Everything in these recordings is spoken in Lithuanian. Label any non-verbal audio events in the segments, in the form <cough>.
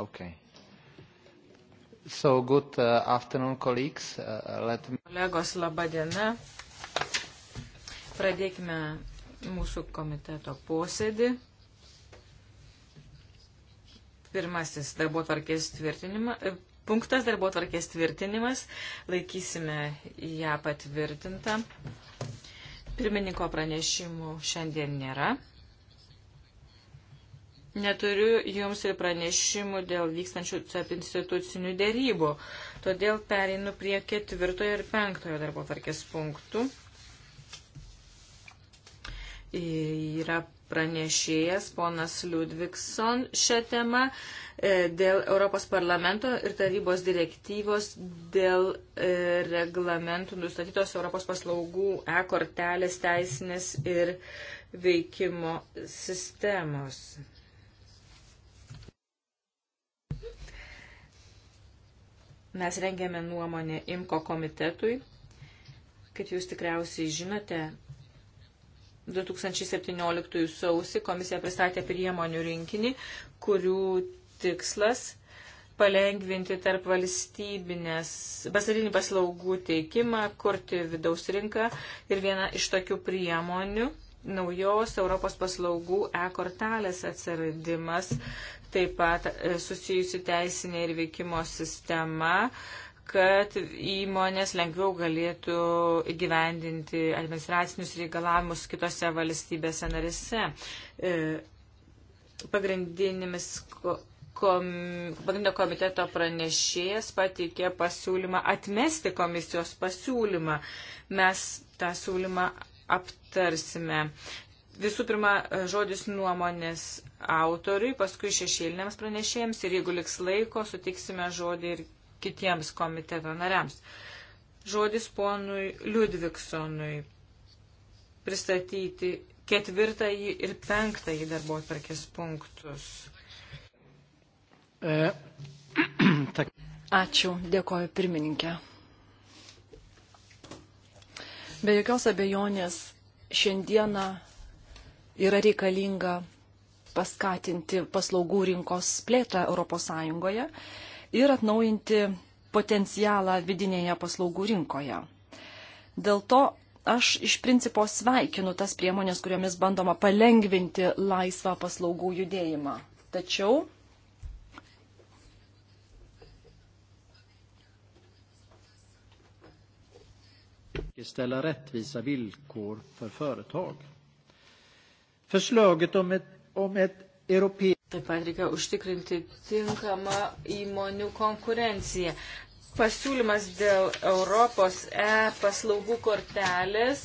Okay. So good uh, afternoon, colleagues. Uh, uh, let me... Kolegos, laba diena. Pradėkime mūsų komiteto posėdį. Pirmasis darbo tvarkės tvirtinimas. E, punktas darbo tvarkės tvirtinimas. Laikysime ją patvirtintą. Pirmininko pranešimų šiandien nėra. Neturiu jums ir pranešimų dėl vykstančių tarp institucinių dėrybų, todėl pereinu prie ketvirtojo ir penktojo darbo tvarkės punktų. Yra pranešėjas ponas Ludvikson šią temą e, dėl Europos parlamento ir tarybos direktyvos dėl e, reglamentų nustatytos Europos paslaugų e-kortelės teisinės ir veikimo sistemos. Mes rengėme nuomonę IMKO komitetui. Kaip jūs tikriausiai žinote, 2017 sausį komisija pristatė priemonių rinkinį, kurių tikslas palengvinti tarp valstybinės basarinį paslaugų teikimą, kurti vidaus rinką ir viena iš tokių priemonių naujos Europos paslaugų e-kortelės atsiradimas, taip pat e, susijusi teisinė ir veikimo sistema, kad įmonės lengviau galėtų įgyvendinti administracinius reikalavimus kitose valstybėse narise. E, pagrindinėmis pagrindinio komiteto pranešėjas pateikė pasiūlymą atmesti komisijos pasiūlymą. Mes tą siūlymą aptarsime. Visų pirma, žodis nuomonės autoriui, paskui šešėliniams pranešėjams ir jeigu liks laiko, sutiksime žodį ir kitiems komiteto nariams. Žodis ponui Liudviksonui pristatyti ketvirtąjį ir penktąjį darbo atvarkės punktus. E, <clears throat> Ačiū, dėkoju pirmininkė. Be jokios abejonės šiandieną yra reikalinga paskatinti paslaugų rinkos plėtrą ES ir atnaujinti potencialą vidinėje paslaugų rinkoje. Dėl to aš iš principo sveikinu tas priemonės, kuriomis bandoma palengvinti laisvą paslaugų judėjimą. Tačiau ställa rättvisa villkor för företag. Förslaget om ett, om ett europeiskt Taip pat reikia užtikrinti tinkamą įmonių konkurenciją. Pasiūlymas dėl Europos e paslaugų kortelės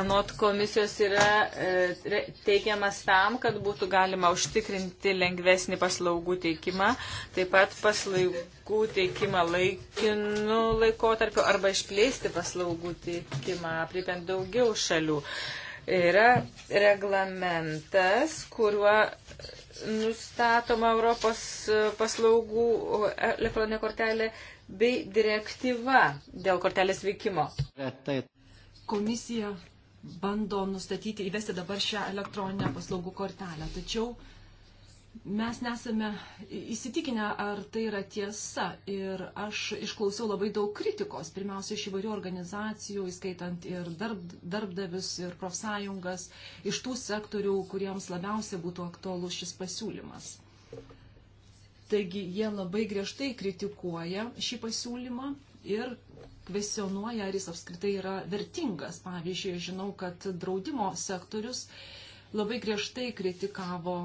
anot komisijos yra e, teikiamas tam, kad būtų galima užtikrinti lengvesnį paslaugų teikimą, taip pat paslaugų teikimą laikinu laikotarpiu arba išplėsti paslaugų teikimą, apripiant daugiau šalių. E, Yra reglamentas, kuriuo nustatoma Europos paslaugų elektroninė kortelė bei direktyva dėl kortelės veikimo. Taip. Komisija bando nustatyti, įvesti dabar šią elektroninę paslaugų kortelę, tačiau mes nesame įsitikinę, ar tai yra tiesa. Ir aš išklausiau labai daug kritikos, pirmiausia, iš įvairių organizacijų, įskaitant ir darb, darbdavius, ir profsąjungas, iš tų sektorių, kuriems labiausia būtų aktuolus šis pasiūlymas. Taigi jie labai griežtai kritikuoja šį pasiūlymą ir kvesionuoja, ar jis apskritai yra vertingas. Pavyzdžiui, žinau, kad draudimo sektorius labai griežtai kritikavo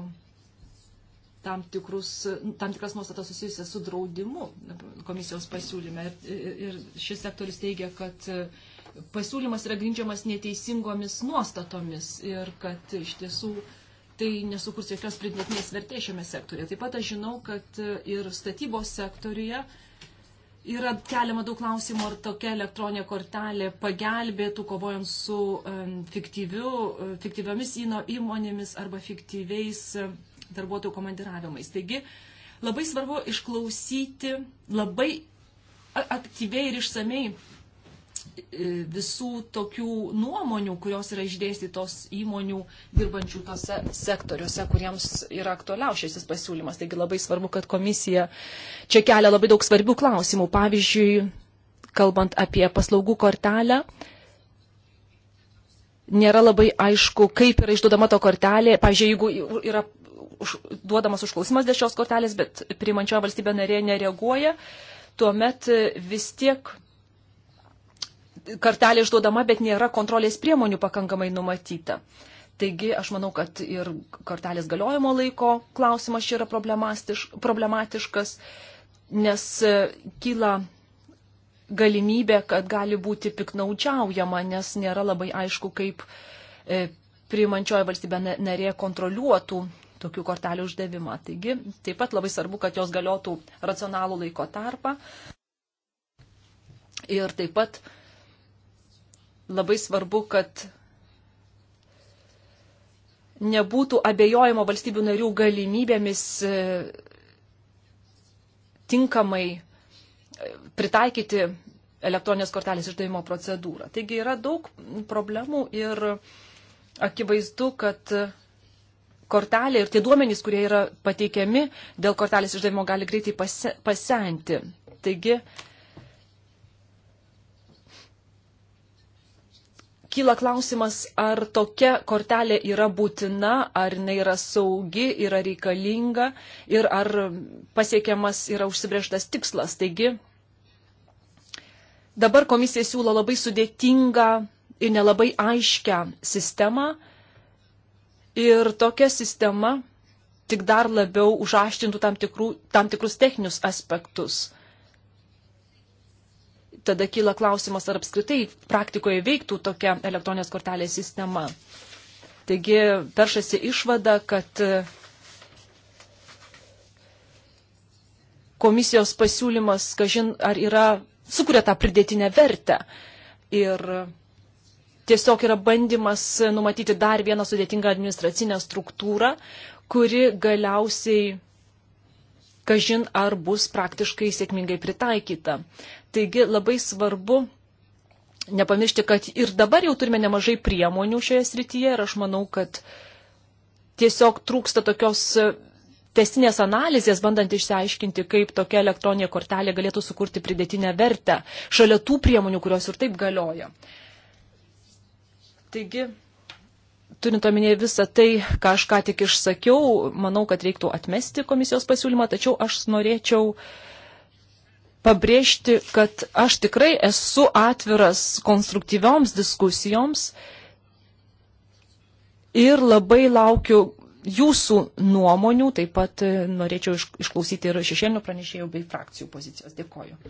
tam, tikrus, tam tikras nuostatas susijusias su draudimu komisijos pasiūlyme. Ir, ir šis sektorius teigia, kad pasiūlymas yra grindžiamas neteisingomis nuostatomis ir kad iš tiesų tai nesukurs jokios pridėtinės vertės šiame sektoriuje. Taip pat aš žinau, kad ir statybos sektoriuje yra keliama daug klausimų, ar tokia elektroninė kortelė pagelbėtų kovojant su fiktyviu, fiktyviomis įmonėmis arba fiktyviais darbuotojų komandiravimais. Taigi labai svarbu išklausyti labai aktyviai ir išsamei e, visų tokių nuomonių, kurios yra išdėstytos įmonių dirbančių tose sektoriuose, kuriems yra aktualiausias šis pasiūlymas. Taigi labai svarbu, kad komisija čia kelia labai daug svarbių klausimų. Pavyzdžiui, kalbant apie paslaugų kortelę, nėra labai aišku, kaip yra išduodama to kortelė. Pavyzdžiui, jeigu yra už, duodamas užklausimas dėl šios kortelės, bet priimančioje valstybė narė nereaguoja, tuomet e, vis tiek kartelė išduodama, bet nėra kontrolės priemonių pakankamai numatyta. Taigi aš manau, kad ir kortelės galiojimo laiko klausimas čia yra problematiškas, nes e, kyla galimybė, kad gali būti piknaudžiaujama, nes nėra labai aišku, kaip e, priimančioji valstybė narė kontroliuotų tokių kortelių uždavimą. Taigi, taip pat labai svarbu, kad jos galiotų racionalų laiko tarpą. Ir taip pat labai svarbu, kad nebūtų abejojimo valstybių narių galimybėmis e, tinkamai e, pritaikyti elektroninės kortelės išdavimo procedūrą. Taigi yra daug problemų ir akivaizdu, kad kortelė ir tie duomenys, kurie yra pateikiami dėl kortelės išdavimo, gali greitai pase, pasenti. Taigi, kyla klausimas, ar tokia kortelė yra būtina, ar jinai yra saugi, yra reikalinga ir ar pasiekiamas yra užsibrieštas tikslas. Taigi, dabar komisija siūlo labai sudėtingą ir nelabai aiškią sistemą, Ir tokia sistema tik dar labiau užaštintų tam, tikrų, tam tikrus techninius aspektus. Tada kyla klausimas, ar apskritai praktikoje veiktų tokia elektroninės kortelės sistema. Taigi peršasi išvada, kad e, komisijos pasiūlymas, kažin, ar yra, sukuria tą pridėtinę vertę. Ir tiesiog yra bandymas numatyti dar vieną sudėtingą administracinę struktūrą, kuri galiausiai, kažin ar bus praktiškai sėkmingai pritaikyta. Taigi labai svarbu nepamiršti, kad ir dabar jau turime nemažai priemonių šioje srityje ir aš manau, kad tiesiog trūksta tokios testinės analizės, bandant išsiaiškinti, kaip tokia elektroninė kortelė galėtų sukurti pridėtinę vertę šalia tų priemonių, kurios ir taip galiojo. Taigi, turint omenyje visą tai, ką aš ką tik išsakiau, manau, kad reiktų atmesti komisijos pasiūlymą, tačiau aš norėčiau pabrėžti, kad aš tikrai esu atviras konstruktyvioms diskusijoms ir labai laukiu jūsų nuomonių, taip pat norėčiau išklausyti ir šešėlinių pranešėjų bei frakcijų pozicijos. Dėkoju.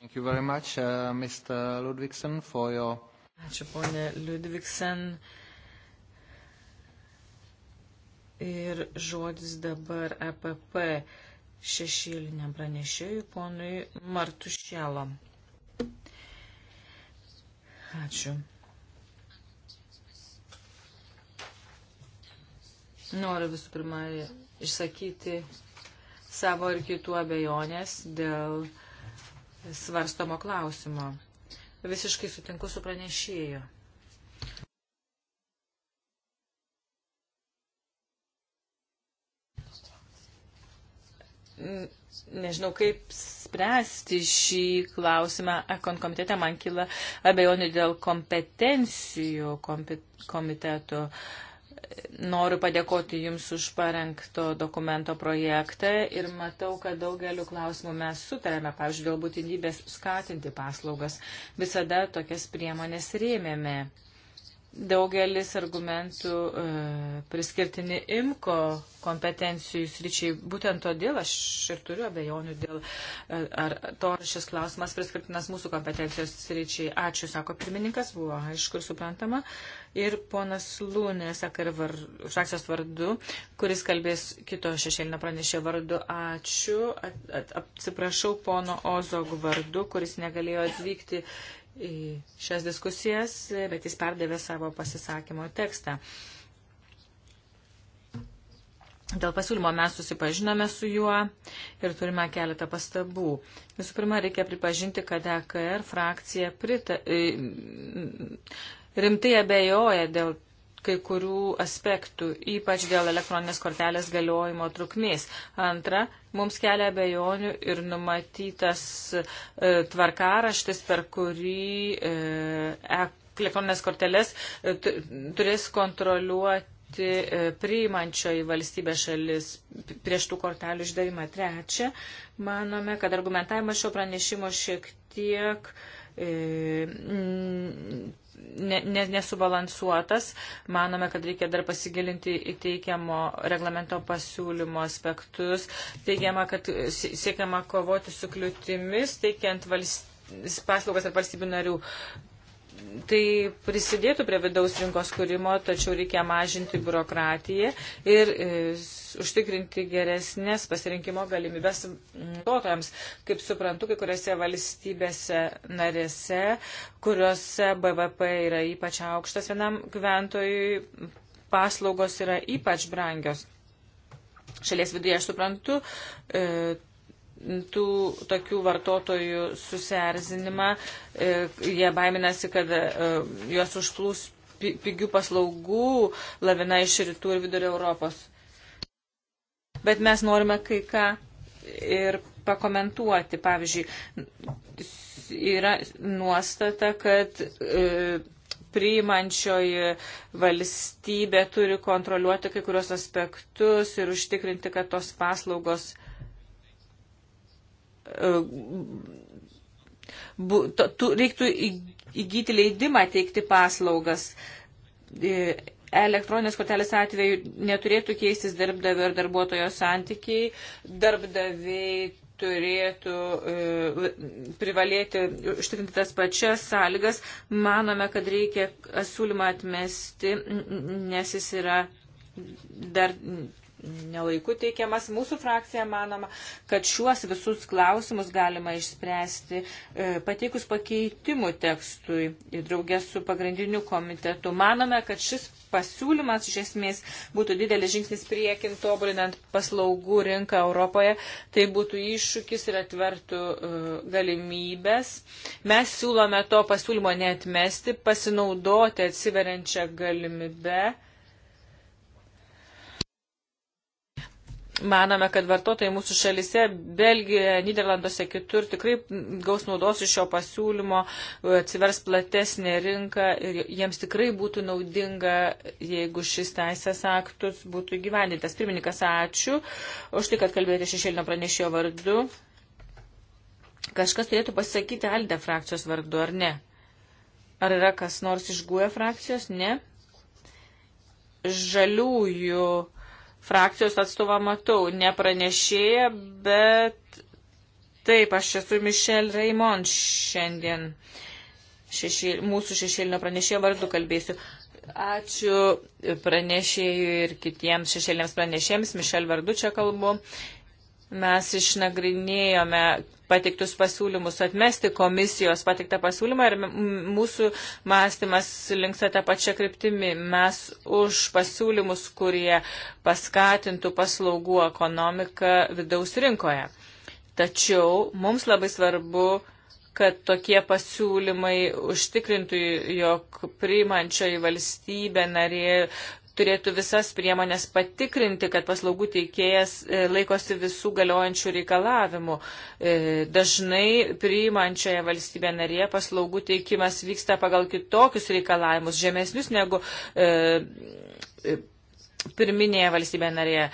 Thank you very much, uh, Mr. Ludvigsen, for your Ačiū, ponė Ludviksen. Ir žodis dabar EPP šešėliniam pranešėjui, ponui Martušėlo. Ačiū. Noriu visų pirma išsakyti savo ir kitų abejonės dėl svarstomo klausimo visiškai sutinku su pranešėju. nežinau, kaip spręsti šį klausimą Ekon komitete. Man kyla abejonių dėl kompetencijų komiteto. Uh, Noriu padėkoti Jums už parengto dokumento projektą ir matau, kad daugeliu klausimų mes sutarėme, pavyzdžiui, dėl būtinybės skatinti paslaugas. Visada tokias priemonės rėmėme daugelis argumentų e, priskirtini imko kompetencijų sričiai. Būtent todėl aš ir turiu abejonių dėl, e, ar to ar šis klausimas priskirtinas mūsų kompetencijos sričiai. Ačiū, sako pirmininkas, buvo aišku ir suprantama. Ir ponas Lūnė, sako ir var, frakcijos vardu, kuris kalbės kito šešėlinio pranešė vardu. Ačiū. At, at, atsiprašau pono Ozog vardu, kuris negalėjo atvykti šias diskusijas, bet jis perdavė savo pasisakymo tekstą. Dėl pasiūlymo mes susipažinome su juo ir turime keletą pastabų. Visų pirma, reikia pripažinti, kad EKR frakcija prita, e, rimtai abejoja dėl kai kurių aspektų, ypač dėl elektroninės kortelės galiojimo trukmės. Antra, mums kelia abejonių ir numatytas e, tvarkaraštis, per kurį e, e elektroninės kortelės e, turės kontroliuoti e, priimančioji valstybė šalis prieš tų kortelių išdavimą. Trečia, manome, kad argumentavimas šio pranešimo šiek tiek e, m, ne, ne, nesubalansuotas. Manome, kad reikia dar pasigilinti į teikiamo reglamento pasiūlymo aspektus. Teigiama, kad siekiama kovoti su kliūtimis, teikiant valst... paslaugas ar valstybių narių tai prisidėtų prie vidaus rinkos kūrimo, tačiau reikia mažinti biurokratiją ir e, užtikrinti geresnės pasirinkimo galimybės vartotojams. Mm, Kaip suprantu, kai kuriuose valstybėse narėse, kuriuose BVP yra ypač aukštas vienam gyventojui, paslaugos yra ypač brangios. Šalies viduje aš suprantu, e, tų tokių vartotojų susierzinimą. E, jie baiminasi, kad e, juos užplūs pigių paslaugų lavina iš rytų ir vidurio Europos. Bet mes norime kai ką ir pakomentuoti. Pavyzdžiui, yra nuostata, kad e, priimančioji valstybė turi kontroliuoti kai kurios aspektus ir užtikrinti, kad tos paslaugos E, bu, to, tu, reiktų įgyti leidimą teikti paslaugas. E, elektroninės kortelės atveju neturėtų keistis darbdavio ir darbuotojo santykiai. Darbdaviai turėtų e, privalėti užtikrinti tas pačias sąlygas. Manome, kad reikia siūlymą atmesti, nes jis yra dar nelaiku teikiamas. Mūsų frakcija manoma, kad šiuos visus klausimus galima išspręsti e, pateikus pakeitimų tekstui ir draugės su pagrindiniu komitetu. Manome, kad šis pasiūlymas iš esmės būtų didelis žingsnis priekin tobulinant paslaugų rinką Europoje. Tai būtų iššūkis ir atvertų e, galimybės. Mes siūlome to pasiūlymo neatmesti, pasinaudoti atsiveriančią galimybę Maname, kad vartotojai mūsų šalise, Belgijoje, Niderlanduose, kitur tikrai gaus naudos iš šio pasiūlymo, atsivers platesnė rinka ir jiems tikrai būtų naudinga, jeigu šis teisės aktus būtų gyvendintas. Pirmininkas, ačiū už tai, kad kalbėjote šešėlinio pranešėjo vardu. Kažkas turėtų pasakyti Alde frakcijos vardu, ar ne? Ar yra kas nors iš GUE frakcijos? Ne. Žaliųjų frakcijos atstovą matau, ne pranešėją, bet taip, aš esu Mišel Raimond šiandien. Šešėl, mūsų šešėlinio pranešėjo vardu kalbėsiu. Ačiū pranešėjui ir kitiems šešėliniams pranešėjams. Mišel vardu čia kalbu. Mes išnagrinėjome pateiktus pasiūlymus, atmesti komisijos pateiktą pasiūlymą ir mūsų mąstymas linksta tą pačią kryptimį. Mes už pasiūlymus, kurie paskatintų paslaugų ekonomiką vidaus rinkoje. Tačiau mums labai svarbu kad tokie pasiūlymai užtikrintų, jog priimančioji valstybė narė turėtų visas priemonės patikrinti, kad paslaugų teikėjas e, laikosi visų galiojančių reikalavimų. E, dažnai priimančioje valstybė narėje paslaugų teikimas vyksta pagal kitokius reikalavimus, žemesnius negu e, pirminėje valstybė narėje.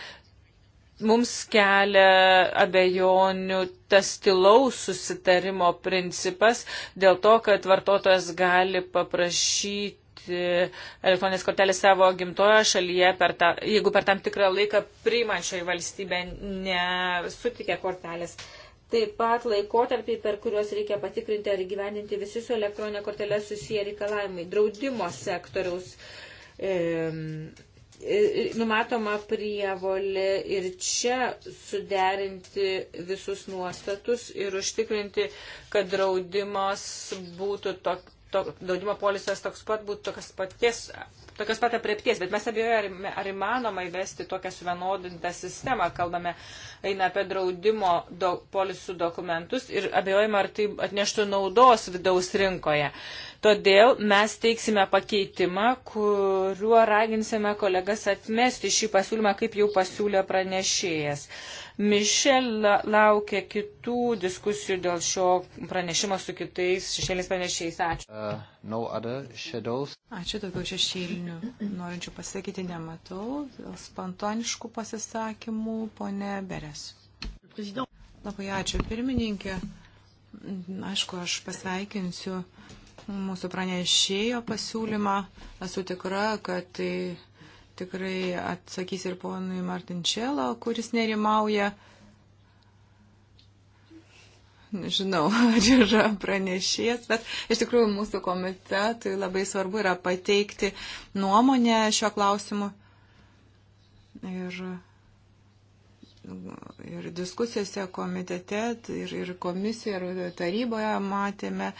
Mums kelia abejonių tas tilaus susitarimo principas dėl to, kad vartotojas gali paprašyti elektroninės kortelės savo gimtojo šalyje, per ta, jeigu per tam tikrą laiką priimančioji valstybė nesutikė kortelės. Taip pat laikotarpiai, per kuriuos reikia patikrinti ar gyveninti visi su elektroninė kortelė susiję reikalavimai. Draudimo sektoriaus e, numatoma prievolė ir čia suderinti visus nuostatus ir užtikrinti, kad draudimas būtų tok, to, draudimo polisas toks pat būtų tokios paties, tokios pat apriepties, bet mes abejojame, ar įmanoma įvesti tokią suvienodintą sistemą, kalbame, eina apie draudimo do, polisų dokumentus ir abejojame, ar tai atneštų naudos vidaus rinkoje. Todėl mes teiksime pakeitimą, kuriuo raginsime kolegas atmesti šį pasiūlymą, kaip jau pasiūlė pranešėjas. Mišel laukia kitų diskusijų dėl šio pranešimo su kitais šešėliais pranešiais. Ačiū. Uh, no Ačiū daugiau šešėlinių. Norinčių pasakyti nematau. Dėl spontaniškų pasisakymų, ponė Beres. Labai ačiū pirmininkė. Aišku, aš pasveikinsiu mūsų pranešėjo pasiūlymą. Esu tikra, kad tai tikrai atsakys ir ponui Martinčelo, kuris nerimauja. Nežinau, <laughs> ar yra pranešės, bet iš tikrųjų mūsų komitetui labai svarbu yra pateikti nuomonę šio klausimu. Ir ir diskusijose komitete, ir, ir komisijoje, ir taryboje matėme,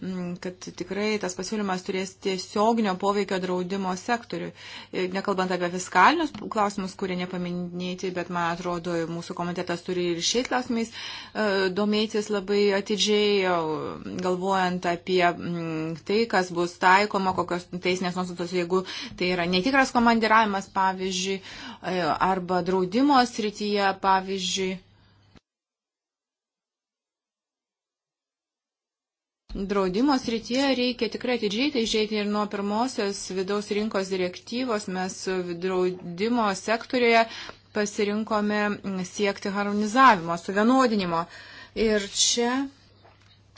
mm, kad tikrai tas pasiūlymas turės tiesioginio poveikio draudimo sektoriui. Nekalbant apie fiskalinius klausimus, kurie nepaminėti, bet man atrodo, mūsų komitetas turi ir šiais klausimais e, domėtis labai atidžiai, galvojant apie mm, tai, kas bus taikoma, kokios teisinės nuostatos, jeigu tai yra netikras komandiravimas, pavyzdžiui, e, arba draudimo srityje pavyzdžiui, Draudimo srityje reikia tikrai atidžiai tai žiūrėti ir nuo pirmosios vidaus rinkos direktyvos mes draudimo sektorioje pasirinkome siekti harmonizavimo, suvienodinimo. Ir čia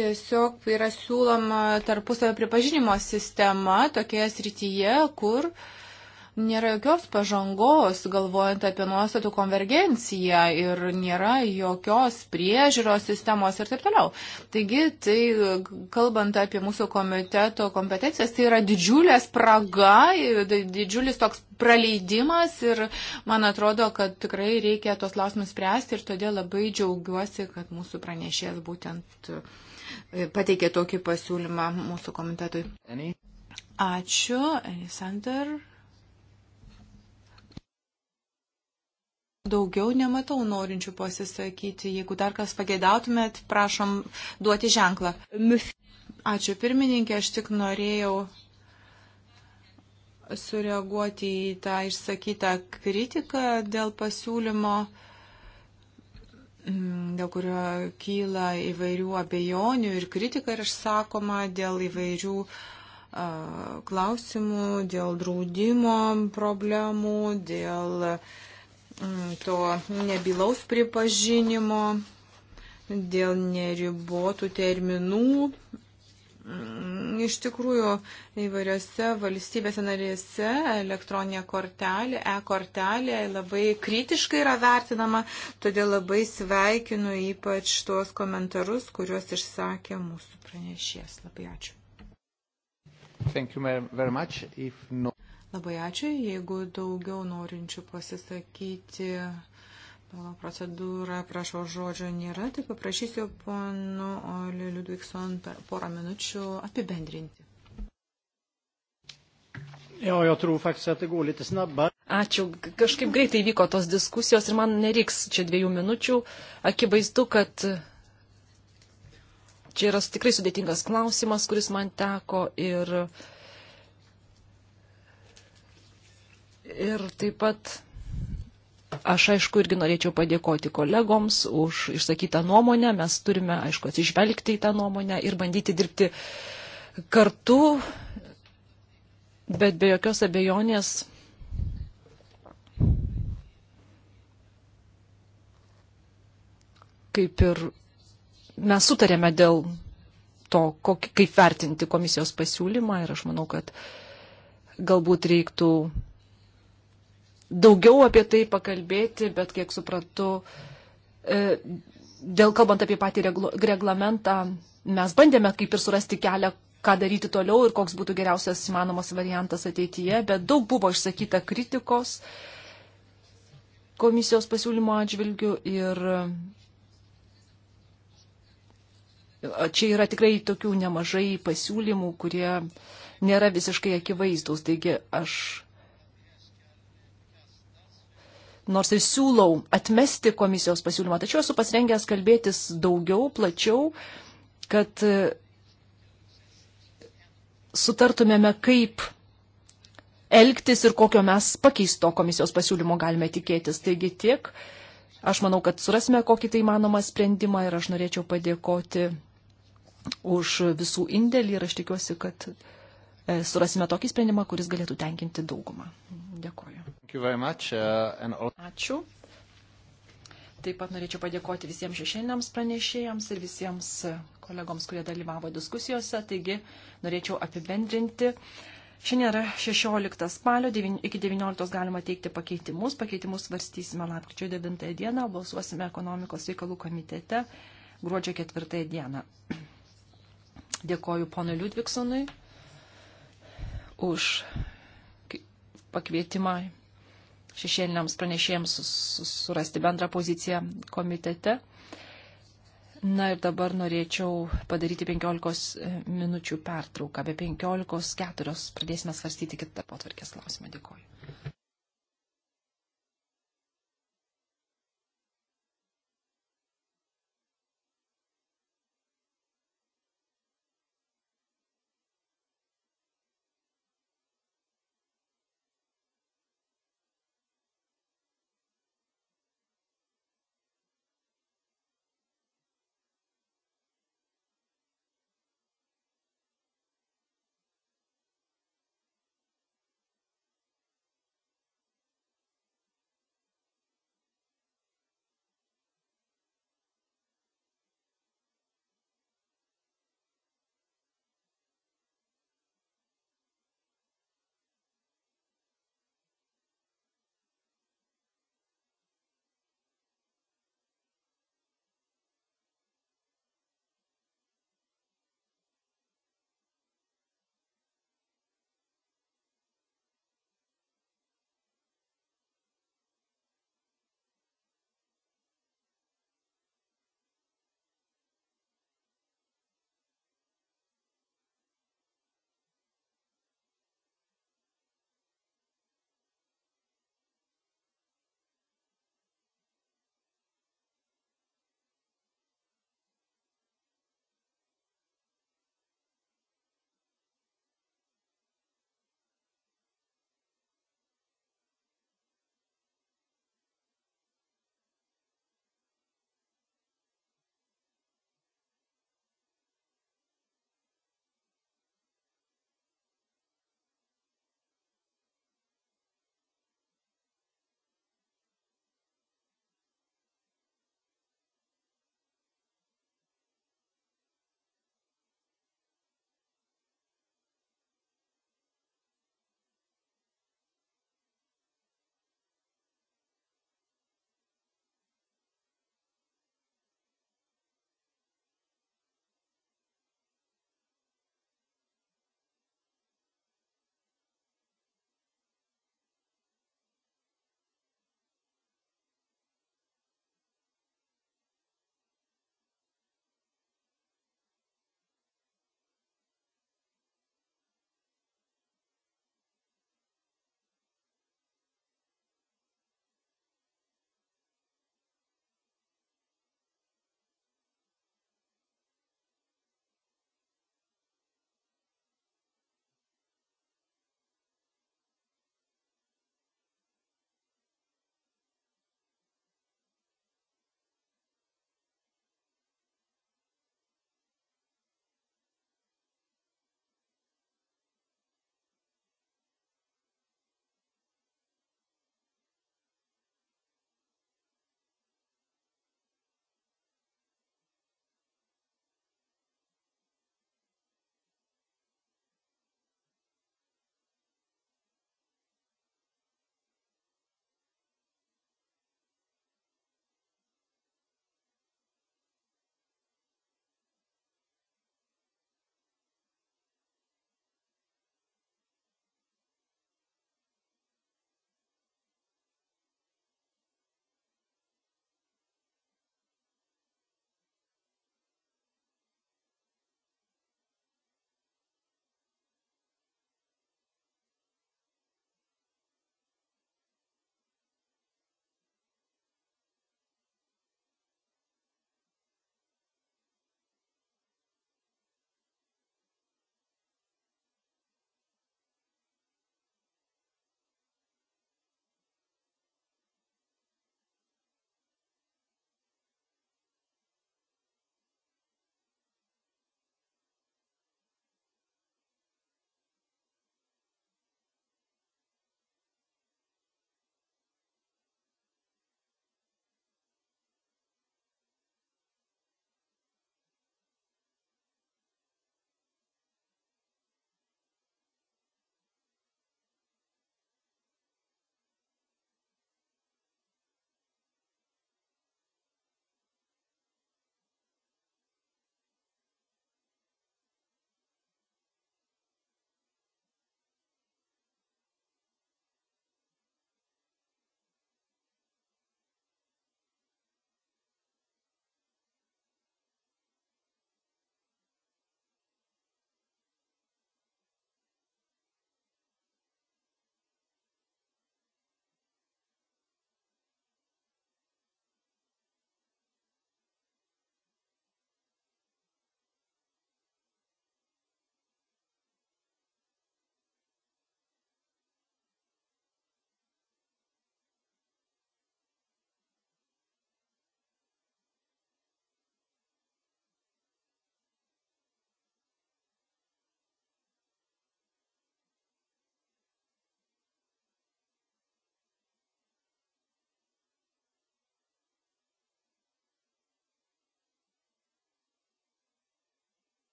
tiesiog yra siūloma tarpusavio pripažinimo sistema tokioje srityje, kur uh, nėra jokios pažangos, galvojant apie nuostatų konvergenciją ir nėra jokios priežiūros sistemos ir taip toliau. Taigi, tai kalbant apie mūsų komiteto kompetencijas, tai yra didžiulė spraga, didžiulis toks praleidimas ir man atrodo, kad tikrai reikia tos klausimus spręsti ir todėl labai džiaugiuosi, kad mūsų pranešėjas būtent e, pateikė tokį pasiūlymą mūsų komitetui. Ačiū, Elisander. Daugiau nematau norinčių pasisakyti. Jeigu dar kas pageidautumėt, prašom duoti ženklą. Ačiū pirmininkė, aš tik norėjau sureaguoti į tą išsakytą kritiką dėl pasiūlymo, mm, dėl kurio kyla įvairių abejonių ir kritika yra išsakoma dėl įvairių uh, klausimų, dėl draudimo problemų, dėl uh, Mm, to nebilaus pripažinimo, dėl neribotų terminų. Mm, iš tikrųjų, įvairiose valstybėse narėse elektroninė kortelė, e-kortelė labai kritiškai yra vertinama, todėl labai sveikinu ypač tuos komentarus, kuriuos išsakė mūsų pranešės. Labai ačiū. Thank you very much. If no... Labai ačiū. Jeigu daugiau norinčių pasisakyti procedūrą, prašau žodžio nėra, tai paprašysiu ponu Oli Ludvigson porą minučių apibendrinti. Jo, jo, turiu faktus, tai gulyti snabba. Ačiū. Kažkaip greitai vyko tos diskusijos ir man nereiks čia dviejų minučių. Akivaizdu, kad čia yra tikrai sudėtingas klausimas, kuris man teko ir uh, Ir taip pat aš aišku irgi norėčiau padėkoti kolegoms už išsakytą nuomonę. Mes turime, aišku, atsižvelgti į tą nuomonę ir bandyti dirbti kartu, bet be jokios abejonės. Kaip ir mes sutarėme dėl to, kaip vertinti komisijos pasiūlymą ir aš manau, kad galbūt reiktų daugiau apie tai pakalbėti, bet kiek supratau, e, dėl kalbant apie patį reglamentą, mes bandėme kaip ir surasti kelią, ką daryti toliau ir koks būtų geriausias įmanomas variantas ateityje, bet daug buvo išsakyta kritikos komisijos pasiūlymo atžvilgių ir čia yra tikrai tokių nemažai pasiūlymų, kurie nėra visiškai akivaizdus. Taigi aš nors ir siūlau atmesti komisijos pasiūlymą, tačiau esu pasirengęs kalbėtis daugiau, plačiau, kad e, sutartumėme, kaip elgtis ir kokio mes pakeisto komisijos pasiūlymo galime tikėtis. Taigi tiek, aš manau, kad surasime kokį tai manomą sprendimą ir aš norėčiau padėkoti už visų indėlį ir aš tikiuosi, kad e, surasime tokį sprendimą, kuris galėtų tenkinti daugumą. Dėkoju. Uh, Ačiū. Taip pat norėčiau padėkoti visiems šešėliniams pranešėjams ir visiems kolegoms, kurie dalyvavo diskusijose. Taigi norėčiau apibendrinti. Šiandien yra 16 spalio, iki 19 galima teikti pakeitimus. Pakeitimus svarstysime lapkričio 9 dieną, balsuosime ekonomikos reikalų komitete gruodžio 4 dieną. <clears throat> Dėkoju ponui Liudviksonui už pakvietimą šešėliniams pranešėjams surasti bendrą poziciją komitete. Na ir dabar norėčiau padaryti 15 e, minučių pertrauką. Be 15.4 pradėsime svarstyti kitą potvarkės klausimą. Dėkuoju.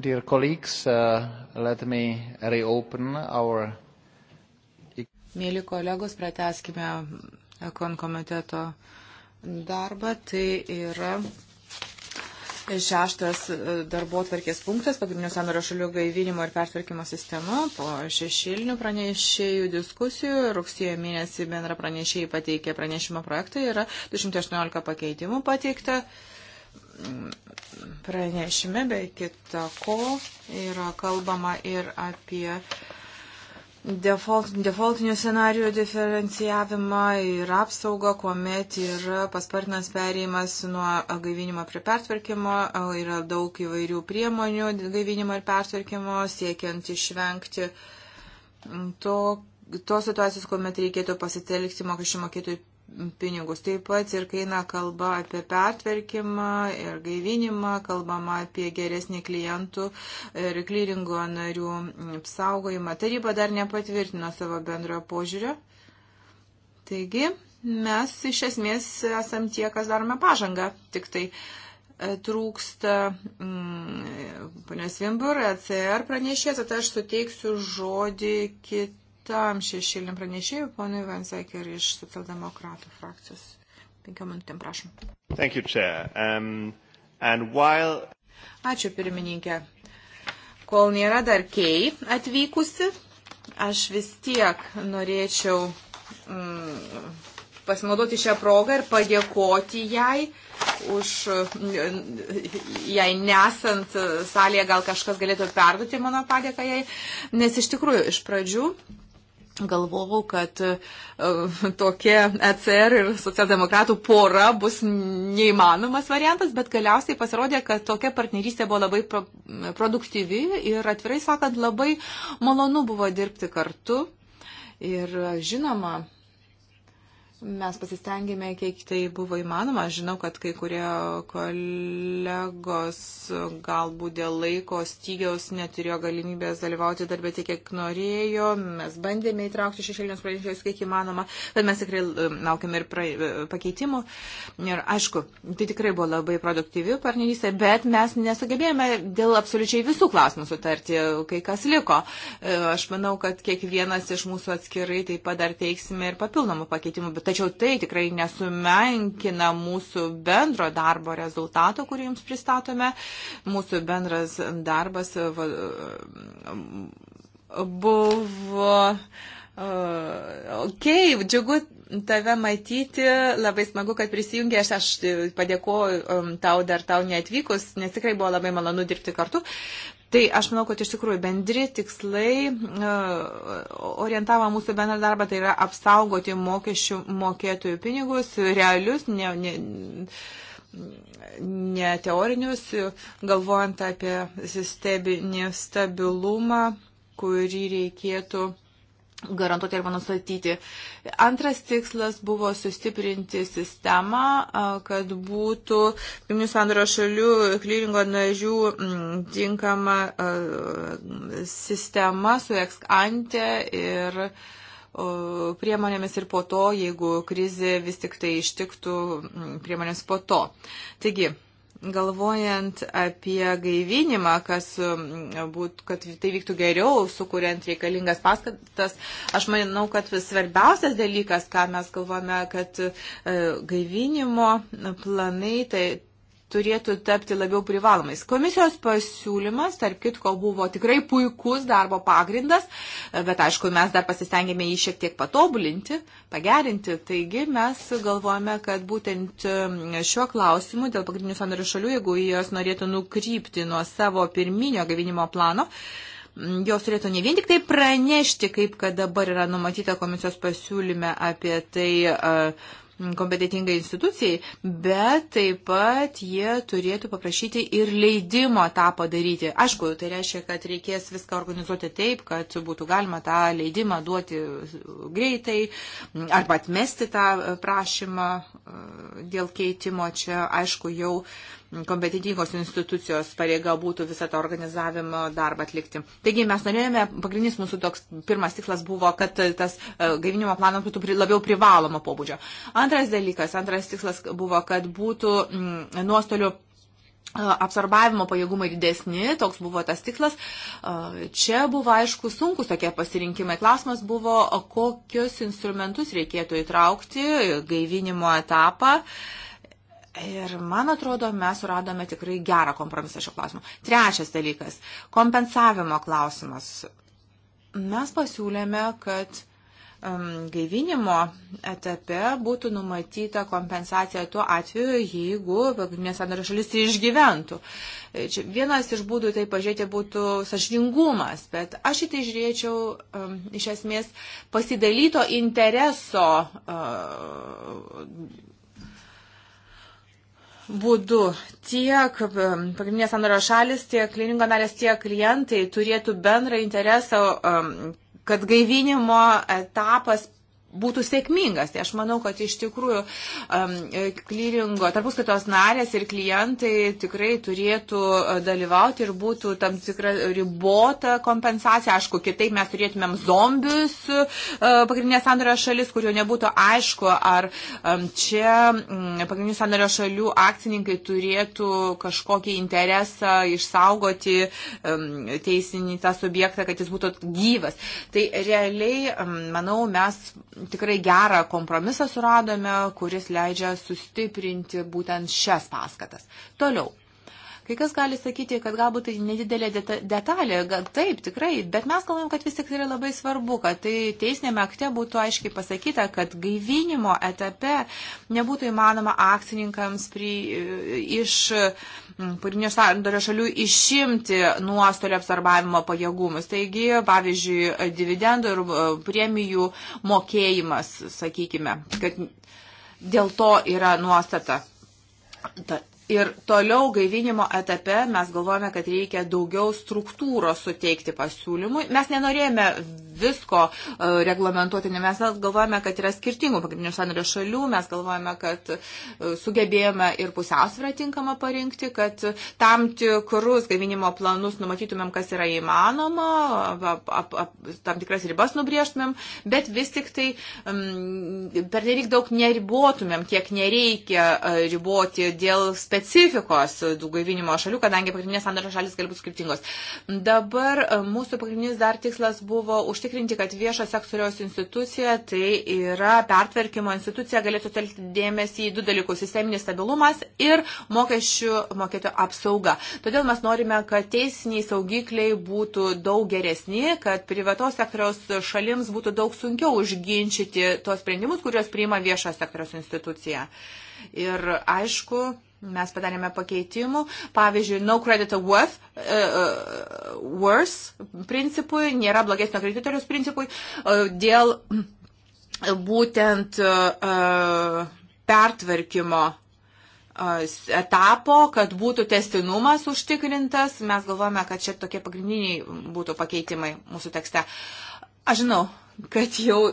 Dear colleagues, uh, let me reopen our. Mėly kolegos, prateskime Ekon komiteto darbą. Tai yra šeštas uh, darbo atvarkės punktas, pagrindinio senorio šalių gaivinimo ir pertvarkymo sistema. Po šešilinių pranešėjų diskusijų rugsėjo mėnesį bendra pranešėjai pateikė pranešimo projektą ir 218 pakeitimų pateikta. Uh, pranešime, be kita ko, yra kalbama ir apie default, defaultinių scenarijų diferencijavimą ir apsaugą, kuomet yra paspartinas perėjimas nuo gaivinimo prie pertvarkymo, yra daug įvairių priemonių gaivinimo ir pertvarkymo, siekiant išvengti to, tos situacijos, kuomet reikėtų pasitelkti mokesčių mokėtojų pinigus. Taip pat ir kai eina kalba apie pertverkimą ir gaivinimą, kalbama apie geresnį klientų ir klyringo narių apsaugojimą. Taryba dar nepatvirtino savo bendrojo požiūrio. Taigi, mes iš esmės esam tie, kas darome pažangą. Tik tai e, trūksta mm, ponios Vimbur, ECR pranešės, tai aš suteiksiu žodį kitą kitam šešėliniam pranešėjui, ponui Vanseker iš socialdemokratų frakcijos. Penkiam minutėm, prašom. Thank you, Chair. Um, and while... Ačiū, pirmininkė. Kol nėra dar kei atvykusi, aš vis tiek norėčiau mm, pasinaudoti šią progą ir padėkoti jai už, jai nesant salėje gal kažkas galėtų perduoti mano padėką jai, nes iš tikrųjų iš pradžių galvojau, kad e, tokia ECR ir socialdemokratų pora bus neįmanomas variantas, bet galiausiai pasirodė, kad tokia partnerystė buvo labai pro, produktyvi ir atvirai sakant, labai malonu buvo dirbti kartu. Ir žinoma, Mes pasistengėme, kiek tai buvo įmanoma. Aš žinau, kad kai kurie kolegos galbūt dėl laiko stygiaus neturėjo galimybės dalyvauti darbė tiek, kiek norėjo. Mes bandėme įtraukti šešėlinius pranešėjus, kiek įmanoma, bet mes tikrai um, laukiame ir pra, e, pakeitimų. Ir aišku, tai tikrai buvo labai produktyvi partnerystė, bet mes nesugebėjome dėl absoliučiai visų klausimų sutarti, kai kas liko. E, aš manau, kad kiekvienas iš mūsų atskirai taip pat dar teiksime ir papildomų pakeitimų. Bet Tačiau tai tikrai nesumenkina mūsų bendro darbo rezultato, kurį jums pristatome. Mūsų bendras darbas e, e, buvo. E, ok, džiugu tave matyti, labai smagu, kad prisijungė, aš, aš padėkoju tau dar tau neatvykus, nes tikrai buvo labai malonu dirbti kartu. Tai aš manau, kad iš tikrųjų bendri tikslai e, orientavo mūsų bendrą darbą, tai yra apsaugoti mokesčių mokėtojų pinigus, realius, ne, ne, ne teorinius, galvojant apie sisteminį stabilumą, kurį reikėtų garantuoti arba nustatyti. Antras tikslas buvo sustiprinti sistemą, kad būtų pirminių sandorio šalių klyringo nažių tinkama sistema su ekskante ir priemonėmis ir po to, jeigu krizė vis tik tai ištiktų priemonėmis po to. Taigi, galvojant apie gaivinimą, kas būt, kad tai vyktų geriau, sukuriant reikalingas paskatas, aš manau, kad svarbiausias dalykas, ką mes galvojame, kad e, gaivinimo planai, tai turėtų tapti labiau privalomais. Komisijos pasiūlymas, tarp kitko, buvo tikrai puikus darbo pagrindas, bet aišku, mes dar pasistengėme jį šiek tiek patobulinti, pagerinti. Taigi mes galvojame, kad būtent um, šiuo klausimu dėl pagrindinių sandarių šalių, jeigu jos norėtų nukrypti nuo savo pirminio gavinimo plano, jos turėtų ne vien tik tai pranešti, kaip kad dabar yra numatyta komisijos pasiūlyme apie tai, uh, kompetitingai institucijai, bet taip pat jie turėtų paprašyti ir leidimo tą padaryti. Aišku, tai reiškia, kad reikės viską organizuoti taip, kad būtų galima tą leidimą duoti greitai arba atmesti tą prašymą e, dėl keitimo. Čia, aišku, jau uh, kompetitingos institucijos pareiga būtų visą tą organizavimo darbą atlikti. Taigi mes norėjome, pagrindinis mūsų toks pirmas tikslas buvo, kad tas e, gaivinimo planas būtų labiau privaloma pobūdžio. Antras dalykas, antras tikslas buvo, kad būtų mm, nuostolių e, absorbavimo pajėgumai didesni, toks buvo tas tiklas. E, čia buvo, aišku, sunkus tokie pasirinkimai. Klausimas buvo, kokius instrumentus reikėtų įtraukti gaivinimo etapą. Uh, Ir man atrodo, mes suradome tikrai gerą kompromisą šio klausimu. Trečias dalykas - kompensavimo klausimas. Mes pasiūlėme, kad um, gaivinimo etape būtų numatyta kompensacija tuo atveju, jeigu pagrindinė sandario šalis išgyventų. E, čia vienas iš būdų tai pažiūrėti būtų sažiningumas, bet aš į tai žiūrėčiau um, iš esmės pasidalyto intereso uh, būdu tiek e, pagrindinės sandorio šalis, tiek kliningo narės, tiek klientai turėtų bendrą interesą, e, kad gaivinimo etapas būtų sėkmingas. Tai aš manau, kad iš tikrųjų um, klyringo tarpuskaitos narės ir klientai tikrai turėtų e, dalyvauti ir būtų tam tikra ribota kompensacija. Aišku, kitaip mes turėtumėm zombius uh, e, pagrindinės sandorio šalis, kurio nebūtų aišku, ar um, čia um, mm, pagrindinės sandorio šalių akcininkai turėtų kažkokį interesą išsaugoti um, teisinį tą subjektą, kad jis būtų gyvas. Tai realiai, um, manau, mes tikrai gerą kompromisą suradome, kuris leidžia sustiprinti būtent šias paskatas. Toliau. Kai kas gali sakyti, kad galbūt tai nedidelė detalė, gal taip, tikrai, bet mes galvojam, kad vis tik tai yra labai svarbu, kad tai teisinėme akte būtų aiškiai pasakyta, kad gaivinimo etape nebūtų įmanoma akcininkams pri, iš pagrindinio sandorio šalių išimti nuostolio apsarbavimo pajėgumus. Taigi, pavyzdžiui, dividendų ir e, premijų mokėjimas, sakykime, kad dėl to yra nuostata. Ta, Ir toliau gaivinimo etape mes galvojame, kad reikia daugiau struktūros suteikti pasiūlymui. Mes nenorėjome visko e, reglamentuoti, nes mes galvojame, kad yra skirtingų pagrindinių sandario šalių, mes galvojame, kad e, sugebėjome ir pusiausvyrą tinkamą parinkti, kad tam tikrus gaivinimo planus numatytumėm, kas yra įmanoma, ap, ap, ap, tam tikras ribas nubrėžtumėm, bet vis tik tai um, per nelik daug neribotumėm, kiek nereikia e, riboti dėl specialių specifikos dujų gaivinimo šalių, kadangi pagrindinės sandaros šalis gali būti skirtingos. Dabar e, mūsų pagrindinis dar tikslas buvo užtikrinti, kad viešo sektoriaus institucija, tai yra pertvarkymo institucija, galėtų telkti dėmesį į du dalykus - sisteminis stabilumas ir mokesčių mokėtojų apsauga. Todėl mes norime, kad teisiniai saugikliai būtų daug geresni, kad privatos sektoriaus šalims būtų daug sunkiau užginčyti tos sprendimus, kuriuos priima viešo sektoriaus institucija. Ir aišku, Mes padarėme pakeitimų, pavyzdžiui, no credit worth, uh, worse principui, nėra blogesnio kreditorius principui, uh, dėl būtent uh, pertvarkymo etapo, kad būtų testinumas užtikrintas. Mes galvojame, kad čia tokie pagrindiniai būtų pakeitimai mūsų tekste. Aš žinau, kad jau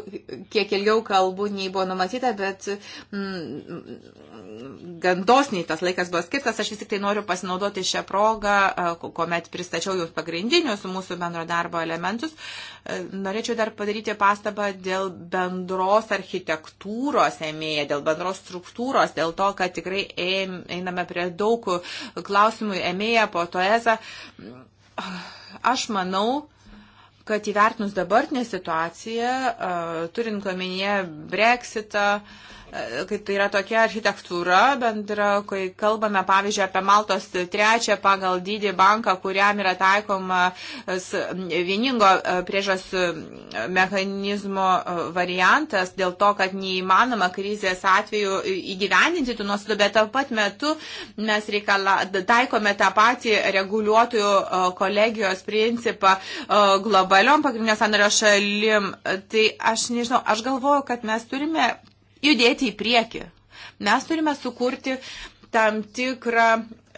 kiek ilgiau kalbu, nei buvo numatyta, bet mm, gandos nei tas laikas buvo skirtas. Aš vis tik tai noriu pasinaudoti šią progą, kuomet pristačiau jūs pagrindinius mūsų bendro darbo elementus. Norėčiau dar padaryti pastabą dėl bendros architektūros emėje, dėl bendros struktūros, dėl to, kad tikrai einame prie daug klausimų emėje po toezą. Aš manau, kad įvertinus dabartinę situaciją, turint omenyje Brexitą, uh, E, kad tai yra tokia architektūra bendra, kai kalbame, pavyzdžiui, apie Maltos trečią pagal dydį banką, kuriam yra taikomas e, vieningo e, priežas mechanizmo variantas, dėl to, kad neįmanoma krizės atveju įgyvendinti tų nuostatų, bet tą pat metu mes reikala, taikome tą patį reguliuotojų kolegijos principą globaliom pagrindinės sanario šalim. Tai aš nežinau, aš galvoju, kad mes turime judėti į priekį. Mes turime sukurti tam tikrą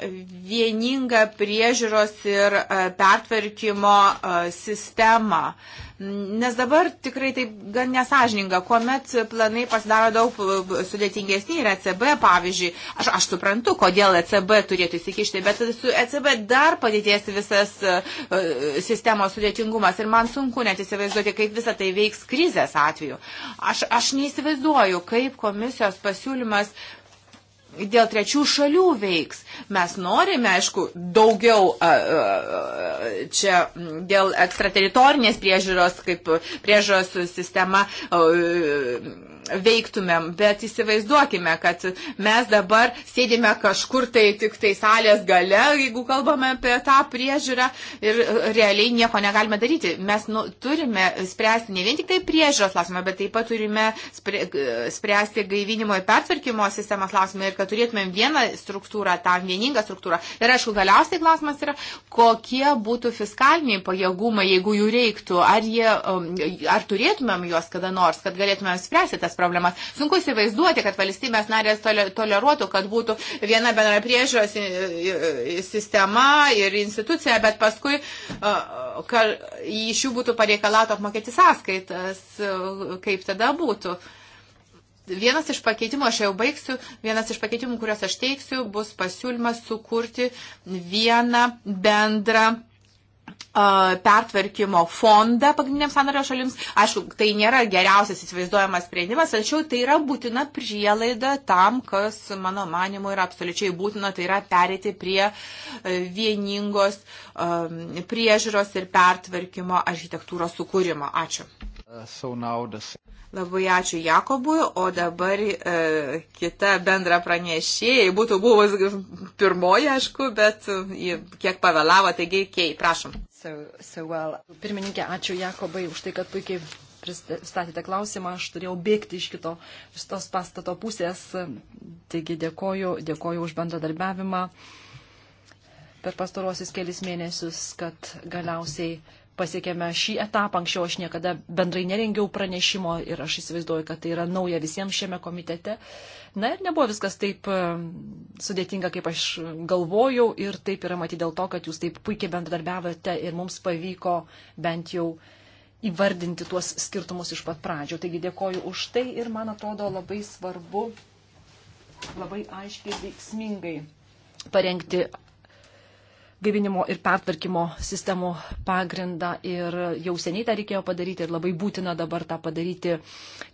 vieningą priežiūros ir e, pertvarkymo e, sistemą. Nes dabar tikrai taip gan nesažininga, kuomet planai pasidaro daug e, sudėtingesni ir ECB, pavyzdžiui, aš, aš suprantu, kodėl ECB turėtų įsikišti, bet su ECB dar padėties visas sistemos sudėtingumas ir man sunku net įsivaizduoti, kaip visa tai veiks krizės atveju. Aš, aš neįsivaizduoju, kaip komisijos pasiūlymas uh, dėl trečių šalių veiks. Mes norime, aišku, daugiau a, a, čia dėl ekstrateritorinės priežiūros, kaip priežiūros sistema. A, a, veiktumėm, bet įsivaizduokime, kad mes dabar sėdime kažkur tai tik tai salės gale, jeigu kalbame apie tą priežiūrą ir realiai nieko negalime daryti. Mes nu, turime spręsti ne vien tik tai priežiūros klausimą, bet taip pat turime spręsti gaivinimo ir pertvarkymo sistemos klausimą ir kad turėtumėm vieną struktūrą, tą vieningą struktūrą. Ir aišku, galiausiai klausimas yra, kokie būtų fiskaliniai pajėgumai, jeigu jų reiktų, ar, jie, um, ar turėtumėm juos kada nors, kad galėtumėm spręsti tas problemas. Sunku įsivaizduoti, kad valstybės narės toleruotų, kad būtų viena bendra priežiūros sistema ir institucija, bet paskui iš jų būtų pareikalato apmokėti sąskaitas, kaip tada būtų. Vienas iš pakeitimų, aš jau baigsiu, vienas iš pakeitimų, kuriuos aš teiksiu, bus pasiūlymas sukurti vieną bendrą pertvarkymo fondą pagrindiniams sandario šalims. Aišku, tai nėra geriausias įsivaizduojamas sprendimas, tačiau tai yra būtina prielaida tam, kas, mano manimu, yra absoliučiai būtina, tai yra perėti prie e, vieningos priežiūros ir pertvarkymo architektūros sukūrimo. Ačiū. So this... Labai ačiū Jakobui, o dabar e, kita bendra pranešėjai būtų buvus pirmoji, aišku, bet e, kiek pavėlavo, taigi kei, prašom. So, so well. Pirmininkė, ačiū Jakobai už tai, kad puikiai pristatėte klausimą, aš turėjau bėgti iš kito, iš tos pastato pusės. Taigi dėkoju, dėkoju už bendradarbiavimą per pastaruosius kelis mėnesius, kad galiausiai pasiekėme šį etapą. Anksčiau aš niekada bendrai nerengiau pranešimo ir aš įsivaizduoju, kad tai yra nauja visiems šiame komitete. Na ir nebuvo viskas taip e, sudėtinga, kaip aš galvojau ir taip yra matyti dėl to, kad jūs taip puikiai bendradarbiavote ir mums pavyko bent jau įvardinti tuos skirtumus iš pat pradžio. Taigi dėkoju už tai ir man atrodo labai svarbu labai aiškiai veiksmingai parengti gaivinimo ir pertvarkymo sistemų pagrindą ir jau seniai tą reikėjo padaryti ir labai būtina dabar tą padaryti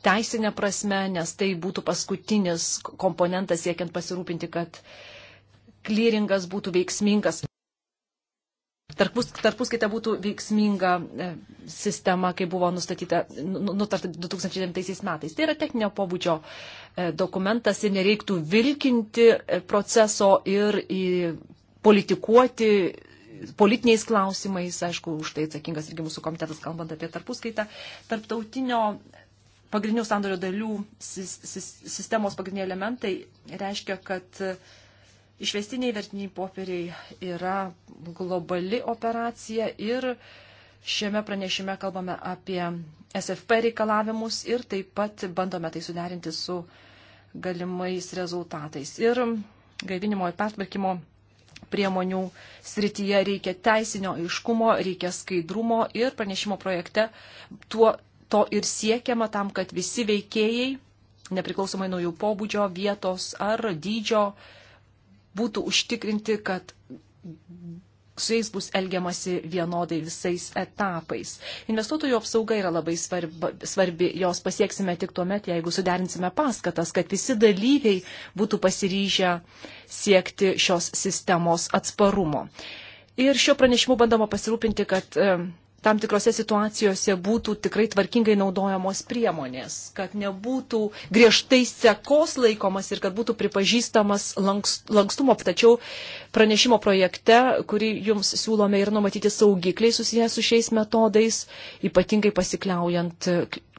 teisinę prasme, nes tai būtų paskutinis komponentas siekiant pasirūpinti, kad klyringas būtų veiksmingas. Tarpus, tarpuskaita būtų veiksminga e, sistema, kaip buvo nustatyta, nu, nu, nutarta 2009 metais. Tai yra techninio pobūdžio e, dokumentas ir nereiktų vilkinti e, proceso ir į politikuoti politiniais klausimais, aišku, už tai atsakingas irgi mūsų komitetas, kalbant apie tarpuskaitą, tarptautinio pagrindinių sandorio dalių sistemos pagrindiniai elementai reiškia, kad išvestiniai vertiniai popieriai yra globali operacija ir šiame pranešime kalbame apie SFP reikalavimus ir taip pat bandome tai suderinti su galimais rezultatais. Ir gaivinimo ir pertvarkymo priemonių srityje reikia teisinio aiškumo, reikia skaidrumo ir pranešimo projekte tuo, to ir siekiama tam, kad visi veikėjai, nepriklausomai nuo jų pobūdžio, vietos ar dydžio, būtų užtikrinti, kad su jais bus elgiamasi vienodai visais etapais. Investuotojų apsauga yra labai svarba, svarbi, jos pasieksime tik tuo met, jeigu suderinsime paskatas, kad visi dalyviai būtų pasiryžę siekti šios sistemos atsparumo. Ir šio pranešimu bandoma pasirūpinti, kad tam tikrose situacijose būtų tikrai tvarkingai naudojamos priemonės, kad nebūtų griežtai sekos laikomas ir kad būtų pripažįstamas lankst, lankstumo. Tačiau pranešimo projekte, kurį jums siūlome ir numatyti saugikliai susijęs su šiais metodais, ypatingai pasikliaujant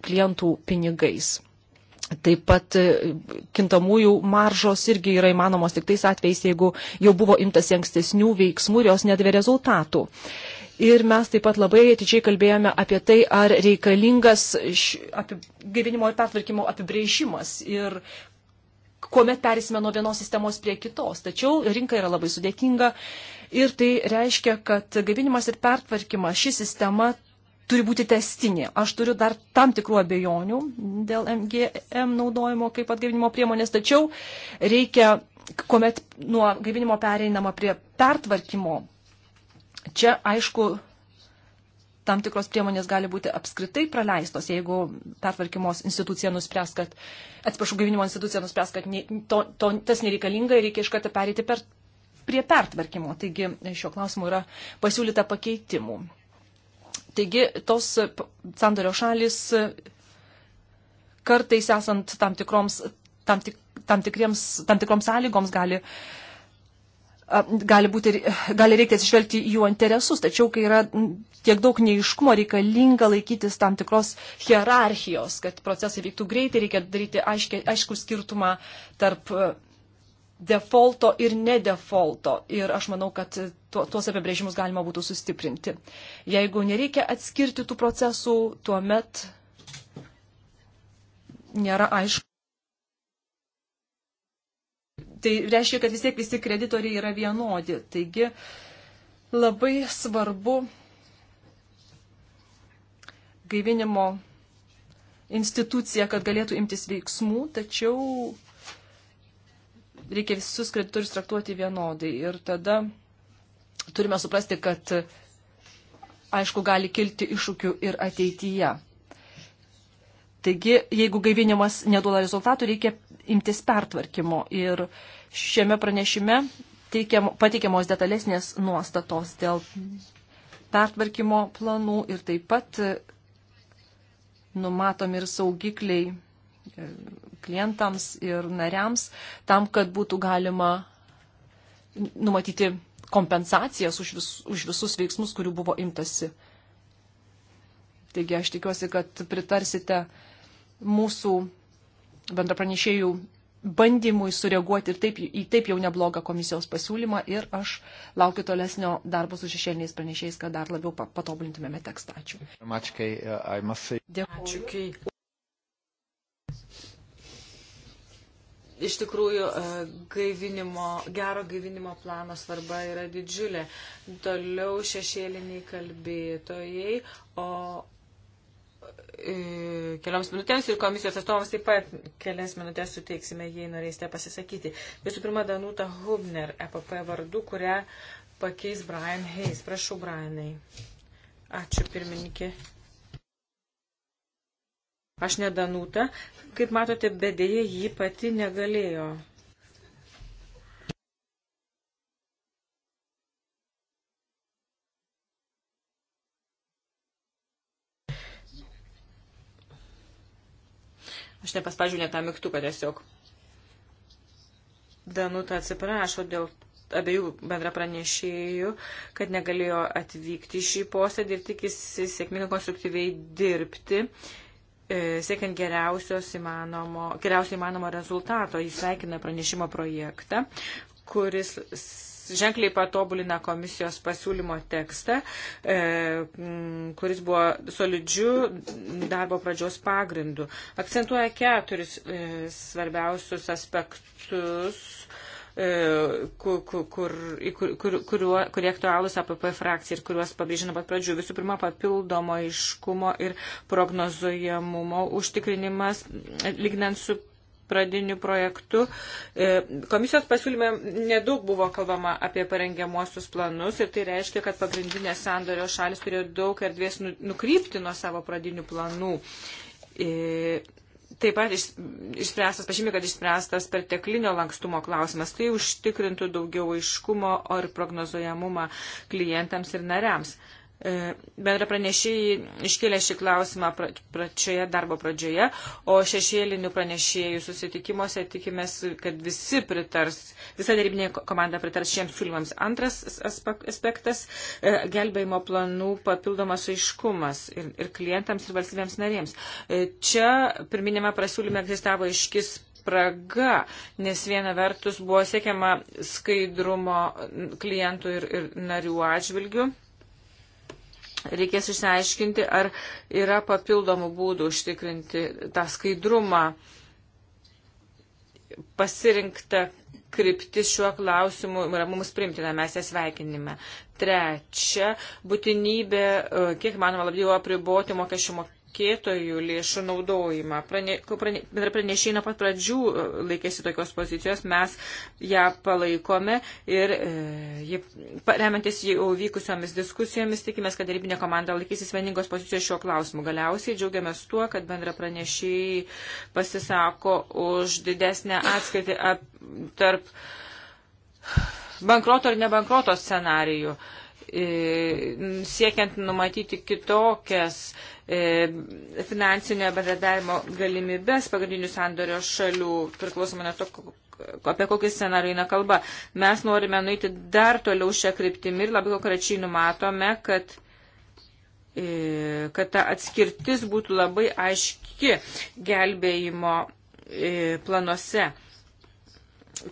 klientų pinigais. Taip pat e, kintamųjų maržos irgi yra įmanomos tik tais atvejais, jeigu jau buvo imtas ankstesnių veiksmų ir jos nedavė rezultatų. Uh, Ir mes taip pat labai atidžiai kalbėjome apie tai, ar reikalingas api, gyvenimo ir pertvarkymo apibrėžimas ir kuomet perėsime nuo vienos sistemos prie kitos. Tačiau rinka yra labai sudėtinga ir tai reiškia, kad gaivinimas ir pertvarkymas, ši sistema turi būti testinė. Aš turiu dar tam tikrų abejonių dėl MGM naudojimo kaip atgaivinimo priemonės, tačiau reikia, kuomet nuo gaivinimo pereinama prie pertvarkymo Čia, aišku, tam tikros priemonės gali būti apskritai praleistos, jeigu pertvarkymos institucija nuspręs, kad, atsiprašau, gaivinimo institucija nuspręs, kad ne, to, to, tas nereikalinga ir reikia iš karto perėti per, prie pertvarkymo. Taigi šiuo klausimu yra pasiūlyta pakeitimų. Taigi tos sandorio šalis kartais esant tam tikroms, tam tik, tam tikriems, tam tikroms sąlygoms gali uh, gali, būti, gali reikti atsižvelgti jų interesus, tačiau kai yra tiek daug neiškumo, reikalinga laikytis tam tikros hierarchijos, kad procesai vyktų greitai, reikia daryti aiškia, aišku skirtumą tarp e, defaulto ir nedefaulto. Ir aš manau, kad tuo, tuos apibrėžimus galima būtų sustiprinti. Jeigu nereikia atskirti tų procesų, tuomet nėra aišku tai reiškia, kad vis tiek visi kreditoriai yra vienodi. Taigi labai svarbu gaivinimo institucija, kad galėtų imtis veiksmų, tačiau reikia visus kreditorius traktuoti vienodai. Ir tada turime suprasti, kad aišku, gali kilti iššūkių ir ateityje. Taigi, jeigu gaivinimas neduoda rezultatų, reikia imtis pertvarkymo. Ir šiame pranešime teikiam, pateikiamos detalesnės nuostatos dėl pertvarkymo planų ir taip pat e, numatomi ir saugikliai e, klientams ir nariams, tam, kad būtų galima numatyti kompensacijas už, vis, už visus veiksmus, kurių buvo imtasi. Taigi aš tikiuosi, kad pritarsite mūsų bendrapranešėjų bandymui sureaguoti ir taip, į taip jau neblogą komisijos pasiūlymą ir aš laukiu tolesnio darbo su šešėliniais pranešėjais, kad dar labiau patobulintumėme tekstą. Ačiū. Uh, Dėkui. Iš tikrųjų, uh, gaivinimo, gero gaivinimo plano svarba yra didžiulė. Toliau šešėliniai kalbėtojai, o E, kelioms minutėms ir komisijos atstovams taip pat kelias minutės suteiksime, jei norėsite pasisakyti. Visų pirma, Danuta Hubner, EPP vardu, kurią pakeis Brian Hayes. Prašau, Brianai. Ačiū, pirmininkė. Aš ne Danuta. Kaip matote, bedėje jį pati negalėjo Aš nepaspažiu net tą mygtuką tiesiog. Danuta atsiprašo dėl abiejų bendra pranešėjų, kad negalėjo atvykti šį posėdį ir tikisi sėkmingai konstruktyviai dirbti, e, siekiant geriausios įmanomo, geriausio įmanomo rezultato. Jis sveikina pranešimo projektą, kuris ženkliai patobulina komisijos pasiūlymo tekstą, e, kuris buvo solidžių darbo pradžios pagrindų. Akcentuoja keturis e, svarbiausius aspektus e, kur, kur, kur, kuriuo, kurie aktualūs APP frakcija ir kuriuos pabrėžė nuo pat pradžių. Visų pirma, papildomo iškumo ir prognozuojamumo užtikrinimas, lygnant su pradiniu projektu. E, komisijos pasiūlyme nedaug buvo kalbama apie parengiamuosius planus ir tai reiškia, kad pagrindinės sandorio šalis turėjo daug erdvės nu, nukrypti nuo savo pradinių planų. E, taip pat išspręstas, pažymė, kad išspręstas perteklinio lankstumo klausimas. Tai užtikrintų daugiau aiškumo ir prognozuojamumą klientams ir nariams. E, bendra pranešėjai iškėlė šį klausimą pradžioje, darbo pradžioje, o šešėlinių pranešėjų susitikimuose tikimės, kad visi pritars, visa darybinė komanda pritars šiems siūlymams. Antras aspektas - e, gelbėjimo planų papildomas aiškumas ir, ir klientams, ir valstybėms narėms. E, čia pirminėme prasiūlyme egzistavo iškis spraga, nes viena vertus buvo siekiama skaidrumo klientų ir, ir narių atžvilgių Reikės išsiaiškinti, ar yra papildomų būdų užtikrinti tą skaidrumą pasirinktą kryptis šiuo klausimu yra mums primtina, mes ją sveikinime. Trečia, būtinybė, e, kiek manoma, labiau apriboti mokesčių mokėtojų lėšų naudojimą. Prane, prane, pranešiai nuo pat pradžių e, laikėsi tokios pozicijos, mes ją palaikome ir e, remiantis jau vykusiomis diskusijomis tikimės, kad darybinė komanda laikysis vieningos pozicijos šiuo klausimu. Galiausiai džiaugiamės tuo, kad bendra pranešiai pasisako už didesnę atskaitį ap, tarp bankroto ir nebankroto scenarijų. E, E, siekiant numatyti kitokias e, finansinio bendradarimo galimybės pagrindinių sandorio šalių, priklausomai nuo to, apie kokį scenarijų eina kalba. Mes norime nueiti dar toliau šią kryptimį ir labai konkrečiai numatome, kad, e, kad ta atskirtis būtų labai aiški gelbėjimo planuose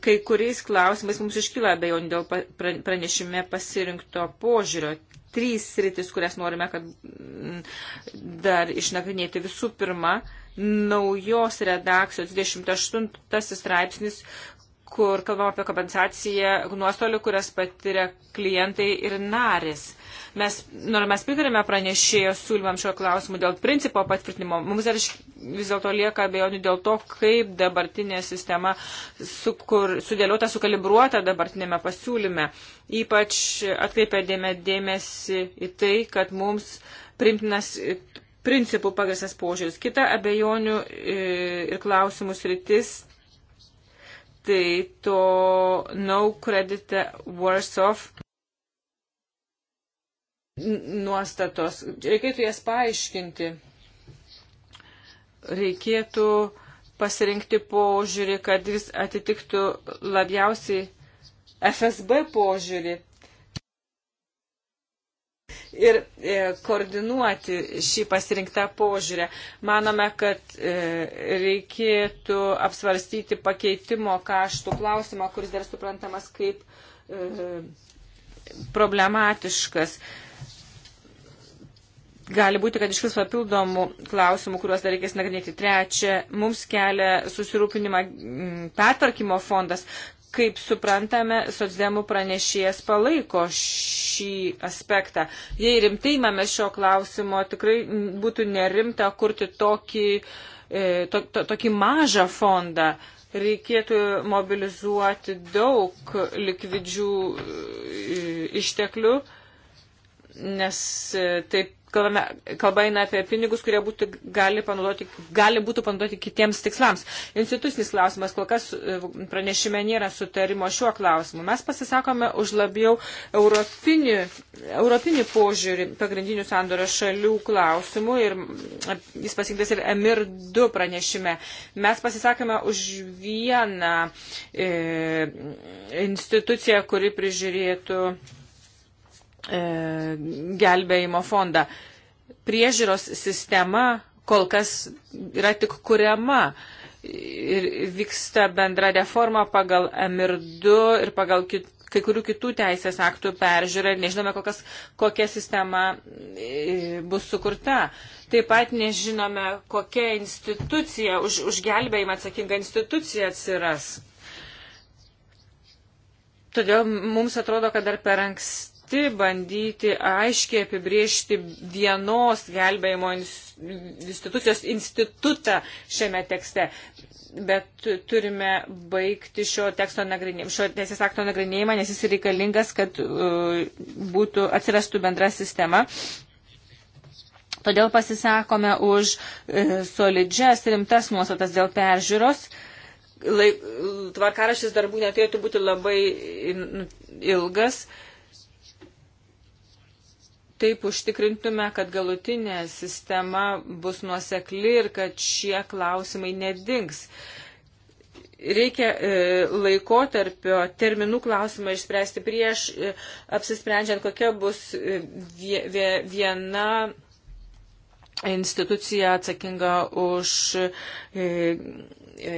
kai kuriais klausimais mums iškyla abejonių dėl pranešime pasirinkto požiūrio. Trys sritis, kurias norime, kad mm, dar išnagrinėti. Visų pirma, naujos redakcijos 28 straipsnis, kur kalbam apie kompensaciją nuostolių, kurias patiria klientai ir narės. Mes, nors mes pritarėme pranešėjo siūlymam šio klausimu dėl principo patvirtinimo, mums dar vis dėlto lieka abejonių dėl to, kaip dabartinė sistema sukur, sudėliota, sukalibruota dabartinėme pasiūlyme. Ypač atkreipė dėmesį į tai, kad mums primtinas principų pagristas požiūris. Kita abejonių e, ir klausimų sritis tai to no credit worse off nuostatos. Reikėtų jas paaiškinti. Reikėtų pasirinkti požiūrį, kad jis atitiktų labiausiai FSB požiūrį. Ir e, koordinuoti šį pasirinktą požiūrę. Manome, kad e, reikėtų apsvarstyti pakeitimo kaštų klausimą, kuris dar suprantamas kaip e, problematiškas. E, gali būti, kad iškils papildomų klausimų, kuriuos dar reikės nagrinėti. Trečia, mums kelia susirūpinimą mm, pertvarkymo fondas. Kaip suprantame, socdemų pranešėjas palaiko šį aspektą. Jei rimtai imame šio klausimo, tikrai mm, būtų nerimta kurti tokį, e, to, to, tokį mažą fondą reikėtų mobilizuoti daug likvidžių e, išteklių, nes e, taip kalbame, kalba eina apie pinigus, kurie būtų, gali, panaudoti, gali būtų panaudoti kitiems tikslams. Institucinis klausimas, kol kas e, pranešime nėra sutarimo šiuo klausimu. Mes pasisakome už labiau europinį, europinį požiūrį pagrindinių sandorio šalių klausimų ir jis pasiktas ir EMIR 2 pranešime. Mes pasisakome už vieną e, instituciją, kuri prižiūrėtų E, gelbėjimo fondą. Priežiūros sistema kol kas yra tik kuriama ir vyksta bendra reforma pagal MIR2 ir pagal kit, kai kurių kitų teisės aktų peržiūrą ir nežinome, kokias, kokia sistema e, bus sukurta. Taip pat nežinome, kokia institucija, už, už gelbėjimą atsakinga institucija atsiras. Todėl mums atrodo, kad dar per anksti anksti bandyti aiškiai apibriežti vienos gelbėjimo institucijos institutą šiame tekste. Bet turime baigti šio teksto nagrinėjimą, šio teisės akto nagrinėjimą, nes jis reikalingas, kad uh, būtų atsirastų bendra sistema. Todėl pasisakome už uh, solidžias rimtas nuostatas dėl peržiūros. Uh, laik, tvarkaraštis darbų neturėtų būti labai ilgas taip užtikrintume, kad galutinė sistema bus nuosekli ir kad šie klausimai nedings. Reikia e, laikotarpio terminų klausimą išspręsti prieš e, apsisprendžiant, kokia bus e, vie, vie, viena institucija atsakinga už e, e,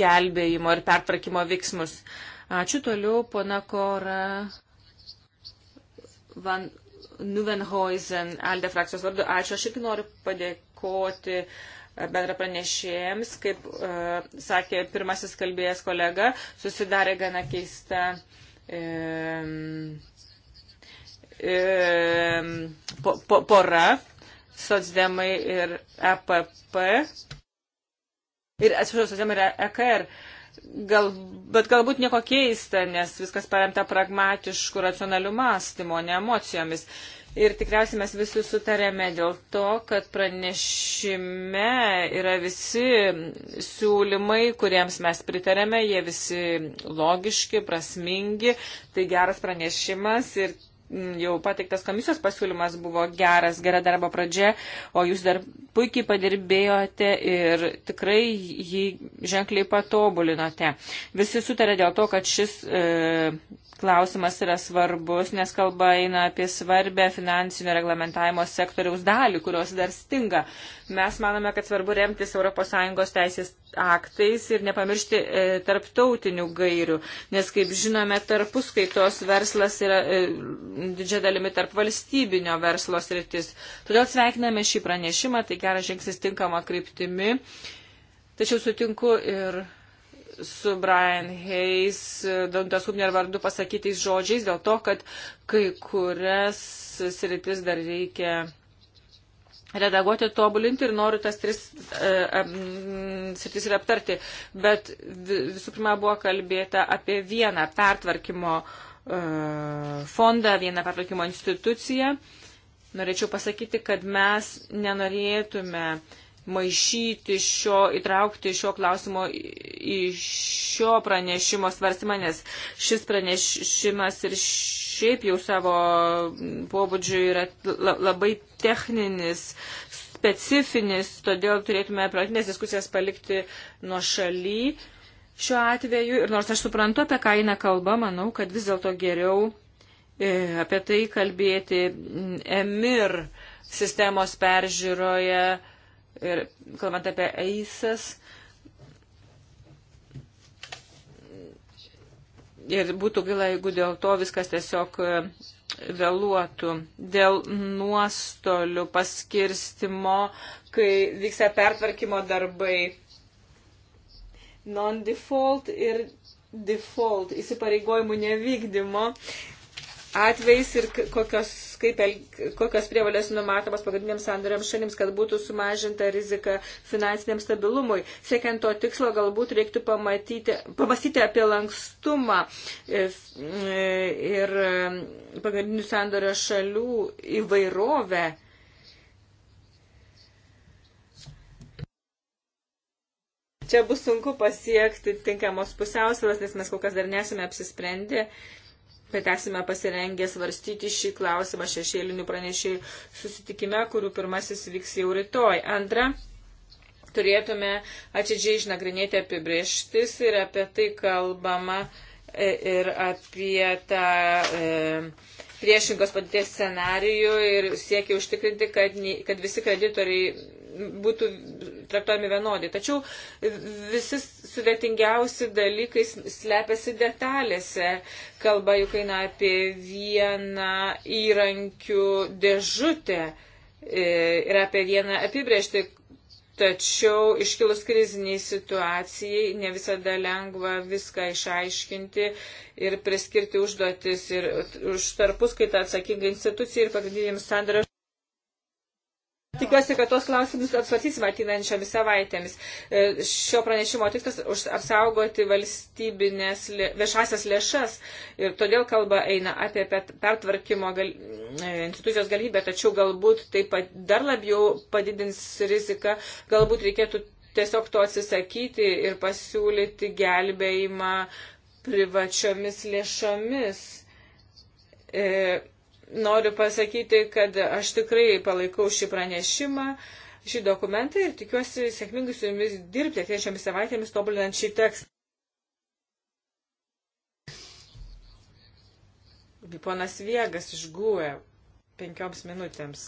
gelbėjimo ir pertvarkymo veiksmus. Ačiū toliau, pana Kora Van Nuvenhoizen, Alde frakcijos vardu. Ačiū, aš irgi noriu padėkoti e, bendra pranešėjams, kaip uh, sakė pirmasis kalbėjęs kolega, susidarė gana keista. Um, um, po, po, pora, socdemai ir EPP. Ir atsiprašau, socdemai ir EKR. Uh, Gal, bet galbūt nieko keista, nes viskas paremta pragmatišku, racionaliu mąstymu, ne emocijomis. Ir tikriausiai mes visi sutarėme dėl to, kad pranešime yra visi siūlymai, kuriems mes pritarėme, jie visi logiški, prasmingi, tai geras pranešimas ir jau pateiktas komisijos pasiūlymas buvo geras, gera darbo pradžia, o jūs dar puikiai padirbėjote ir tikrai jį ženkliai patobulinote. Visi sutarė dėl to, kad šis e, klausimas yra svarbus, nes kalba eina apie svarbę finansinio reglamentavimo sektoriaus dalį, kurios dar stinga. Mes manome, kad svarbu remtis ES teisės aktais ir nepamiršti e, tarptautinių gairių, nes, kaip žinome, tarpuskaitos verslas yra e, didžia dalimi tarp valstybinio verslo sritis. Todėl sveikiname šį pranešimą, tai geras žingsnis tinkama kryptimi. Tačiau sutinku ir su Brian Hayes, Dantas Hubner vardu pasakytais žodžiais dėl to, kad kai kurias sritis dar reikia redaguoti, tobulinti ir noriu tas tris uh, um, sritis ir aptarti. Bet visų pirma buvo kalbėta apie vieną pertvarkymo uh, fondą, vieną pertvarkymo instituciją. Norėčiau pasakyti, kad mes nenorėtume uh, maišyti šio, įtraukti šio klausimo į šio pranešimo svarstymą, nes šis pranešimas ir šiaip jau savo pobūdžiu yra labai techninis, specifinis, todėl turėtume pratinės diskusijas palikti nuo šaly šiuo atveju. Ir nors aš suprantu, apie ką eina kalba, manau, kad vis dėlto geriau e, apie tai kalbėti mm, emir sistemos peržiūroje Ir kalbant apie eisas, ir būtų gaila, jeigu dėl to viskas tiesiog e, vėluotų dėl nuostolių paskirstimo, kai vyksta pertvarkymo darbai. Non-default ir default įsipareigojimų nevykdymo atvejs ir kokios kaip kokios prievalės numatomas pagrindiniams sandoriams šalims, kad būtų sumažinta rizika finansiniam stabilumui. Siekiant to tikslo, galbūt reiktų pamatyti, pamastyti apie lankstumą e, e, ir e, pagrindinių sandorio šalių įvairovę. čia bus sunku pasiekti tinkamos pusiausvėros, nes mes kol kas dar nesame apsisprendę bet esame pasirengę svarstyti šį klausimą šešėlinių pranešėjų susitikime, kurių pirmasis vyks jau rytoj. Antra, turėtume atidžiai išnagrinėti apibrieštis ir apie tai kalbama e, ir apie tą e, priešingos padėties scenarijų ir siekia užtikrinti, kad, kad visi kreditoriai būtų traktuojami vienodai. Tačiau visi sudėtingiausi dalykai slepiasi detalėse. Kalba juk eina apie vieną įrankių dėžutę e, ir apie vieną apibrėžti. Tačiau iškilus kriziniai situacijai ne visada lengva viską išaiškinti ir priskirti užduotis ir už tarpuskaitą atsakingą instituciją ir pagrindinėms sandariams. Tikiuosi, kad tos klausimus apsvarstysime ateinančiomis savaitėmis. E, šio pranešimo tikslas - apsaugoti valstybinės viešasias lėšas. Ir todėl kalba eina apie pertvarkymo gal, e, institucijos galimybę, tačiau galbūt tai dar labiau padidins riziką, galbūt reikėtų tiesiog to atsisakyti ir pasiūlyti gelbėjimą privačiomis lėšomis. E, noriu pasakyti, kad aš tikrai palaikau šį pranešimą, šį dokumentą ir tikiuosi sėkmingai su jumis dirbti atėjančiamis savaitėmis tobulinant šį tekstą. Ponas Viegas išgūė e penkioms minutėms.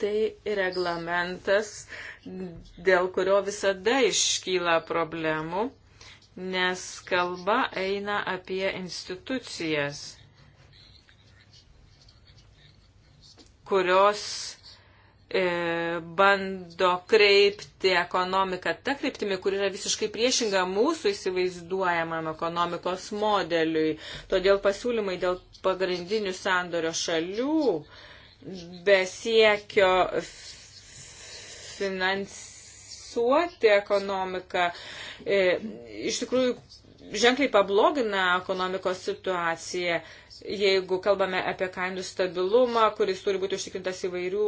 tai reglamentas, dėl kurio visada iškyla problemų, nes kalba eina apie institucijas, kurios e, bando kreipti ekonomiką tą kryptimį, kur yra visiškai priešinga mūsų įsivaizduojamam ekonomikos modeliui. Todėl pasiūlymai dėl pagrindinių sandorio šalių e, besiekio finansuoti ekonomiką, e, iš tikrųjų ženkliai pablogina ekonomikos situaciją jeigu kalbame apie kainų stabilumą, kuris turi būti užtikrintas įvairių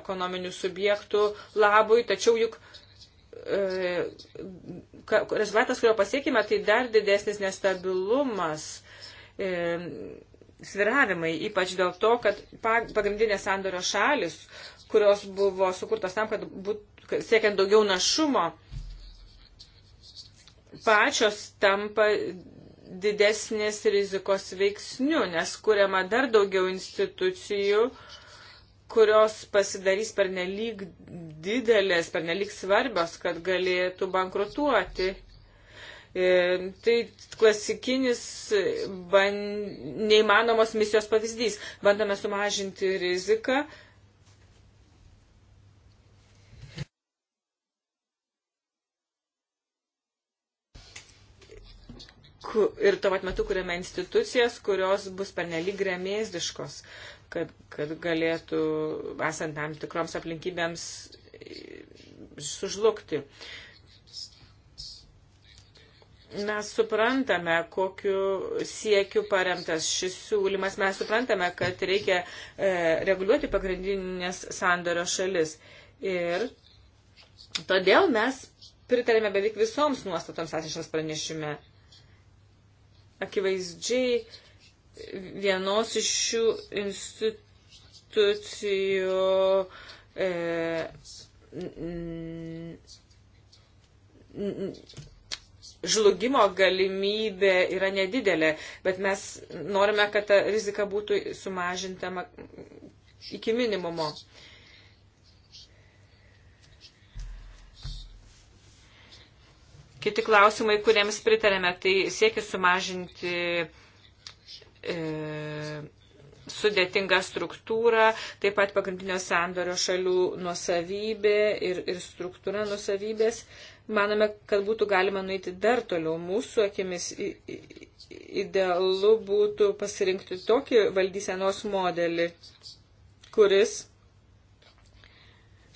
ekonominių subjektų labui, tačiau juk e, rezultatas, kurio pasiekime, tai dar didesnis nestabilumas. E, sviravimai, ypač dėl to, kad pagrindinės sandorio šalis, kurios buvo sukurtos tam, kad būt, siekiant daugiau našumo, pačios tampa didesnės rizikos veiksnių, nes kuriama dar daugiau institucijų, kurios pasidarys per nelik didelės, per nelik svarbios, kad galėtų bankrutuoti E, tai klasikinis ban, neįmanomos misijos pavyzdys. Bandome sumažinti riziką. Ir tuo pat metu kuriame institucijas, kurios bus pernelyg remėzdiškos, kad, kad galėtų, esant tam tikroms aplinkybėms, e, sužlugti. Uh, Mes suprantame, kokiu siekiu paremtas šis siūlymas, mes suprantame, kad reikia e, reguliuoti pagrindinės sandorio šalis. Ir todėl mes pritarėme beveik visoms nuostatoms atsinšams pranešime. Akivaizdžiai vienos iš šių institucijų e, n, n, n, žlugimo galimybė yra nedidelė, bet mes norime, kad ta rizika būtų sumažinta iki minimumo. Kiti klausimai, kuriems pritarėme, tai siekis sumažinti e, sudėtingą struktūrą, taip pat pagrindinio sandorio šalių nuosavybė ir, ir struktūra nuosavybės. Manome, kad būtų galima nueiti dar toliau. Mūsų akimis idealu būtų pasirinkti tokį valdysenos modelį, kuris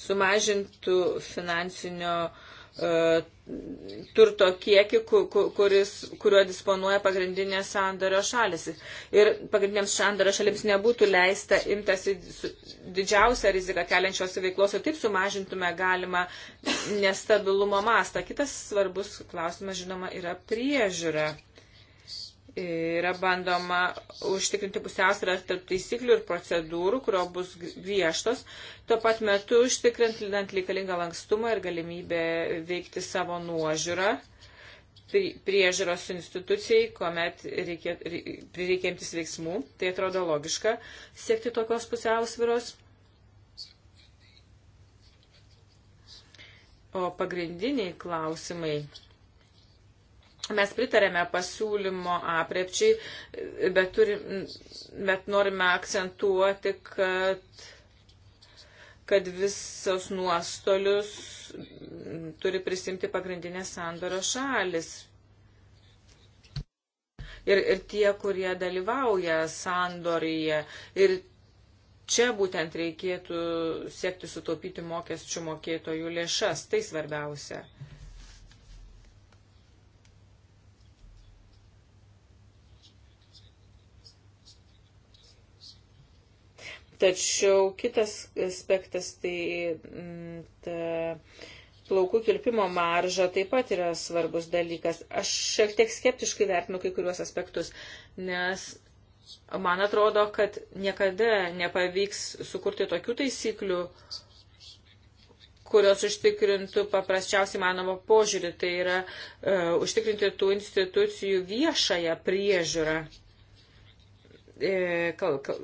sumažintų finansinio uh, E, turto kiekį, kuris, kuriuo disponuoja pagrindinės sandario šalis. Ir pagrindinėms sandario šalims nebūtų leista imtasi didžiausią riziką keliančios veiklos, o taip sumažintume galima nestabilumo mastą. Kitas svarbus klausimas, žinoma, yra priežiūra yra bandoma užtikrinti pusiausvyrą tarp taisyklių ir procedūrų, kurio bus griežtos, tuo pat metu užtikrinant reikalingą lankstumą ir galimybę veikti savo nuožiūrą priežiūros institucijai, kuomet prireikiantis veiksmų. Tai atrodo logiška siekti tokios pusiausviros. O pagrindiniai klausimai Mes pritarėme pasiūlymo aprepčiai, bet, turim, bet norime akcentuoti, kad, kad visos nuostolius turi prisimti pagrindinės sandoro šalis. Ir, ir tie, kurie dalyvauja sandoryje. Ir čia būtent reikėtų siekti sutaupyti mokesčių mokėtojų lėšas. Tai svarbiausia. Tačiau kitas aspektas, tai mm, ta plaukų kirpimo marža taip pat yra svarbus dalykas. Aš šiek tiek skeptiškai vertinu kai kuriuos aspektus, nes man atrodo, kad niekada nepavyks sukurti tokių taisyklių, kurios užtikrintų paprasčiausiai manomą požiūrį, tai yra e, uh, užtikrinti tų institucijų viešąją priežiūrą. E, kal, kal,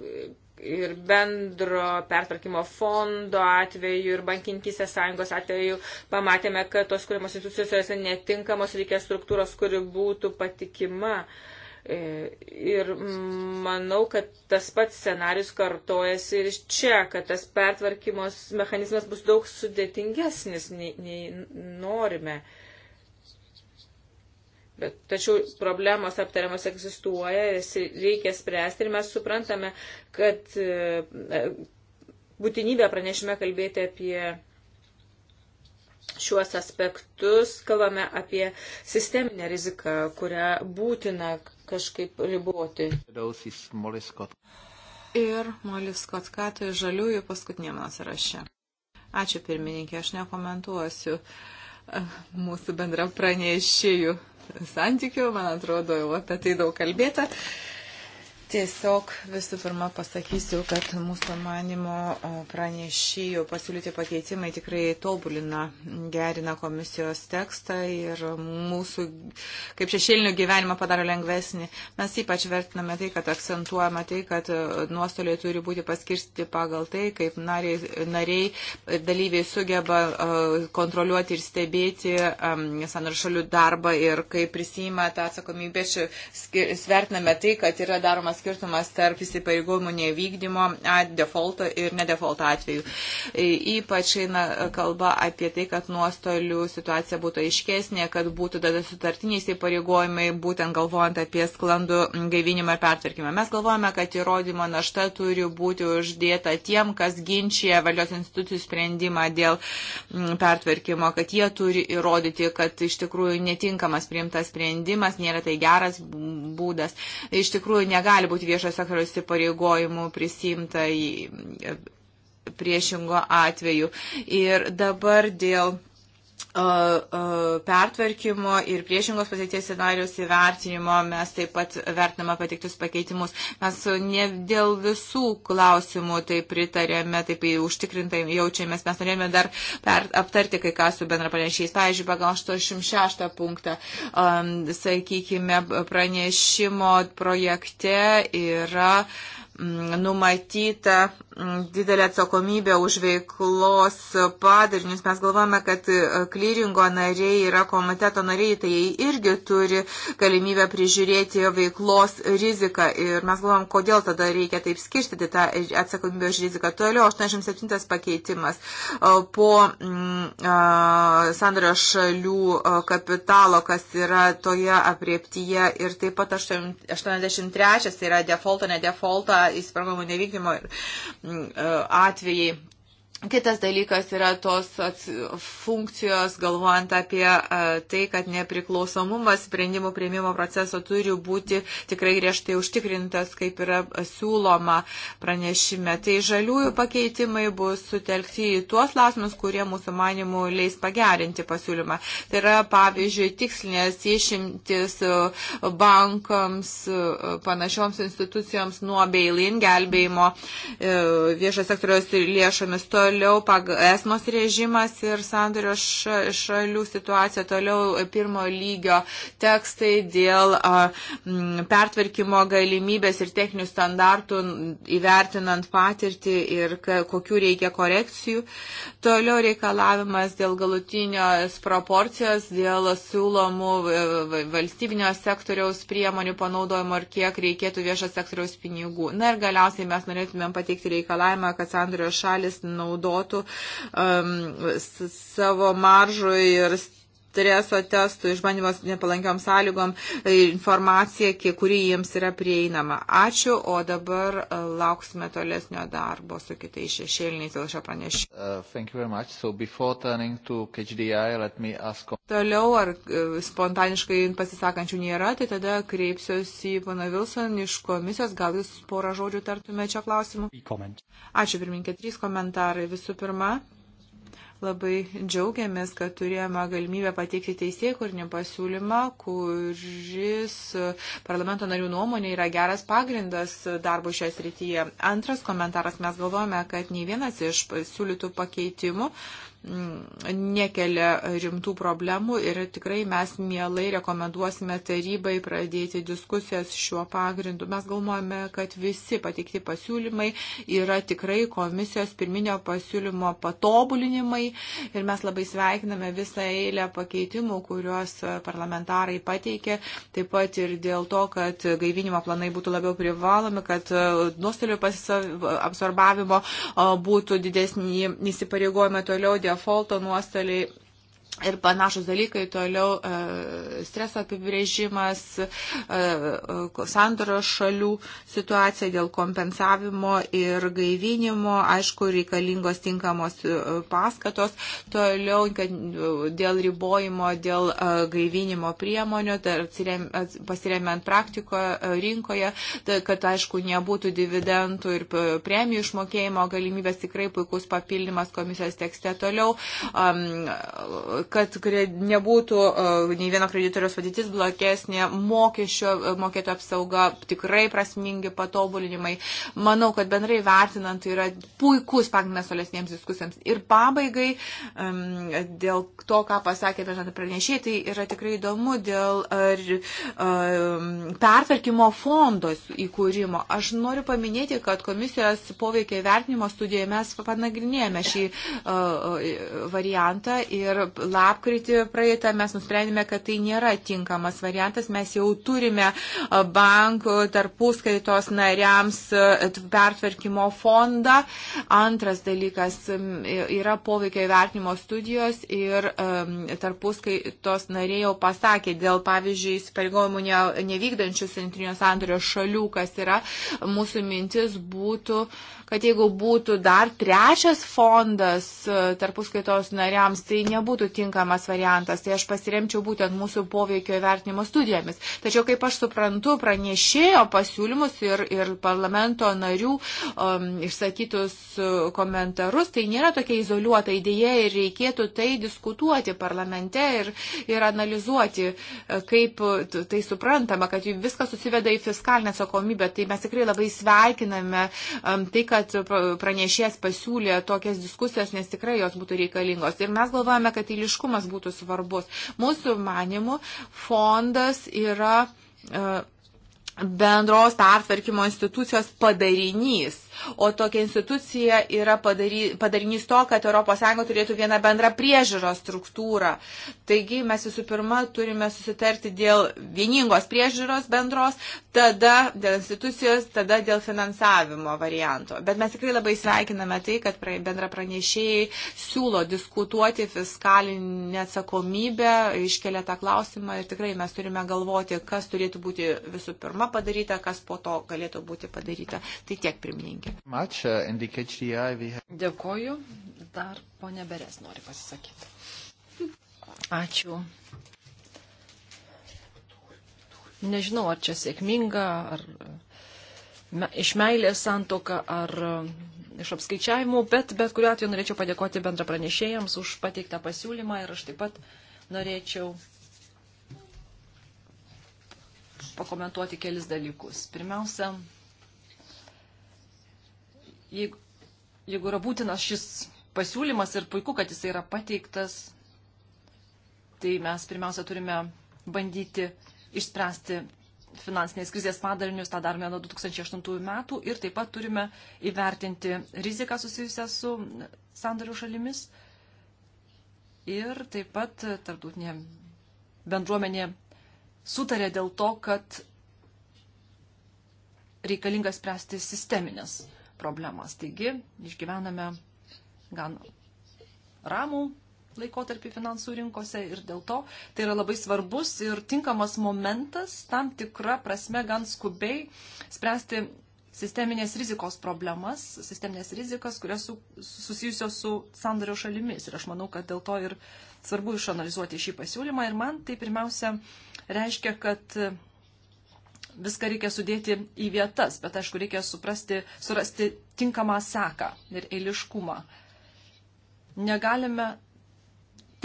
ir bendro pertvarkymo fondo atveju ir bankininkysės sąjungos atveju pamatėme, kad tos kuriamos institucijos yra netinkamos, reikia struktūros, kuri būtų patikima. E, ir manau, kad tas pats scenarius kartojasi ir čia, kad tas pertvarkymos mechanizmas bus daug sudėtingesnis nei, nei norime. Uh, Bet, tačiau problemos aptariamos egzistuoja, jas reikia spręsti ir mes suprantame, kad e, būtinybė pranešime kalbėti apie šiuos aspektus, kalbame apie sisteminę riziką, kurią būtina kažkaip riboti. Ir Molis Kotkatų iš žaliųjų paskutinė mano sąraše. Ačiū pirmininkė, aš nekomentuosiu e, mūsų bendra pranešėjų santykių, man atrodo, jau apie tai daug kalbėta. Uh, Tiesiog visų pirma pasakysiu, kad mūsų manimo pranešėjų pasiūlyti pakeitimai tikrai tobulina, gerina komisijos tekstą ir mūsų, kaip šešėlinių gyvenimą padaro lengvesnį. Mes ypač vertiname tai, kad akcentuojame tai, kad e, nuostoliai turi būti paskirsti pagal tai, kaip nariai, nariai e, dalyviai sugeba e, kontroliuoti ir stebėti sanaršalių darbą ir kaip prisima tą atsakomybę. Svertiname tai, kad yra daromas skirtumas tarp įsipareigojimų nevykdymo, defaulto ir nedefaulto atveju. E, ypač eina kalba apie tai, kad nuostolių situacija būtų aiškesnė, kad būtų tada sutartiniai įsipareigojimai, būtent galvojant apie sklandų gaivinimą ir pertvarkymą. Mes galvojame, kad įrodymo našta turi būti uždėta tiem, kas ginčia valios institucijų sprendimą dėl pertvarkymo, kad jie turi įrodyti, kad iš tikrųjų netinkamas priimtas sprendimas, nėra tai geras būdas. Iš tikrųjų negali būti viešo sektoriaus įpareigojimų prisimta priešingo atveju. Ir dabar dėl pertvarkymo ir priešingos pozicijos scenarius įvertinimo mes taip pat vertiname patiktus pakeitimus. Mes ne dėl visų klausimų tai pritarėme, taip užtikrintai jaučiamės. Mes norėjome dar per, aptarti kai ką su bendrapranešiais. Pavyzdžiui, pagal 86 punktą, um, sakykime, pranešimo projekte yra numatyta didelę atsakomybę už veiklos padarinius. Mes galvojame, kad e, klyringo nariai yra komiteto nariai, tai jie irgi turi galimybę prižiūrėti veiklos riziką. Ir mes galvojame, kodėl tada reikia taip skirstyti tą atsakomybę už riziką. Toliau 87 pakeitimas e, po mm, e, sandario šalių kapitalo, kas yra toje aprieptyje ir taip pat 83 yra defaulto, ne defaulto įsipareigojimų nevykdymo ir Mm, e, atvejai Kitas dalykas yra tos funkcijos, galvojant apie tai, kad nepriklausomumas sprendimų prieimimo proceso turi būti tikrai griežtai užtikrintas, kaip yra siūloma pranešime. Tai žaliųjų pakeitimai bus sutelkti į tuos lasmus, kurie mūsų manimų leis pagerinti pasiūlymą. Tai yra, pavyzdžiui, tikslinės išimtis bankams, panašioms institucijoms nuo beilin gelbėjimo e, viešo sektoriaus lėšomis. To toliau esmos režimas ir sandorio šalių situacija, toliau pirmo lygio tekstai dėl pertvarkymo galimybės ir techninių standartų įvertinant patirtį ir kokių reikia korekcijų. Toliau reikalavimas dėl galutinės proporcijos, dėl siūlomų e, valstybinio sektoriaus priemonių panaudojimo ir kiek reikėtų viešo sektoriaus pinigų. Na ir galiausiai mes norėtumėm pateikti reikalavimą, kad sandorio šalis naudotų panaudotų um, savo maržų ir streso testų išbandymas nepalankiom sąlygom, e, informacija, kiek kuri jiems yra prieinama. Ačiū, o dabar e, lauksime tolesnio darbo su kitais šešėliniais dėl šio pranešimo. Uh, so Toliau, ar e, spontaniškai pasisakančių nėra, tai tada kreipsiuosi į pana Vilson iš komisijos, gal jūs porą žodžių tartume čia klausimu. Ačiū, pirminkė, trys komentarai. Visų pirma, Labai džiaugiamės, kad turėjome galimybę pateikti teisėkurnį pasiūlymą, kuris parlamento narių nuomonė yra geras pagrindas darbo šioje srityje. Antras komentaras, mes galvojame, kad nei vienas iš pasiūlytų pakeitimų Mm, nekelia rimtų problemų ir tikrai mes mielai rekomenduosime tarybai pradėti diskusijas šiuo pagrindu. Mes galvojame, kad visi pateikti pasiūlymai yra tikrai komisijos pirminio pasiūlymo patobulinimai ir mes labai sveikiname visą eilę pakeitimų, kuriuos parlamentarai pateikė, taip pat ir dėl to, kad gaivinimo planai būtų labiau privalomi, kad e, nuostolių absorbavimo e, būtų didesnį įsipareigojimą toliau. Dėl defaulto nuostoliai ir panašus dalykai toliau e, streso apibrėžimas, e, e, sandoros šalių situacija dėl kompensavimo ir gaivinimo, aišku, reikalingos tinkamos paskatos, toliau dėl ribojimo, dėl gaivinimo priemonių, tai pasiremiant praktiko rinkoje, tai kad, aišku, nebūtų dividendų ir premijų išmokėjimo galimybės, tikrai puikus papildymas komisijos tekste toliau kad nebūtų e, nei vieno kreditoriaus padėtis blokesnė, mokesčio e, mokėtų apsauga, tikrai prasmingi patobulinimai. Manau, kad bendrai vertinant tai yra puikus pagrindas tolesniems diskusijams. Ir pabaigai, dėl to, ką pasakė vienas pranešėjai, tai yra tikrai įdomu dėl ar, e, pertvarkymo fondos įkūrimo. Aš noriu paminėti, kad komisijos poveikio vertinimo studijoje mes panagrinėjame šį variantą ir lapkritį praeitą mes nusprendėme, kad tai nėra tinkamas variantas. Mes jau turime bankų tarpuskaitos nariams pertvarkymo fondą. Antras dalykas yra poveikio įvertinimo studijos ir tarpuskaitos nariai jau pasakė dėl, pavyzdžiui, įsipareigojimų nevykdančių centrinio sandorio šalių, kas yra mūsų mintis būtų kad jeigu būtų dar trečias fondas tarpuskaitos nariams, tai nebūtų tinkamas variantas, tai aš pasiremčiau būtent mūsų poveikio įvertinimo studijomis. Tačiau, kaip aš suprantu, pranešėjo pasiūlymus ir, ir parlamento narių um, išsakytus uh, komentarus, tai nėra tokia izoliuota idėja ir reikėtų tai diskutuoti parlamente ir, ir analizuoti, uh, kaip uh, tai suprantama, kad viskas susiveda į fiskalinę atsakomybę. Tai mes tikrai labai sveikiname um, tai, kad pranešėjas pasiūlė tokias diskusijas, nes tikrai jos būtų reikalingos. Ir mes galvojame, kad tai savanoriškumas būtų svarbus. Mūsų manimų fondas yra e, bendros pertvarkymo institucijos padarinys o tokia institucija yra padary, padarinys to, kad ES turėtų vieną bendrą priežiūros struktūrą. Taigi mes visų pirma turime susitarti dėl vieningos priežiūros bendros, tada dėl institucijos, tada dėl finansavimo varianto. Bet mes tikrai labai sveikiname tai, kad bendra pranešėjai siūlo diskutuoti fiskalinę atsakomybę, iškelia tą klausimą ir tikrai mes turime galvoti, kas turėtų būti visų pirma padaryta, kas po to galėtų būti padaryta. Tai tiek, pirmininkė. Uh, Dėkoju. Dar ponė Beres nori pasisakyti. <laughs> Ačiū. Nežinau, ar čia sėkminga, ar me, iš meilės santoka, ar uh, iš apskaičiavimų, bet bet kuriuo atveju norėčiau padėkoti bendra pranešėjams už pateiktą pasiūlymą ir aš taip pat norėčiau pakomentuoti kelis dalykus. Pirmiausia, jeigu, jeigu yra būtinas šis pasiūlymas ir puiku, kad jis yra pateiktas, tai mes pirmiausia turime bandyti išspręsti finansinės krizės padarinius, tą darome nuo 2008 metų ir taip pat turime įvertinti riziką susijusią su sandarių šalimis ir taip pat tarptautinė bendruomenė sutarė dėl to, kad reikalinga spręsti sisteminės problemas. Taigi, išgyvename gan ramų laikotarpį finansų rinkose ir dėl to tai yra labai svarbus ir tinkamas momentas tam tikra prasme gan skubiai spręsti sisteminės rizikos problemas, sisteminės rizikas, kurios su, susijusios su sandario šalimis. Ir aš manau, kad dėl to ir svarbu išanalizuoti šį pasiūlymą. Ir man tai pirmiausia reiškia, kad viską reikia sudėti į vietas, bet aišku, reikia suprasti, surasti tinkamą seką ir eiliškumą. Negalime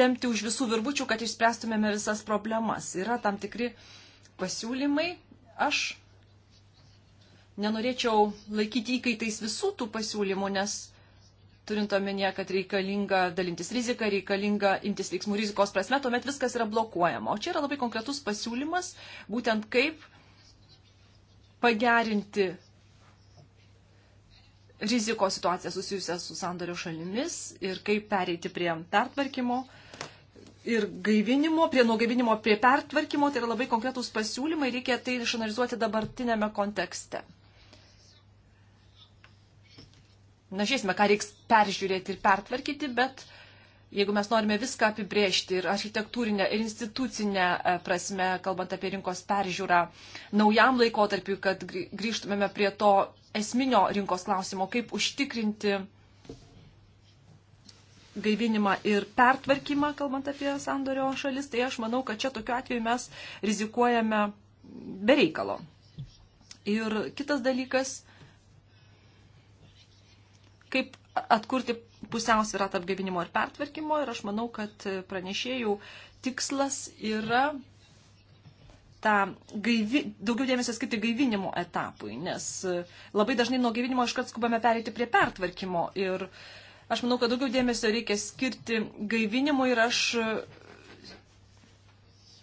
temti už visų virbučių, kad išspręstumėme visas problemas. Yra tam tikri pasiūlymai. Aš nenorėčiau laikyti įkaitais visų tų pasiūlymų, nes turint omenyje, kad reikalinga dalintis riziką, reikalinga imtis veiksmų rizikos prasme, tuomet viskas yra blokuojama. O čia yra labai konkretus pasiūlymas, būtent kaip pagerinti rizikos situaciją susijusią su sandorio šalimis ir kaip pereiti prie pertvarkymo ir gaivinimo, prie nugaivinimo, prie pertvarkymo, tai yra labai konkretūs pasiūlymai, reikia tai išanalizuoti dabartinėme kontekste. Na, žiūrėsime, ką reiks peržiūrėti ir pertvarkyti, bet uh, jeigu mes norime viską apibriežti ir architektūrinę, ir institucinę e, prasme, kalbant apie rinkos peržiūrą, naujam laikotarpiu, kad grįžtumėme prie to esminio rinkos klausimo, kaip užtikrinti gaivinimą ir pertvarkymą, kalbant apie sandorio šalis, tai aš manau, kad čia tokiu atveju mes rizikuojame bereikalo. Ir kitas dalykas, kaip atkurti pusiausvyrą tarp gaivinimo ir pertvarkymo ir aš manau, kad pranešėjų tikslas yra tą gaivi, daugiau dėmesio skirti gaivinimo etapui, nes labai dažnai nuo gaivinimo iškart skubame perėti prie pertvarkymo ir aš manau, kad daugiau dėmesio reikia skirti gaivinimui ir aš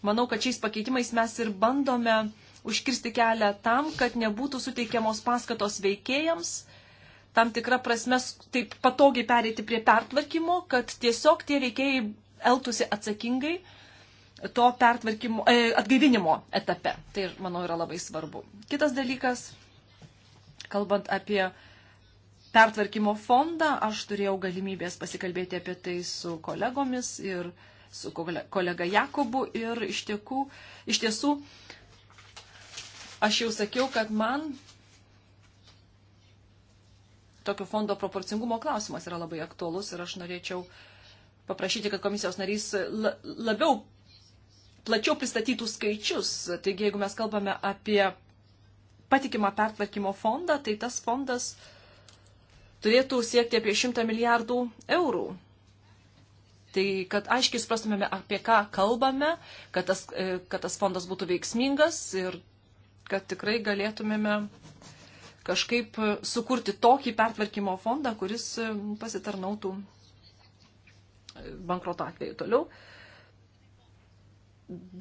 manau, kad šiais pakeitimais mes ir bandome užkirsti kelią tam, kad nebūtų suteikiamos paskatos veikėjams, tam tikrą prasme taip patogiai pereiti prie pertvarkymo, kad tiesiog tie veikėjai elgtųsi atsakingai to pertvarkymo, e, atgaivinimo etape. Tai, manau, yra labai svarbu. Kitas dalykas, kalbant apie pertvarkymo fondą, aš turėjau galimybės pasikalbėti apie tai su kolegomis ir su kolega Jakobu ir iš, tiekų, iš tiesų aš jau sakiau, kad man tokio fondo proporcingumo klausimas yra labai aktuolus ir aš norėčiau paprašyti, kad komisijos narys labiau plačiau pristatytų skaičius. Taigi, jeigu mes kalbame apie patikimą pertvarkymo fondą, tai tas fondas turėtų siekti apie 100 milijardų eurų. Tai kad aiškiai suprastumėme, apie ką kalbame, kad tas, e, kad tas fondas būtų veiksmingas ir kad tikrai galėtumėme kažkaip e, sukurti tokį pertvarkymo fondą, kuris e, pasitarnautų e, bankroto atveju toliau.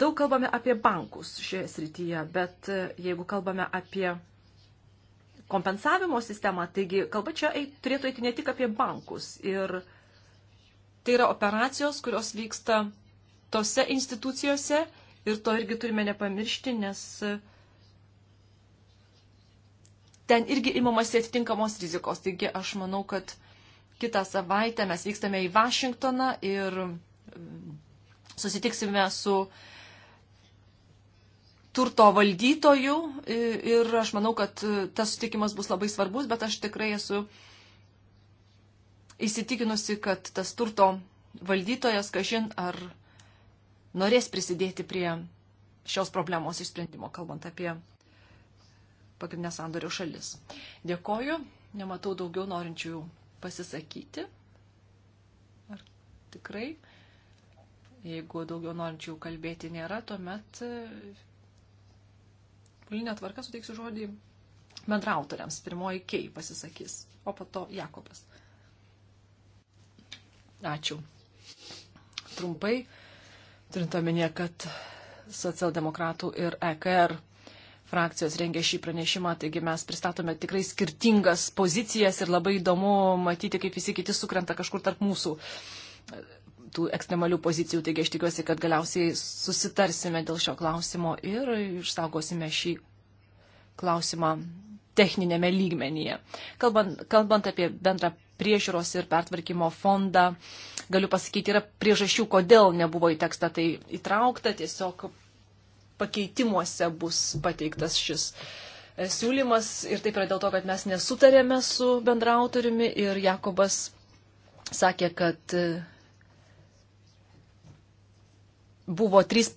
Daug kalbame apie bankus šioje srityje, bet jeigu kalbame apie kompensavimo sistemą, taigi kalba čia eit, turėtų eiti ne tik apie bankus. Ir tai yra operacijos, kurios vyksta tose institucijose ir to irgi turime nepamiršti, nes uh, ten irgi imamasi atitinkamos rizikos. Taigi aš manau, kad kitą savaitę mes vykstame į Vašingtoną ir mm, susitiksime su turto valdytojų ir aš manau, kad e, tas sutikimas bus labai svarbus, bet aš tikrai esu įsitikinusi, kad tas turto valdytojas, kažin, ar norės prisidėti prie šios problemos išsprendimo, kalbant apie pagrindinė sandorio šalis. Dėkoju, nematau daugiau norinčių pasisakyti. Ar tikrai? Jeigu daugiau norinčių kalbėti nėra, tuomet e, pulinė tvarka suteiksiu žodį bendrautoriams. Pirmoji Kei pasisakys, o po to Jakobas. Ačiū. Trumpai, turint omenyje, kad socialdemokratų ir EKR frakcijos rengė šį pranešimą, taigi mes pristatome tikrai skirtingas pozicijas ir labai įdomu matyti, kaip visi kiti sukrenta kažkur tarp mūsų e, tų ekstremalių pozicijų. Taigi aš tikiuosi, kad galiausiai susitarsime dėl šio klausimo ir išsaugosime šį klausimą techninėme lygmenyje. Kalbant, kalbant apie bendrą priežiūros ir pertvarkymo fondą, galiu pasakyti, yra priežasčių, kodėl nebuvo į tekstą tai įtraukta, tiesiog pakeitimuose bus pateiktas šis e, siūlymas ir taip yra dėl to, kad mes nesutarėme su bendrautoriumi ir Jakobas sakė, kad e, buvo trys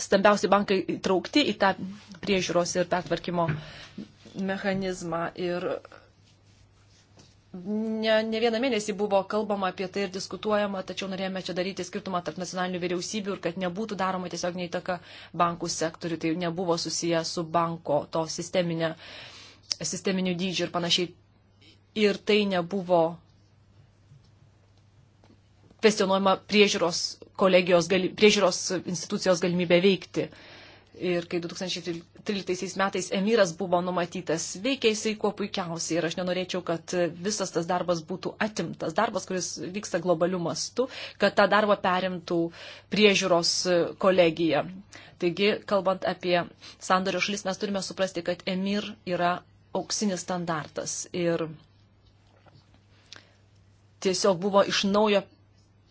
stambiausi bankai įtraukti į tą priežiūros ir pertvarkymo mechanizmą. Ir ne, ne vieną mėnesį buvo kalbama apie tai ir diskutuojama, tačiau norėjome čia daryti skirtumą tarp nacionalinių vyriausybių ir kad nebūtų daroma tiesiog neįtaka bankų sektoriu, tai nebuvo susiję su banko to sisteminė, sisteminiu dydžiu ir panašiai. Ir tai nebuvo kvestionuojama priežiūros kolegijos, priežiūros institucijos galimybė veikti. Uh, Ir kai 2013 metais Emyras buvo numatytas, veikia jisai kuo puikiausiai ir aš nenorėčiau, kad visas tas darbas būtų atimtas. Darbas, kuris vyksta globaliu mastu, kad tą darbą perimtų priežiūros kolegija. Taigi, kalbant apie sandorio šalis, mes turime suprasti, kad Emir yra auksinis standartas. Ir tiesiog buvo iš naujo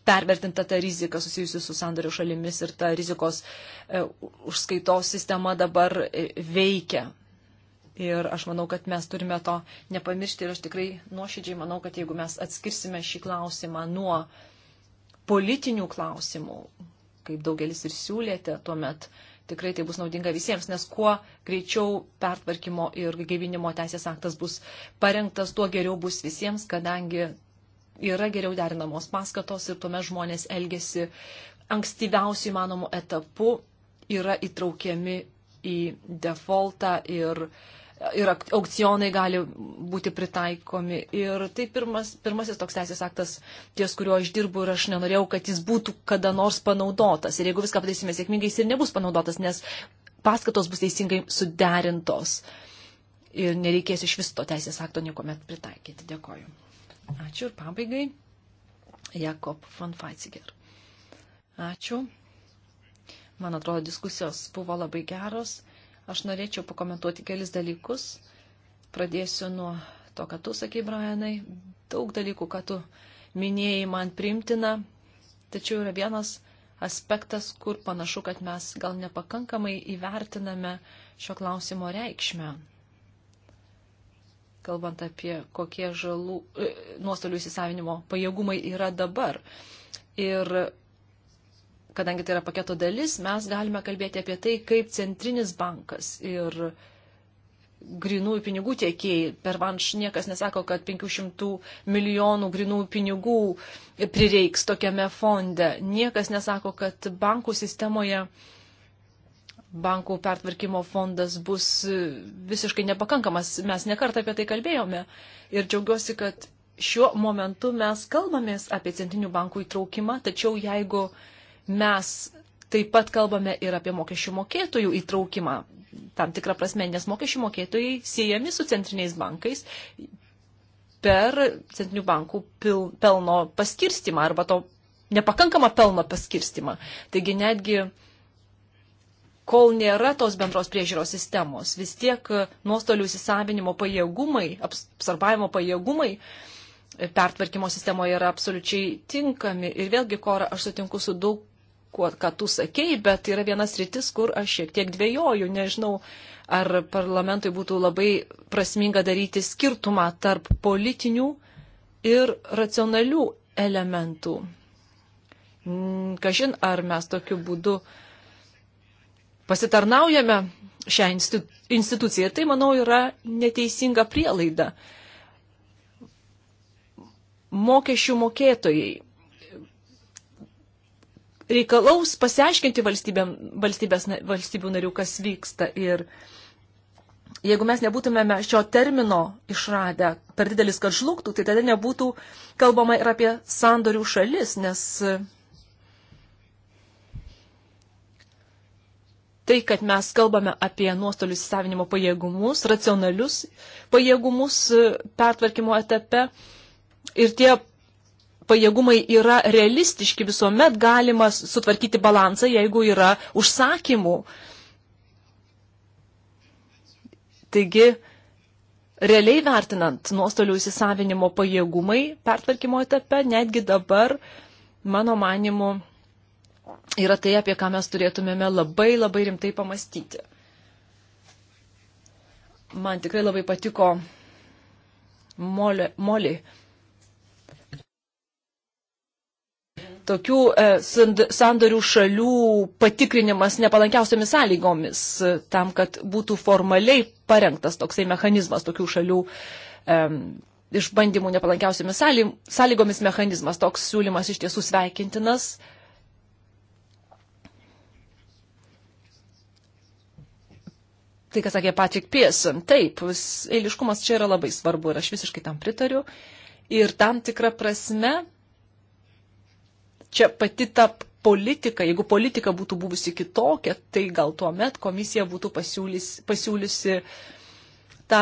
pervertinta ta rizika susijusi su sandorio šalimis ir ta rizikos e, užskaitos sistema dabar e, veikia. Ir aš manau, kad mes turime to nepamiršti ir aš tikrai nuoširdžiai manau, kad jeigu mes atskirsime šį klausimą nuo politinių klausimų, kaip daugelis ir siūlėte, tuomet tikrai tai bus naudinga visiems, nes kuo greičiau pertvarkymo ir gaivinimo teisės aktas bus parengtas, tuo geriau bus visiems, kadangi yra geriau derinamos paskatos ir tuomet žmonės elgesi ankstyviausių įmanomų etapų, yra įtraukiami į defaultą ir, ir aukcionai gali būti pritaikomi. Ir tai pirmas, pirmasis toks teisės aktas, ties kuriuo aš dirbu ir aš nenorėjau, kad jis būtų kada nors panaudotas. Ir jeigu viską padarysime sėkmingai, jis ir nebus panaudotas, nes paskatos bus teisingai suderintos. Ir nereikės iš viso to teisės akto niekuomet pritaikyti. Dėkoju. Ačiū ir pabaigai. Jakob von Feitziger. Ačiū. Man atrodo, diskusijos buvo labai geros. Aš norėčiau pakomentuoti kelis dalykus. Pradėsiu nuo to, ką tu sakai, Brianai. Daug dalykų, ką tu minėjai, man primtina. Tačiau yra vienas aspektas, kur panašu, kad mes gal nepakankamai įvertiname šio klausimo reikšmę kalbant apie kokie žalų, e, nuostolių įsisavinimo pajėgumai yra dabar. Ir kadangi tai yra paketo dalis, mes galime kalbėti apie tai, kaip centrinis bankas ir grinųjų pinigų tiekėjai. Per vanš niekas nesako, kad 500 milijonų grinųjų pinigų prireiks tokiame fonde. Niekas nesako, kad bankų sistemoje uh, bankų pertvarkymo fondas bus visiškai nepakankamas. Mes nekart apie tai kalbėjome ir džiaugiuosi, kad šiuo momentu mes kalbamės apie centrinių bankų įtraukimą, tačiau jeigu mes taip pat kalbame ir apie mokesčių mokėtojų įtraukimą, tam tikrą prasme, nes mokesčių mokėtojai siejami su centriniais bankais per centrinių bankų pil, pelno paskirstimą arba to nepakankamą pelno paskirstimą. Taigi netgi kol nėra tos bendros priežiūros sistemos, vis tiek e, nuostolių įsisavinimo pajėgumai, apsarbavimo pajėgumai e, pertvarkymo sistemoje yra absoliučiai tinkami. Ir vėlgi, Kora, aš sutinku su daug, kuo, ką tu sakei, bet yra vienas rytis, kur aš šiek tiek dvėjoju. Nežinau, ar parlamentui būtų labai prasminga daryti skirtumą tarp politinių ir racionalių elementų. Kažin, ar mes tokiu būdu uh, pasitarnaujame šią instituciją. Tai, manau, yra neteisinga prielaida. Mokesčių mokėtojai reikalaus pasiaiškinti valstybių narių, kas vyksta. Ir jeigu mes nebūtumėme šio termino išradę per didelis, kad žlugtų, tai tada nebūtų kalbama ir apie sandorių šalis, nes tai, kad mes kalbame apie nuostolių įsisavinimo pajėgumus, racionalius pajėgumus e, pertvarkymo etape ir tie pajėgumai yra realistiški, visuomet galima sutvarkyti balansą, jeigu yra užsakymų. Taigi, realiai vertinant nuostolių įsisavinimo pajėgumai pertvarkymo etape, netgi dabar, mano manimu, yra tai, apie ką mes turėtumėme labai labai rimtai pamastyti. Man tikrai labai patiko molė, molė. Tokių e, sandorių šalių patikrinimas nepalankiausiamis sąlygomis, e, tam, kad būtų formaliai parengtas toksai mechanizmas tokių šalių e, išbandymų nepalankiausiamis sąlygomis mechanizmas. Toks siūlymas iš tiesų sveikintinas. E, tai, kas sakė Patrick Pearson, taip, eiliškumas čia yra labai svarbu ir aš visiškai tam pritariu. Ir tam tikrą prasme, čia pati ta politika, jeigu politika būtų buvusi kitokia, tai gal tuo met komisija būtų pasiūlys, pasiūlysi tą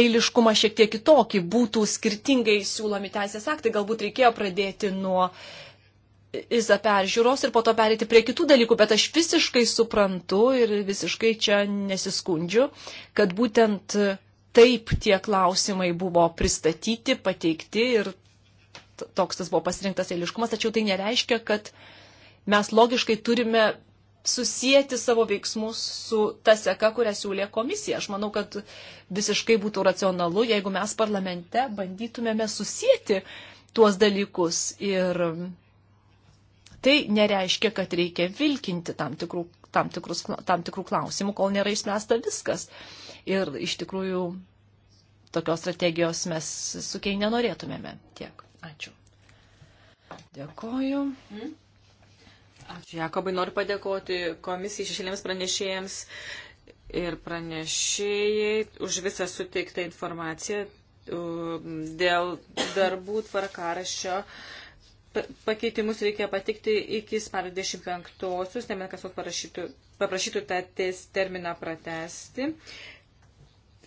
eiliškumą šiek tiek kitokį, būtų skirtingai siūlomi teisės aktai, galbūt reikėjo pradėti nuo uh, iza peržiūros ir po to perėti prie kitų dalykų, bet aš visiškai suprantu ir visiškai čia nesiskundžiu, kad būtent taip tie klausimai buvo pristatyti, pateikti ir toks tas buvo pasirinktas eiliškumas, tačiau tai nereiškia, kad mes logiškai turime susijęti savo veiksmus su ta seka, kurią siūlė komisija. Aš manau, kad visiškai būtų racionalu, jeigu mes parlamente bandytumėme susijęti tuos dalykus ir tai nereiškia, kad reikia vilkinti tam tikrų, tam tikrus, tam tikrų klausimų, kol nėra išspręsta viskas. Ir iš tikrųjų tokios strategijos mes sukiai nenorėtumėme. Tiek. Ačiū. Dėkoju. Hmm? Ačiū, Jakobai. Noriu padėkoti komisijai šešėlėms pranešėjams ir pranešėjai už visą suteiktą informaciją dėl darbų tvarkaraščio pakeitimus reikia patikti iki spalio 25-osius, tame kas parašytų, paprašytų tą terminą pratesti.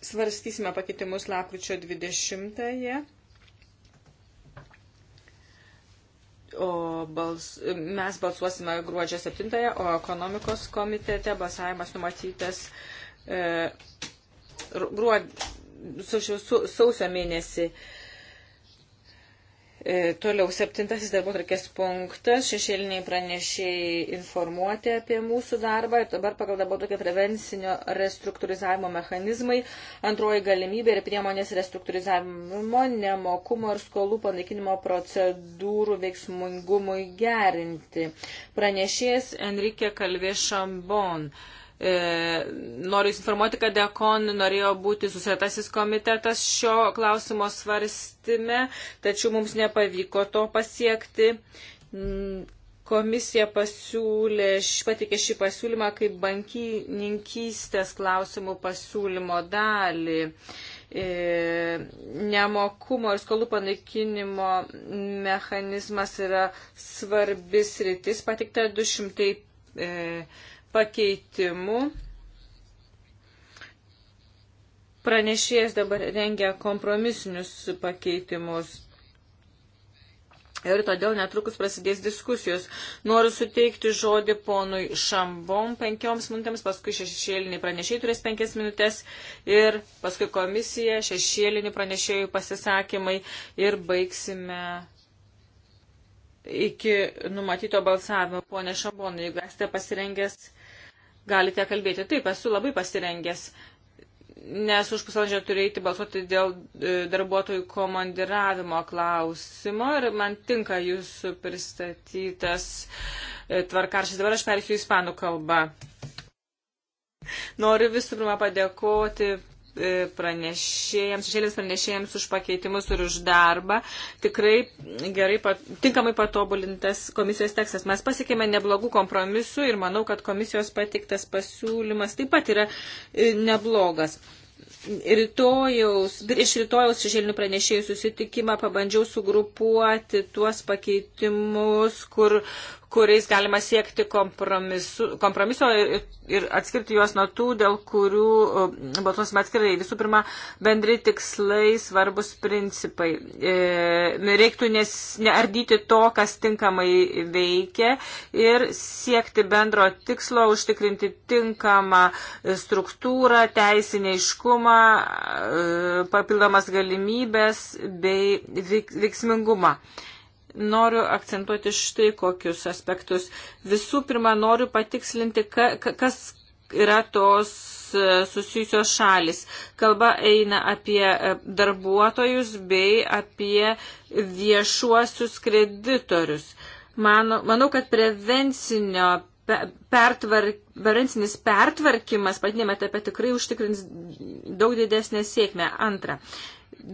Svarstysime pakeitimus lapkričio 20-ąją. O bals, mes balsuosime gruodžio 7-ąją, o ekonomikos komitete balsavimas numatytas e, gruodžio sausio mėnesį. E, E, toliau septintasis darbo tarkės punktas, šešėliniai pranešėjai informuoti apie mūsų darbą ir dabar pagal darbo tarkė prevencinio restruktūrizavimo mechanizmai, antroji galimybė ir priemonės restruktūrizavimo, nemokumo ir skolų panaikinimo procedūrų veiksmingumui gerinti. Pranešėjas Enrique Kalvė Šambon. Uh, E, noriu Jūs informuoti, kad Dekon norėjo būti susiretasis komitetas šio klausimo svarstime, tačiau mums nepavyko to pasiekti. Komisija pasiūlė, patikė šį pasiūlymą kaip bankininkystės klausimų pasiūlymo dalį. E, nemokumo ir skolų panaikinimo mechanizmas yra svarbis rytis, patikta 200. E, pakeitimų. Pranešėjas dabar rengia kompromisinius pakeitimus. Ir todėl netrukus prasidės diskusijos. Noriu suteikti žodį ponui Šambom penkioms minutėms, paskui šešėliniai pranešėjai turės penkias minutės ir paskui komisija, šešėliniai pranešėjai pasisakymai ir baigsime iki numatyto balsavimo. Pone Šabonai, jeigu esate pasirengęs galite kalbėti. Taip, esu labai pasirengęs, nes už pusvalandžio turiu eiti balsuoti dėl e, darbuotojų komandiravimo klausimo ir man tinka jūsų pristatytas e, tvarkaršys. Dabar aš perėsiu į ispanų kalbą. Noriu visų pirma padėkoti E, pranešėjams, šešėlės pranešėjams už pakeitimus ir už darbą. Tikrai gerai, pat, tinkamai patobulintas komisijos tekstas. Mes pasiekėme neblogų kompromisų ir manau, kad komisijos pateiktas pasiūlymas taip pat yra e, neblogas. Rytojaus, iš rytojaus šešėlinių pranešėjų susitikimą pabandžiau sugrupuoti tuos pakeitimus, kur, kuriais galima siekti kompromiso ir, ir atskirti juos nuo tų, dėl kurių um, balsuosime atskirai. Visų pirma, bendri tikslai, svarbus principai. E, reiktų nes, neardyti to, kas tinkamai veikia ir siekti bendro tikslo, užtikrinti tinkamą struktūrą, teisineiškumą, e, papildomas galimybės bei veiksmingumą. Vyk, noriu akcentuoti štai kokius aspektus. Visų pirma, noriu patikslinti, ka, ka, kas yra tos e, susijusios šalis. Kalba eina apie e, darbuotojus bei apie viešuosius kreditorius. Mano, manau, kad prevencinio pertvark, prevencinis pertvarkymas patinėme etape tikrai užtikrins daug didesnę sėkmę. Antra,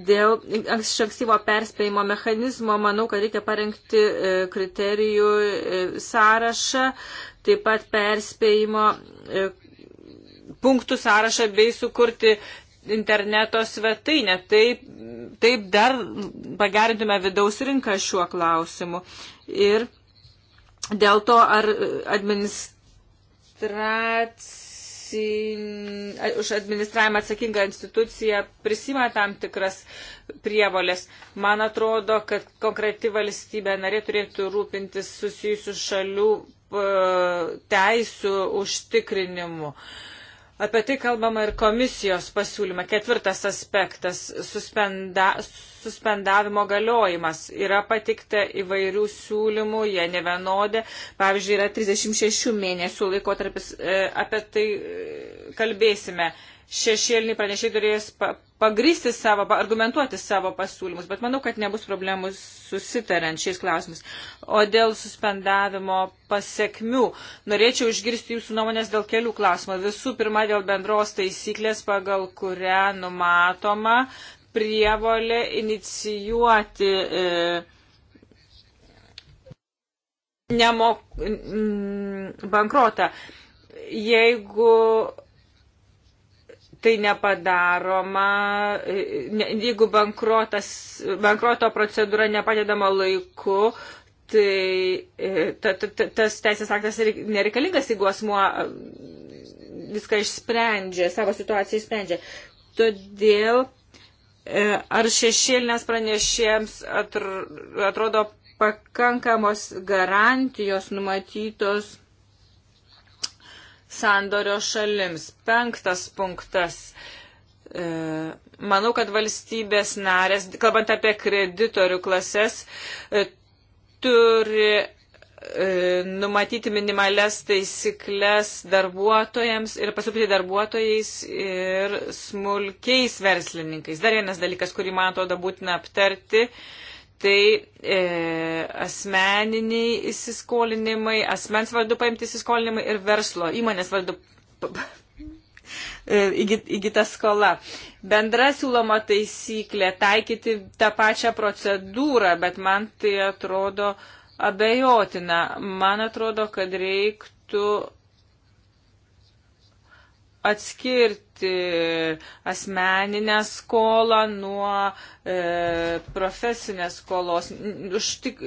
Dėl iš ankstyvo perspėjimo mechanizmo manau, kad reikia parengti e, kriterijų e, sąrašą, taip pat perspėjimo e, punktų sąrašą bei sukurti interneto svetainę. Taip, taip dar pagerintume vidaus rinką šiuo klausimu. Ir dėl to, ar administracija už administravimą atsakinga institucija prisima tam tikras prievolės. Man atrodo, kad konkreti valstybė narė turėtų rūpintis susijusių šalių teisų užtikrinimu. Apie tai kalbama ir komisijos pasiūlyme. Ketvirtas aspektas - suspenda, suspendavimo galiojimas. Yra patikta įvairių siūlymų, jie nevienodė. Pavyzdžiui, yra 36 mėnesių laikotarpis, e, apie tai e, kalbėsime. Šešėliniai pranešiai turės pagristi savo, argumentuoti savo pasiūlymus, bet manau, kad nebus problemų susitariant šiais klausimais. O dėl suspendavimo pasiekmių norėčiau išgirsti jūsų nuomonės dėl kelių klausimų. Visų pirma, dėl bendros taisyklės, pagal kurią numatoma, prievolė inicijuoti e, nemok, bankrotą. Jeigu tai nepadaroma, e, jeigu bankroto procedūra nepadedama laiku, tai e, ta, ta, ta, tas teisės aktas nereikalingas, jeigu asmuo e, viską išsprendžia, savo situaciją išsprendžia. Todėl E, ar šešėlinės pranešėjams atrodo pakankamos garantijos numatytos sandorio šalims? Penktas punktas. E, manau, kad valstybės narės, kalbant apie kreditorių klases, e, turi E, numatyti minimales taisyklės darbuotojams ir pasirūpinti darbuotojais ir smulkiais verslininkais. Dar vienas dalykas, kurį man atrodo būtina aptarti, tai e, asmeniniai įsiskolinimai, asmens vardu paimti įsiskolinimai ir verslo įmonės vardu e, įgyta skola. Bendra siūloma taisyklė taikyti tą pačią procedūrą, bet man tai atrodo uh, abejotina. Man atrodo, kad reiktų atskirti asmeninę skolą nuo e, profesinės skolos, užtik, e,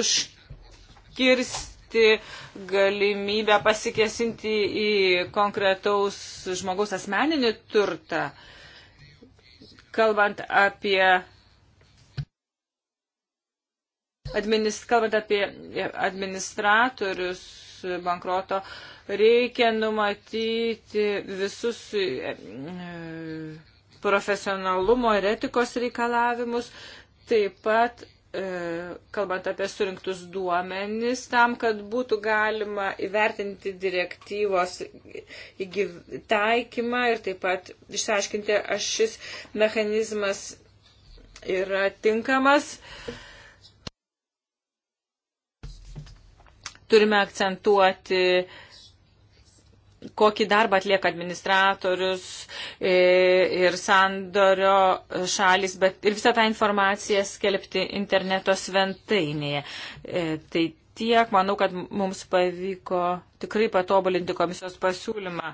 užkirsti galimybę pasikesinti į konkretaus žmogaus asmeninį turtą, kalbant apie Administ, kalbant apie e, administratorius bankroto, reikia numatyti visus e, e, profesionalumo ir etikos reikalavimus, taip pat kalbant apie surinktus duomenis, tam, kad būtų galima įvertinti direktyvos taikymą ir taip pat išsiaiškinti, ar šis mechanizmas yra tinkamas. Uh, turime akcentuoti kokį darbą atlieka administratorius e, ir sandorio šalis, bet ir visą tą informaciją skelbti interneto sventainėje. E, tai tiek, manau, kad mums pavyko tikrai patobulinti komisijos pasiūlymą.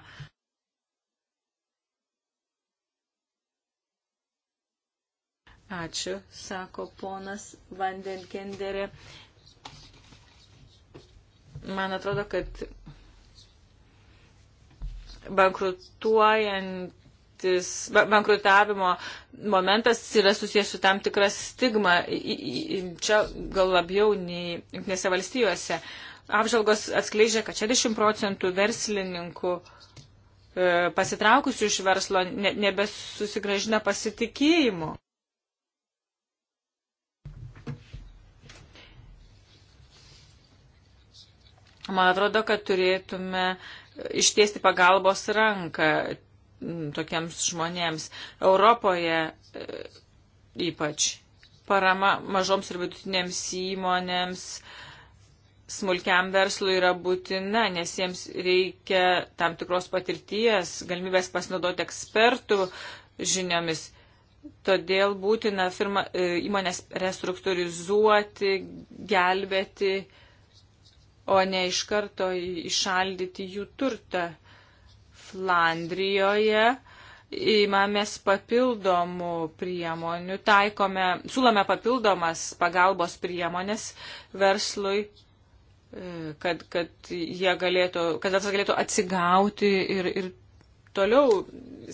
Ačiū, sako ponas Vandenkenderė. Man atrodo, kad bankrutuojantis, bankrutavimo momentas yra susijęs su tam tikra stigma, čia gal labiau nei Junktinėse valstijose. Apžalgos atskleidžia, kad 60 procentų verslininkų e, pasitraukusių iš verslo nebesusigražina pasitikėjimu. Man atrodo, kad turėtume ištiesti pagalbos ranką mm, tokiems žmonėms. Europoje e, ypač parama mažoms ir vidutinėms įmonėms, smulkiam verslui yra būtina, nes jiems reikia tam tikros patirties, galimybės pasinaudoti ekspertų žiniomis. Todėl būtina firma, e, įmonės restruktūrizuoti, gelbėti o ne iš karto išaldyti jų turtą. Flandrijoje įmamės papildomų priemonių, taikome, sulame papildomas pagalbos priemonės verslui, e, kad, kad jie galėtų, kad verslas galėtų atsigauti ir, ir toliau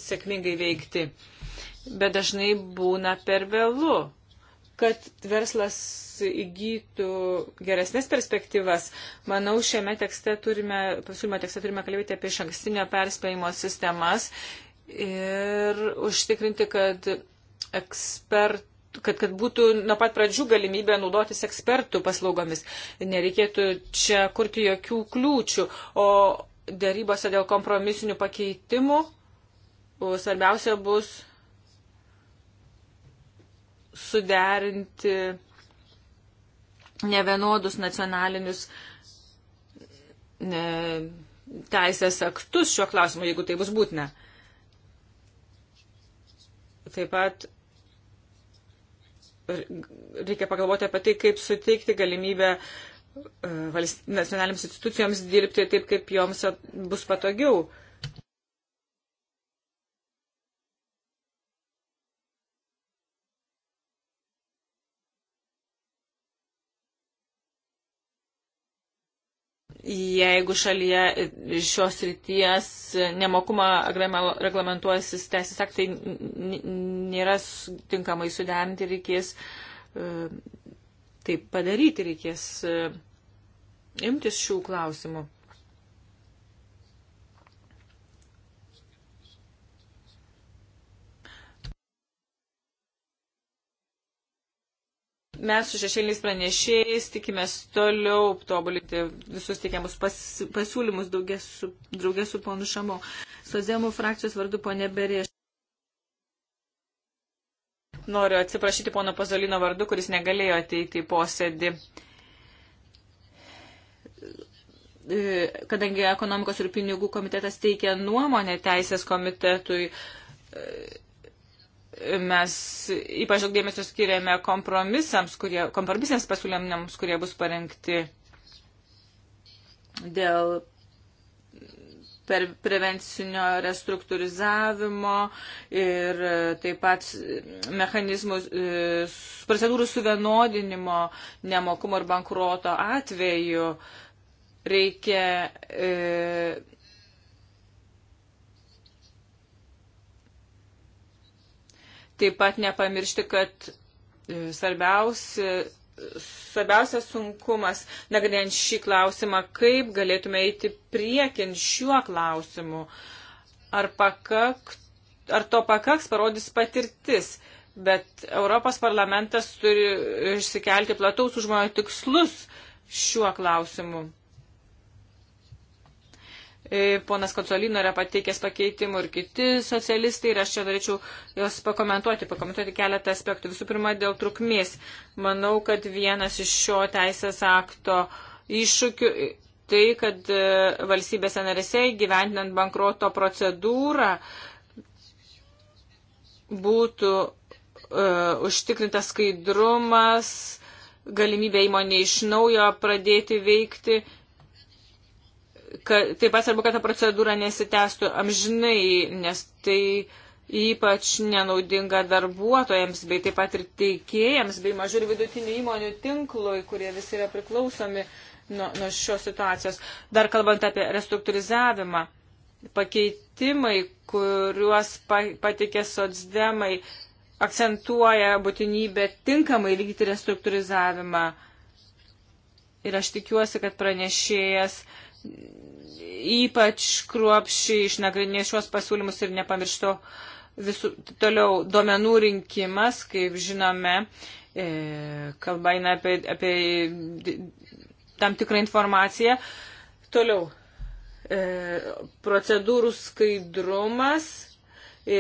sėkmingai veikti. Bet dažnai būna per vėlu kad verslas įgytų geresnės perspektyvas, manau, šiame tekste turime, pasiūlymo tekste turime kalbėti apie iš ankstinio perspėjimo sistemas ir užtikrinti, kad ekspert kad, kad būtų nuo pat pradžių galimybė naudotis ekspertų paslaugomis. Nereikėtų čia kurti jokių kliūčių, o dėrybose dėl kompromisinių pakeitimų svarbiausia bus suderinti nevienodus nacionalinius ne, teisės aktus šiuo klausimu, jeigu tai bus būtina. Taip pat reikia pagalvoti apie tai, kaip suteikti galimybę e, nacionalinėms institucijoms dirbti taip, kaip joms bus patogiau. jeigu šalyje šios ryties nemokumą reglamentuosis teisės aktai nėra tinkamai suderinti, reikės e, taip padaryti, reikės e, imtis šių klausimų. Mes su šešėliais pranešėjais tikimės toliau tobulinti visus teikiamus pas, pasiūlymus draugės su, draugė su ponu Šamu. Sozemų frakcijos vardu ponė Berėš. Noriu atsiprašyti pono Pazolino vardu, kuris negalėjo ateiti į posėdį e, kadangi ekonomikos ir pinigų komitetas teikia nuomonę teisės komitetui e, mes ypač daug dėmesio skiriame kompromisams, kurie, kompromisams pasiūlymams, kurie bus parengti dėl per prevencinio restruktūrizavimo ir taip pat mechanizmų e, procedūrų suvienodinimo nemokumo ir bankruoto atveju reikia e, Taip pat nepamiršti, kad e, svarbiausia, svarbiausia sunkumas, nagrinėjant šį klausimą, kaip galėtume eiti priekin šiuo klausimu. Ar, pakak, ar to pakaks parodys patirtis, bet Europos parlamentas turi išsikelti plataus užmojo tikslus šiuo klausimu. E, ponas Konsolino yra pateikęs pakeitimų ir kiti socialistai ir aš čia norėčiau jos pakomentuoti, pakomentuoti keletą aspektų. Visų pirma, dėl trukmės. Manau, kad vienas iš šio teisės akto iššūkių tai, kad e, valstybėse narėse gyventinant bankroto procedūrą būtų uh, užtikrintas skaidrumas, galimybė įmonė iš naujo pradėti veikti Kad, taip pat svarbu, kad ta procedūra nesitęstų amžinai, nes tai ypač nenaudinga darbuotojams, bei taip pat ir teikėjams, bei mažų ir vidutinių įmonių tinklui, kurie visi yra priklausomi nuo, nuo šios situacijos. Dar kalbant apie restruktūrizavimą, pakeitimai, kuriuos patikė sodsdemai, akcentuoja būtinybę tinkamai vykdyti restruktūrizavimą. Ir aš tikiuosi, kad pranešėjas uh, ypač kruopšiai išnagrinė šios pasiūlymus ir nepamiršto visų, toliau duomenų rinkimas, kaip žinome, e, kalba eina apie, apie tam tikrą informaciją. Toliau, e, procedūrų skaidrumas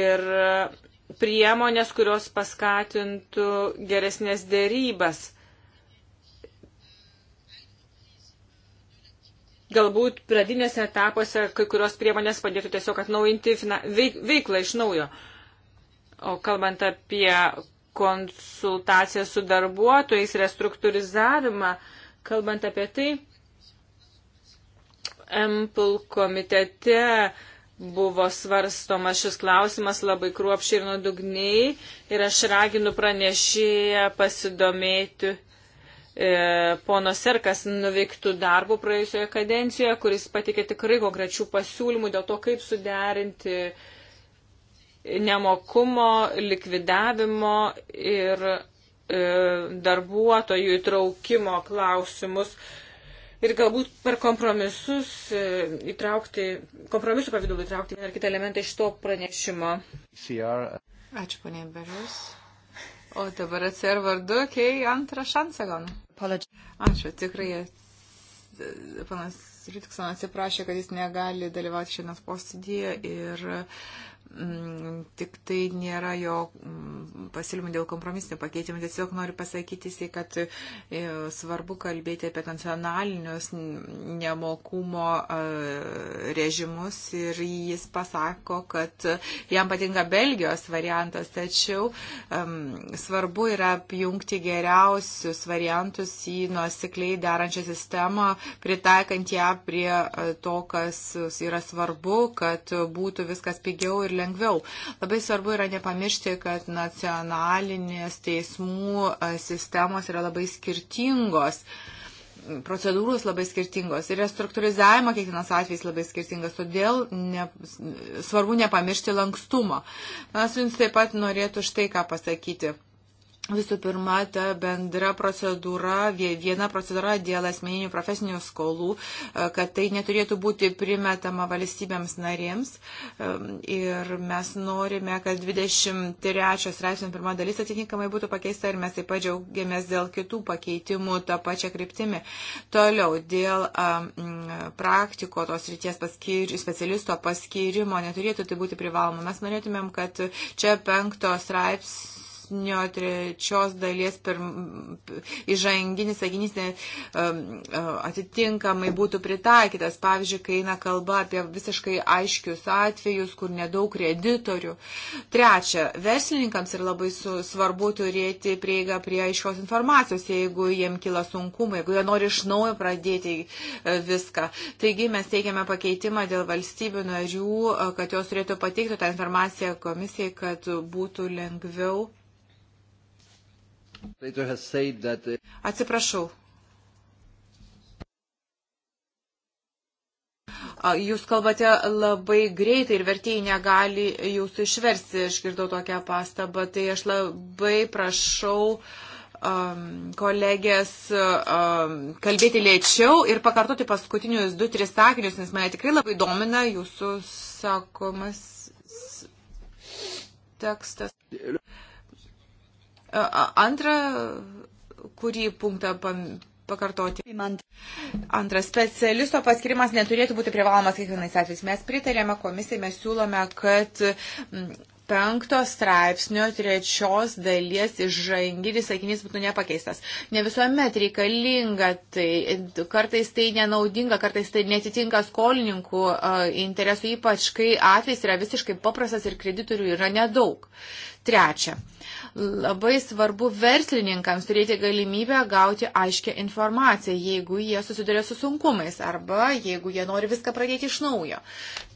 ir priemonės, kurios paskatintų geresnės dėrybas galbūt pradinėse etapuose kai kurios priemonės padėtų tiesiog atnaujinti veiklą iš naujo. O kalbant apie konsultaciją su darbuotojais, restruktūrizavimą, kalbant apie tai, MPL komitete buvo svarstomas šis klausimas labai kruopšiai ir nuodugniai ir aš raginu pranešėją pasidomėti E, pono Serkas nuveiktų darbų praėjusioje kadencijoje, kuris patikė tikrai konkrečių pasiūlymų dėl to, kaip suderinti nemokumo, likvidavimo ir e, darbuotojų įtraukimo klausimus. Ir galbūt per kompromisus e, įtraukti, kompromisų pavydalų įtraukti vieną ar kitą elementą iš to pranešimo. Ačiū, ponė Bežus. O dabar atsir vardu, kai antrą šansą gaunu. Ačiū, tikrai e, e, panas Ritiksonas atsiprašė, kad jis negali dalyvauti šiandienos posėdėje ir uh, Mm, tik tai nėra jo mm, pasiūlymų dėl kompromisinių pakeitimų. Tiesiog noriu pasakyti, kad e, svarbu kalbėti apie nacionalinius nemokumo e, režimus ir jis pasako, kad jam patinka Belgijos variantas, tačiau svarbu yra apjungti geriausius variantus į nuosikliai derančią sistemą, pritaikant ją prie e, to, kas yra svarbu, kad būtų viskas pigiau ir lengviau. Labai svarbu yra nepamiršti, kad nacionalinės teismų e, sistemos yra labai skirtingos procedūros labai skirtingos ir restruktūrizavimo kiekvienas atvejs labai skirtingas, todėl ne, svarbu nepamiršti lankstumo. Mes jums taip pat norėtų štai ką pasakyti. Visų pirma, ta bendra procedūra, viena procedūra dėl asmeninių profesinių skolų, e, kad tai neturėtų būti primetama valstybėms narėms. E, ir mes norime, kad 23 straipsnio pirma dalis atitinkamai būtų pakeista ir mes taip pat džiaugiamės dėl kitų pakeitimų tą pačią kryptimį. Toliau, dėl praktiko tos ryties paskir, specialisto paskirimo neturėtų tai būti privaloma. Mes norėtumėm, kad čia penkto straipsnio straipsnio trečios dalies pirm, įžanginis sakinys ne, e, atitinkamai būtų pritaikytas. Pavyzdžiui, kai eina kalba apie visiškai aiškius atvejus, kur nedaug kreditorių. Trečia, verslininkams yra labai svarbu turėti prieigą prie aiškios informacijos, jeigu jiem kila sunkumai, jeigu jie nori iš naujo pradėti e, viską. Taigi mes teikiame pakeitimą dėl valstybių narių, e, kad jos turėtų pateikti tą informaciją komisijai, kad būtų lengviau Uh, Atsiprašau. Jūs kalbate labai greitai ir vertėjai negali jūsų išversti, išgirdau tokią pastabą, tai aš labai prašau um, kolegės um, kalbėti lėčiau ir pakartoti paskutinius du, tris sakinius, nes mane tikrai labai domina jūsų sakomas tekstas. Antrą, kurį punktą pakartoti. Antras, specialisto paskirimas neturėtų būti privalomas kiekvienais atvejais. Mes pritarėme komisijai, mes siūlome, kad penkto straipsnio trečios dalies išžanginis sakinys būtų nepakeistas. Ne visuomet reikalinga, tai kartais tai nenaudinga, kartais tai netitinka skolininkų interesų, ypač kai atvejs yra visiškai paprastas ir kreditorių yra nedaug. Trečia, labai svarbu verslininkams turėti galimybę gauti aiškę informaciją, jeigu jie susiduria su sunkumais arba jeigu jie nori viską pradėti iš naujo.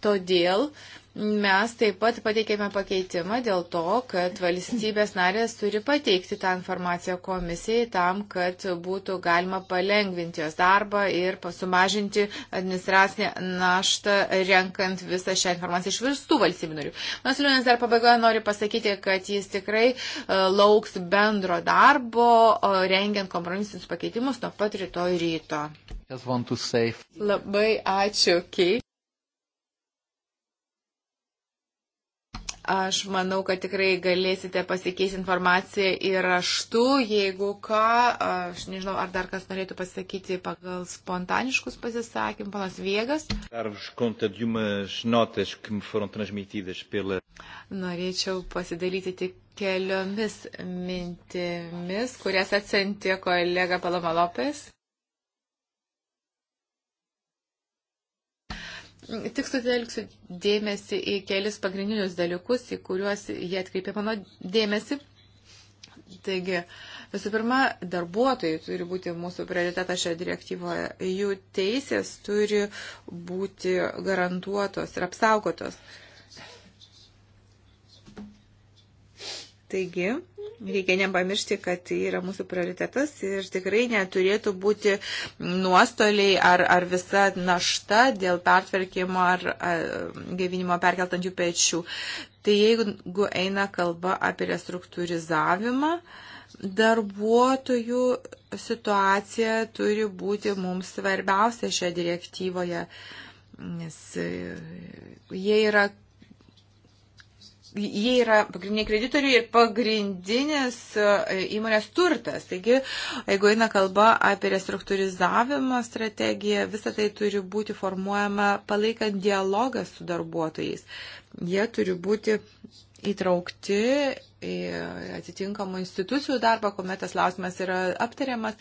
Todėl uh, Mes taip pat pateikėme pakeitimą dėl to, kad valstybės narės turi pateikti tą informaciją komisijai tam, kad būtų galima palengvinti jos darbą ir sumažinti administracinę naštą, renkant visą šią informaciją iš visų valstybių narių. Mes Liūnės dar pabaigoje noriu pasakyti, kad jis tikrai e, lauks bendro darbo, rengiant kompromisinius pakeitimus nuo pat rytoj ryto. Labai ačiū, Kei. Aš manau, kad tikrai galėsite pasikeisti informaciją ir raštu, jeigu ką, aš nežinau, ar dar kas norėtų pasakyti pagal spontaniškus pasisakymus, panas Viegas. Norėčiau pasidalyti tik keliomis mintimis, kurias atsentė kolega Paloma Lopes. Tik sutelksiu dėmesį į kelis pagrindinius dalykus, į kuriuos jie atkreipė mano dėmesį. Taigi, visų pirma, darbuotojai turi būti mūsų prioritetas šioje direktyvoje. Jų teisės turi būti garantuotos ir apsaugotos. Taigi, reikia nepamiršti, kad tai yra mūsų prioritetas ir tikrai neturėtų būti nuostoliai ar, ar visa našta dėl pertvarkymo ar, ar gyvinimo perkeltančių pečių. Tai jeigu eina kalba apie restruktūrizavimą, darbuotojų situacija turi būti mums svarbiausia šioje direktyvoje, nes e, jie yra jie yra pagrindiniai kreditoriai ir pagrindinis e, įmonės turtas. Taigi, jeigu eina kalba apie restruktūrizavimo strategiją, visa tai turi būti formuojama palaikant dialogą su darbuotojais. Jie turi būti įtraukti į atitinkamų institucijų darbą, kuomet tas lausimas yra aptariamas,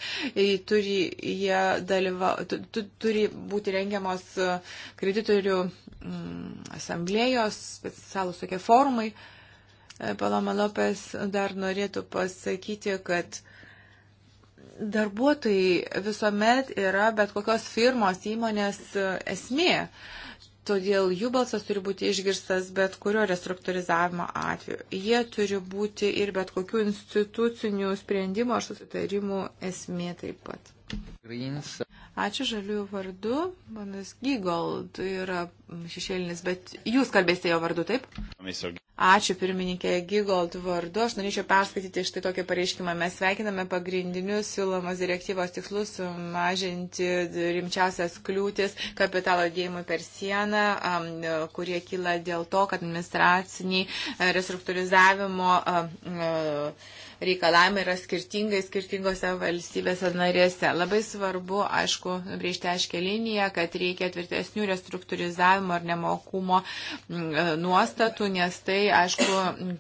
turi, jie dalyva, tu, tu, turi būti rengiamos e, kreditorių mm, asamblėjos, specialūs tokie forumai. E, Paloma Lopes dar norėtų pasakyti, kad darbuotojai visuomet yra bet kokios firmos įmonės e, esmė. Uh, Todėl jų balsas turi būti išgirstas bet kurio restruktūrizavimo atveju. Jie turi būti ir bet kokių institucinių sprendimų ar susitarimų esmė taip pat. Greens. Ačiū žaliųjų vardu. Manas Gygold yra šešėlinis, bet jūs kalbėsite jo vardu, taip? Ačiū pirmininkė Gygold vardu. Aš norėčiau perskaityti štai tokią pareiškimą. Mes sveikiname pagrindinius siūlomos direktyvos tikslus mažinti rimčiausias kliūtis kapitalo dėjimui per sieną, kurie kyla dėl to, kad administraciniai e, restruktūrizavimo e, reikalavimai yra skirtingai skirtingose valstybėse narėse. Labai svarbu, aišku, nubrėžti aiškę liniją, kad reikia tvirtesnių restruktūrizavimo ar nemokumo mm, e, nuostatų, nes tai, aišku,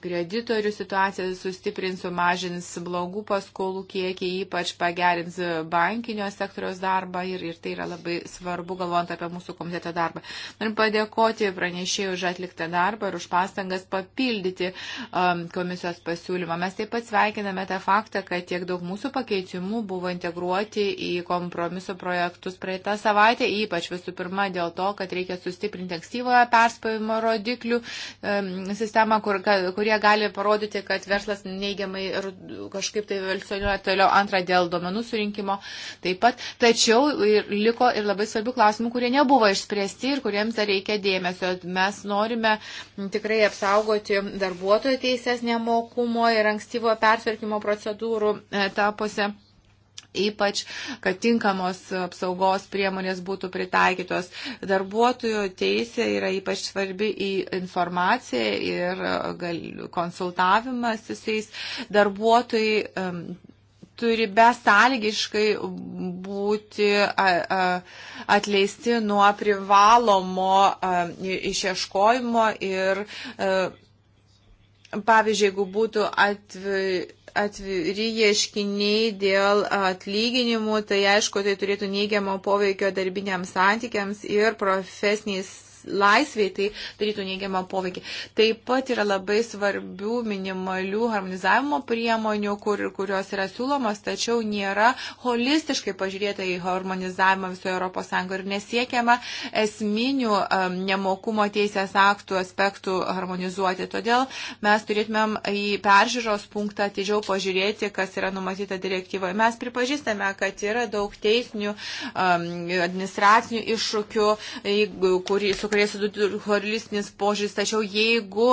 kreditorių situaciją sustiprins, sumažins blogų paskolų kiekį, ypač pagerins bankinio sektoriaus darbą ir, ir tai yra labai svarbu, galvojant apie mūsų komiteto darbą. Norim padėkoti pranešėjai už atliktą darbą ir už pastangas papildyti um, komisijos pasiūlymą. Mes taip pat sveikiname sveikiname tą faktą, kad tiek daug mūsų pakeitimų buvo integruoti į kompromiso projektus praeitą savaitę, ypač visų pirma dėl to, kad reikia sustiprinti ankstyvoje perspėjimo rodiklių sistemą, kur, kurie gali parodyti, kad verslas neigiamai kažkaip tai valsionuoja toliau antrą dėl duomenų surinkimo taip pat. Tačiau ir liko ir labai svarbių klausimų, kurie nebuvo išspręsti ir kuriems dar reikia dėmesio. Mes norime tikrai apsaugoti darbuotojų teisės nemokumo ir ankstyvo perspėjimo persverkimo procedūrų etapuose ypač, kad tinkamos apsaugos priemonės būtų pritaikytos. Darbuotojų teisė yra ypač svarbi į informaciją ir konsultavimas visais. Darbuotojai um, turi besąlygiškai būti atleisti nuo privalomo išieškojimo ir e, Pavyzdžiui, jeigu būtų atviri, atviri ieškiniai dėl atlyginimų, tai aišku, tai turėtų neigiamo poveikio darbiniams santykiams ir profesiniais laisviai, tai darytų neigiamą poveikį. Taip pat yra labai svarbių minimalių harmonizavimo priemonių, kur, kurios yra siūlomas, tačiau nėra holistiškai pažiūrėta į harmonizavimą visoje ES ir nesiekiama esminių um, nemokumo teisės aktų aspektų harmonizuoti. Todėl mes turėtumėm į peržiūros punktą atidžiau pažiūrėti, kas yra numatyta direktyvoje. Mes pripažįstame, kad yra daug teisinių um, administracinių iššūkių, kurį, su kuriais holistinis požiūris, tačiau jeigu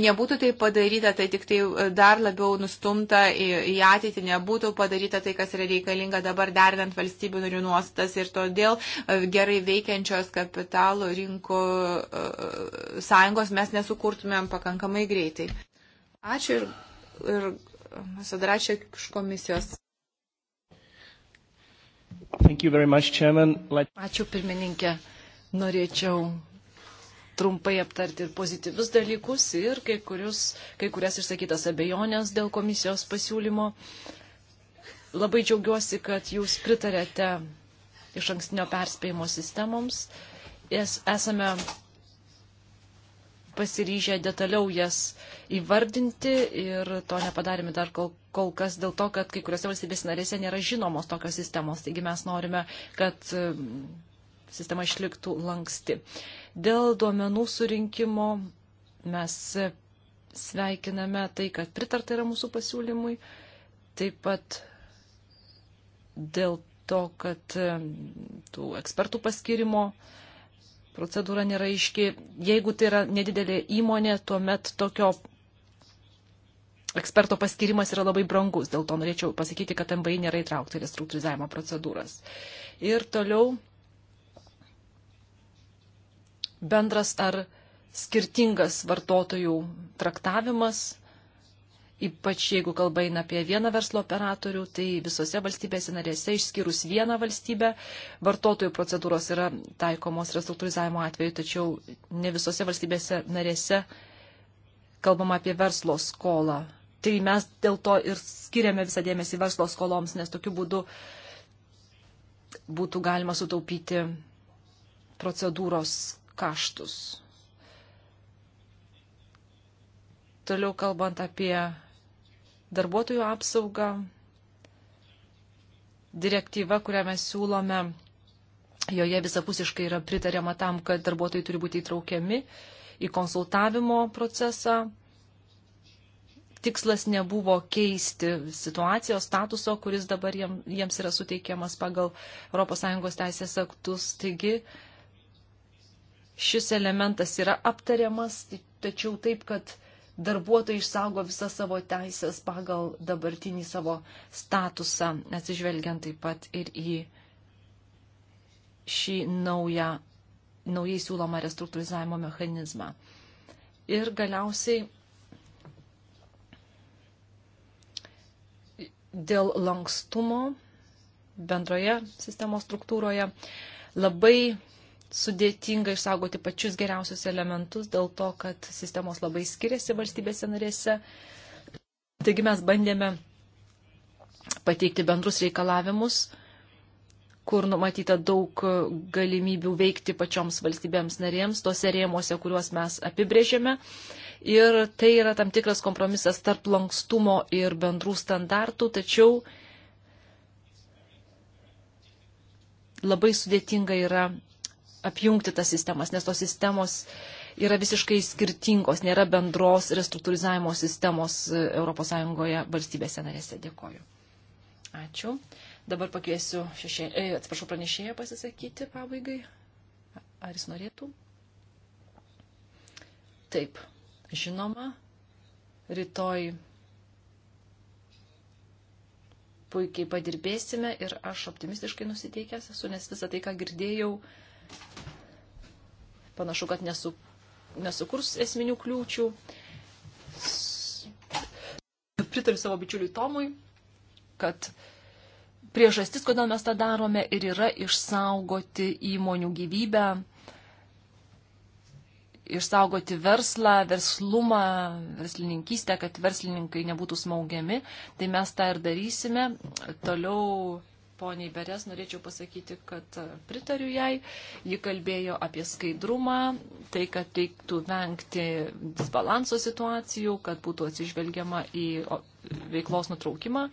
nebūtų tai padaryta, tai tik tai dar labiau nustumta į, į ateitį, nebūtų padaryta tai, kas yra reikalinga dabar derinant valstybių narių nuostas ir todėl gerai veikiančios kapitalų rinkų sąjungos mes nesukurtumėm pakankamai greitai. Ačiū ir, ir Sadračiak iš komisijos. Much, Let... Ačiū pirmininkė. Norėčiau trumpai aptarti ir pozityvius dalykus, ir kai, kurius, kai kurias išsakytas abejonės dėl komisijos pasiūlymo. Labai džiaugiuosi, kad jūs pritarėte iš ankstinio perspėjimo sistemoms. Es, esame pasiryžę detaliau jas įvardinti ir to nepadarėme dar kol, kol kas dėl to, kad kai kuriuose valstybės narėse nėra žinomos tokios sistemos. Taigi mes norime, kad sistema išliktų lanksti. Dėl duomenų surinkimo mes sveikiname tai, kad pritarta yra mūsų pasiūlymui. Taip pat dėl to, kad tų ekspertų paskirimo procedūra nėra iški. Jeigu tai yra nedidelė įmonė, tuomet tokio eksperto paskirimas yra labai brangus. Dėl to norėčiau pasakyti, kad MBI nėra įtraukta į restruktūrizavimo procedūras. Ir toliau bendras ar skirtingas vartotojų traktavimas, ypač jeigu kalba eina apie vieną verslo operatorių, tai visose valstybėse narėse, išskyrus vieną valstybę, vartotojų procedūros yra taikomos restruktūrizavimo atveju, tačiau ne visose valstybėse narėse kalbama apie verslo skolą. Tai mes dėl to ir skiriame visą dėmesį verslo skoloms, nes tokiu būdu būtų galima sutaupyti procedūros kaštus. Toliau kalbant apie darbuotojų apsaugą, direktyva, kurią mes siūlome, joje visapusiškai yra pritariama tam, kad darbuotojai turi būti įtraukiami į konsultavimo procesą. Tikslas nebuvo keisti situacijos statuso, kuris dabar jiems yra suteikiamas pagal ES teisės aktus. Taigi šis elementas yra aptariamas, tai- tačiau taip, kad darbuotojai išsaugo visas savo teisės pagal dabartinį savo statusą, atsižvelgiant taip pat ir į šį naują, naujai siūlomą restruktūrizavimo mechanizmą. Ir galiausiai dėl lankstumo bendroje sistemos struktūroje labai sudėtinga išsaugoti pačius geriausius elementus dėl to, kad sistemos labai skiriasi valstybėse narėse. Taigi mes bandėme pateikti bendrus reikalavimus, kur numatyta daug galimybių veikti pačioms valstybėms narėms, tose rėmuose, kuriuos mes apibrėžėme. Ir tai yra tam tikras kompromisas tarp lankstumo ir bendrų standartų, tačiau labai sudėtinga yra apjungti tas sistemas, nes tos sistemos yra visiškai skirtingos, nėra bendros restruktūrizavimo sistemos ES valstybėse narėse. Dėkoju. Ačiū. Dabar pakviesiu šešė, e, atsiprašau, pranešėją pasisakyti pabaigai. Ar jis norėtų? Taip, žinoma, rytoj puikiai padirbėsime ir aš optimistiškai nusiteikęs esu, nes visą tai, ką girdėjau, uh, Panašu, kad nesu, nesukurs esminių kliūčių. Pritariu savo bičiuliui Tomui, kad priežastis, kodėl mes tą darome, ir yra išsaugoti įmonių gyvybę, išsaugoti verslą, verslumą, verslininkystę, kad verslininkai nebūtų smaugiami. Tai mes tą ir darysime. Toliau poniai Beres norėčiau pasakyti, kad e, pritariu jai. Ji kalbėjo apie skaidrumą, tai, kad reiktų vengti disbalanso situacijų, kad būtų atsižvelgiama į veiklos nutraukimą.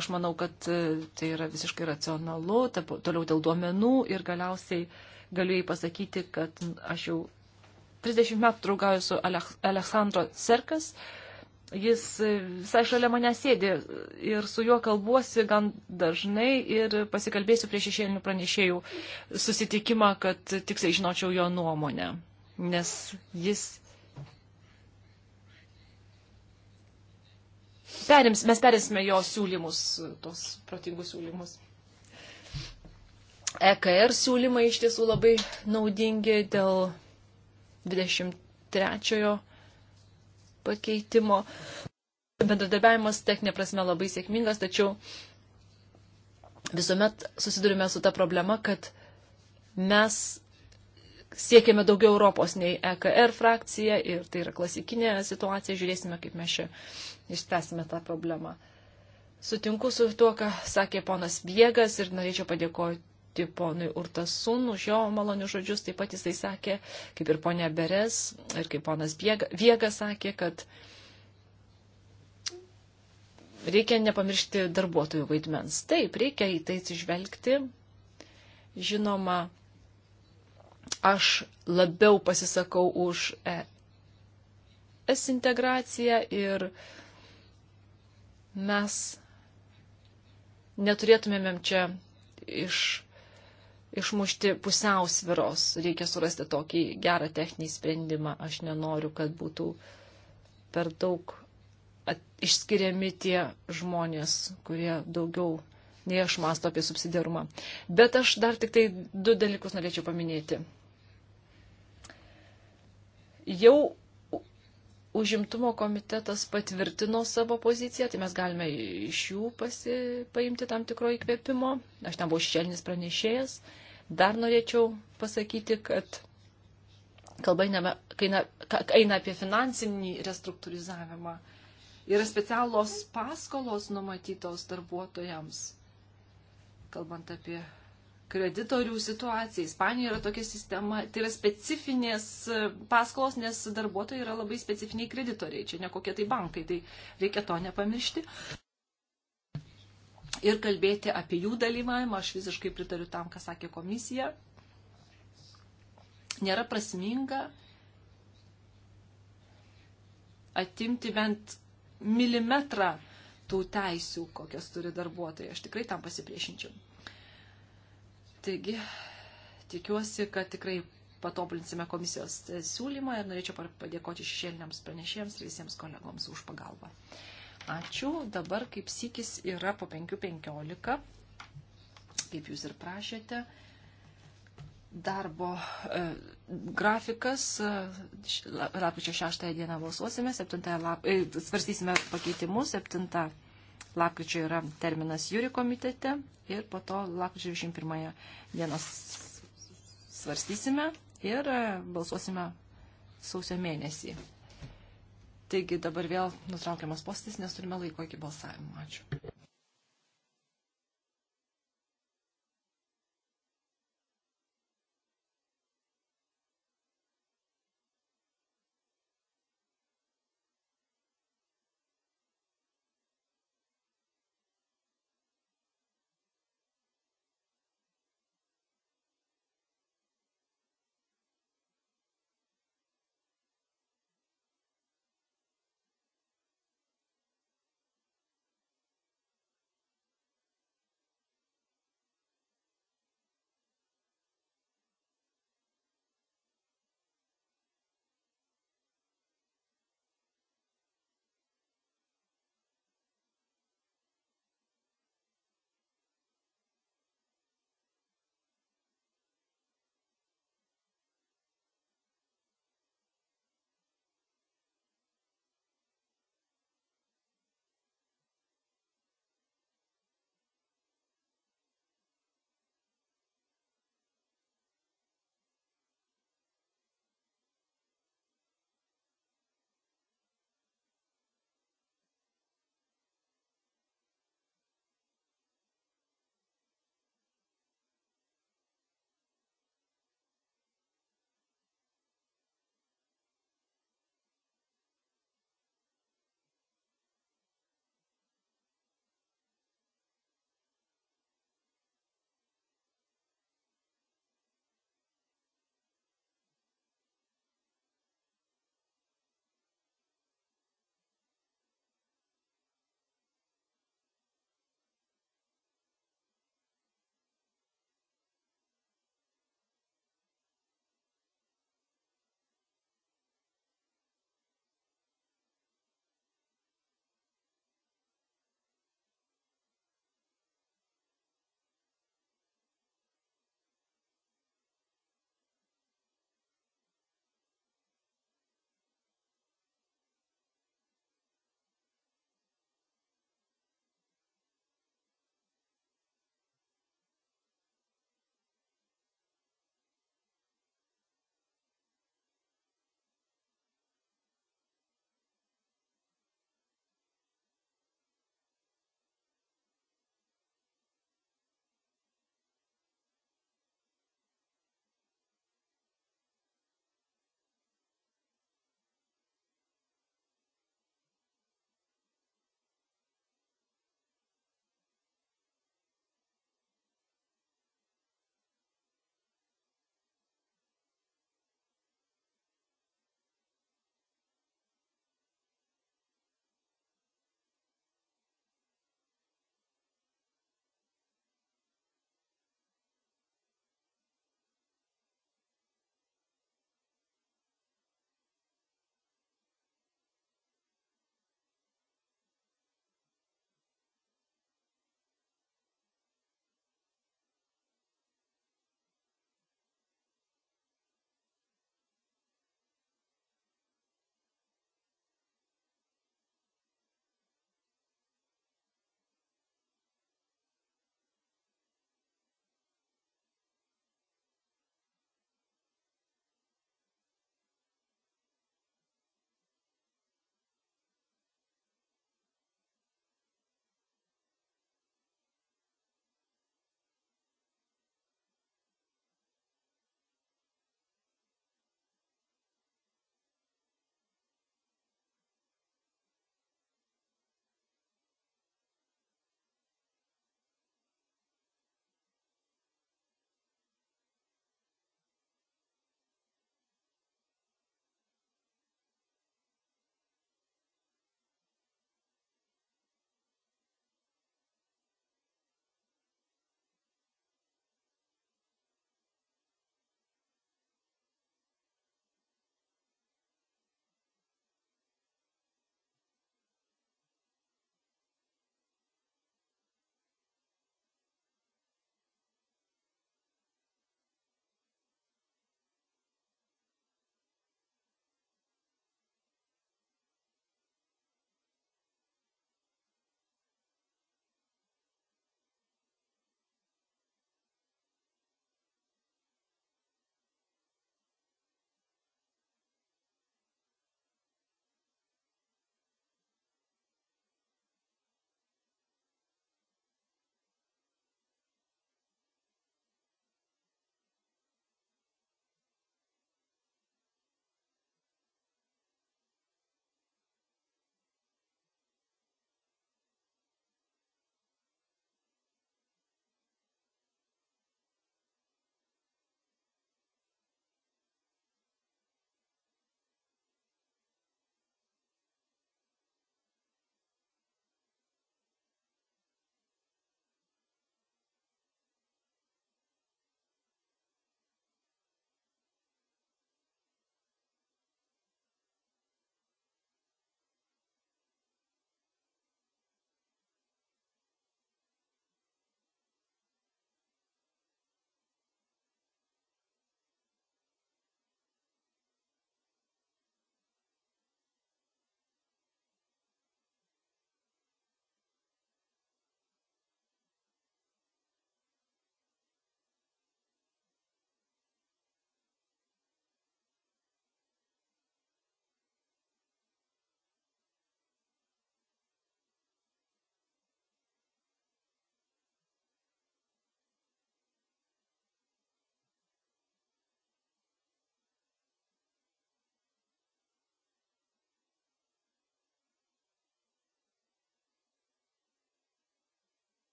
Aš manau, kad e, tai yra visiškai racionalu, toliau dėl duomenų ir galiausiai galiu jai pasakyti, kad aš jau 30 metų draugauju su Aleksandro Serkas, Aleks Jis visai šalia mane sėdi ir su juo kalbuosi gan dažnai ir pasikalbėsiu prieš šešėlinių pranešėjų susitikimą, kad tiksliai žinočiau jo nuomonę. Nes jis perims, mes perimsime jo siūlymus, tos protingus siūlymus. EKR siūlymai iš tiesų labai naudingi dėl 23 pakeitimo. Bendradarbiavimas techninė prasme labai sėkmingas, tačiau visuomet susidurime su ta problema, kad mes siekiame daugiau Europos nei EKR frakcija ir tai yra klasikinė situacija, žiūrėsime, kaip mes čia išspręsime tą problemą. Sutinku su tuo, ką sakė ponas Viegas ir norėčiau padėkoti padėkoti ponui Urtasun už jo malonius žodžius. Taip pat jisai sakė, kaip ir ponia Beres, ir kaip ponas Viega sakė, kad reikia nepamiršti darbuotojų vaidmens. Taip, reikia į tai atsižvelgti. Žinoma, aš labiau pasisakau už ES integraciją ir mes neturėtumėm čia iš išmušti pusiausviros, reikia surasti tokį gerą techninį sprendimą. Aš nenoriu, kad būtų per daug at, išskiriami tie žmonės, kurie daugiau nei aš masto apie subsidiarumą. Bet aš dar tik tai du dalykus norėčiau paminėti. Jau užimtumo komitetas patvirtino savo poziciją, tai mes galime iš jų pasi, paimti tam tikro įkvėpimo. Aš ten buvau šešėlinis pranešėjas. Uh, Dar norėčiau pasakyti, kad kalba eina, kaina, eina apie finansinį restruktūrizavimą. Yra specialos paskolos numatytos darbuotojams, kalbant apie kreditorių situaciją. Ispanijoje yra tokia sistema, tai yra specifinės e, paskolos, nes darbuotojai yra labai specifiniai kreditoriai, čia ne kokie tai bankai, tai reikia to nepamiršti ir kalbėti apie jų dalyvavimą. Aš visiškai pritariu tam, ką sakė komisija. Nėra prasminga atimti bent milimetrą tų teisių, kokias turi darbuotojai. Aš tikrai tam pasipriešinčiau. Taigi, tikiuosi, kad tikrai patobulinsime komisijos siūlymą ir norėčiau padėkoti šešėliniams pranešėjams ir visiems kolegoms už pagalbą. Ačiū. Dabar kaip sykis yra po 5.15, kaip jūs ir prašėte. Darbo e, grafikas, e, lapkričio 6 dieną balsuosime, 7 lap, e, svarstysime pakeitimus, 7 lapkričio yra terminas jūri komitete ir po to lapkričio 21 dienos svarstysime ir e, balsuosime sausio mėnesį. Taigi dabar vėl nutraukiamas postis, nes turime laiko iki balsavimo. Ačiū.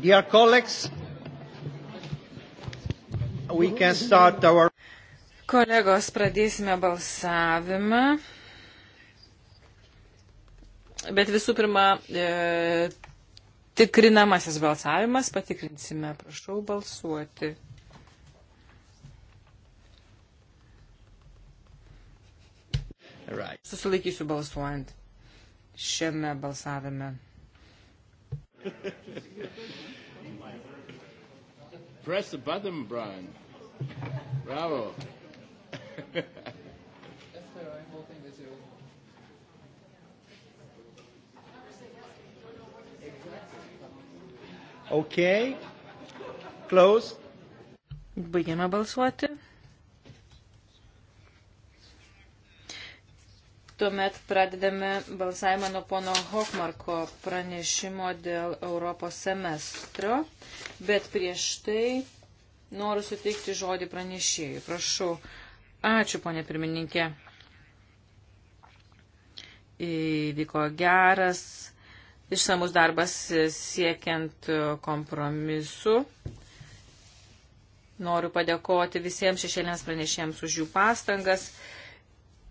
Dear colleagues, we can start our. Kolegos, pradėsime balsavimą. Bet visų pirma, e, tikrinamasis balsavimas, patikrinsime, prašau balsuoti. Right. Susilaikysiu balsuojant šiame balsavime. <laughs> Press the button, Brian. Bravo. yes, sir, I'm voting with you. Exactly. Okay. Close. Baigiame balsuoti. Tuomet pradedame balsavimą nuo pono Hofmarko pranešimo dėl Europos semestro, bet prieš tai noriu suteikti žodį pranešėjui. Prašau. Ačiū, ponė pirmininkė. Įvyko geras, išsamus darbas siekiant kompromisu. Noriu padėkoti visiems šešėlėms pranešėjams už jų pastangas.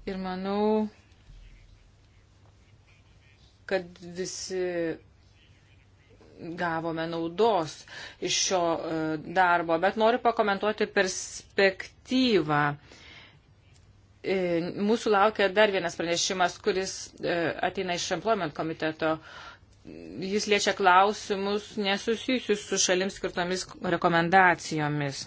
Ir manau, kad visi gavome naudos iš šio e, darbo, bet noriu pakomentuoti perspektyvą. E, mūsų laukia dar vienas pranešimas, kuris e, ateina iš Employment komiteto. Jis liečia klausimus nesusijusius su šalims skirtomis rekomendacijomis.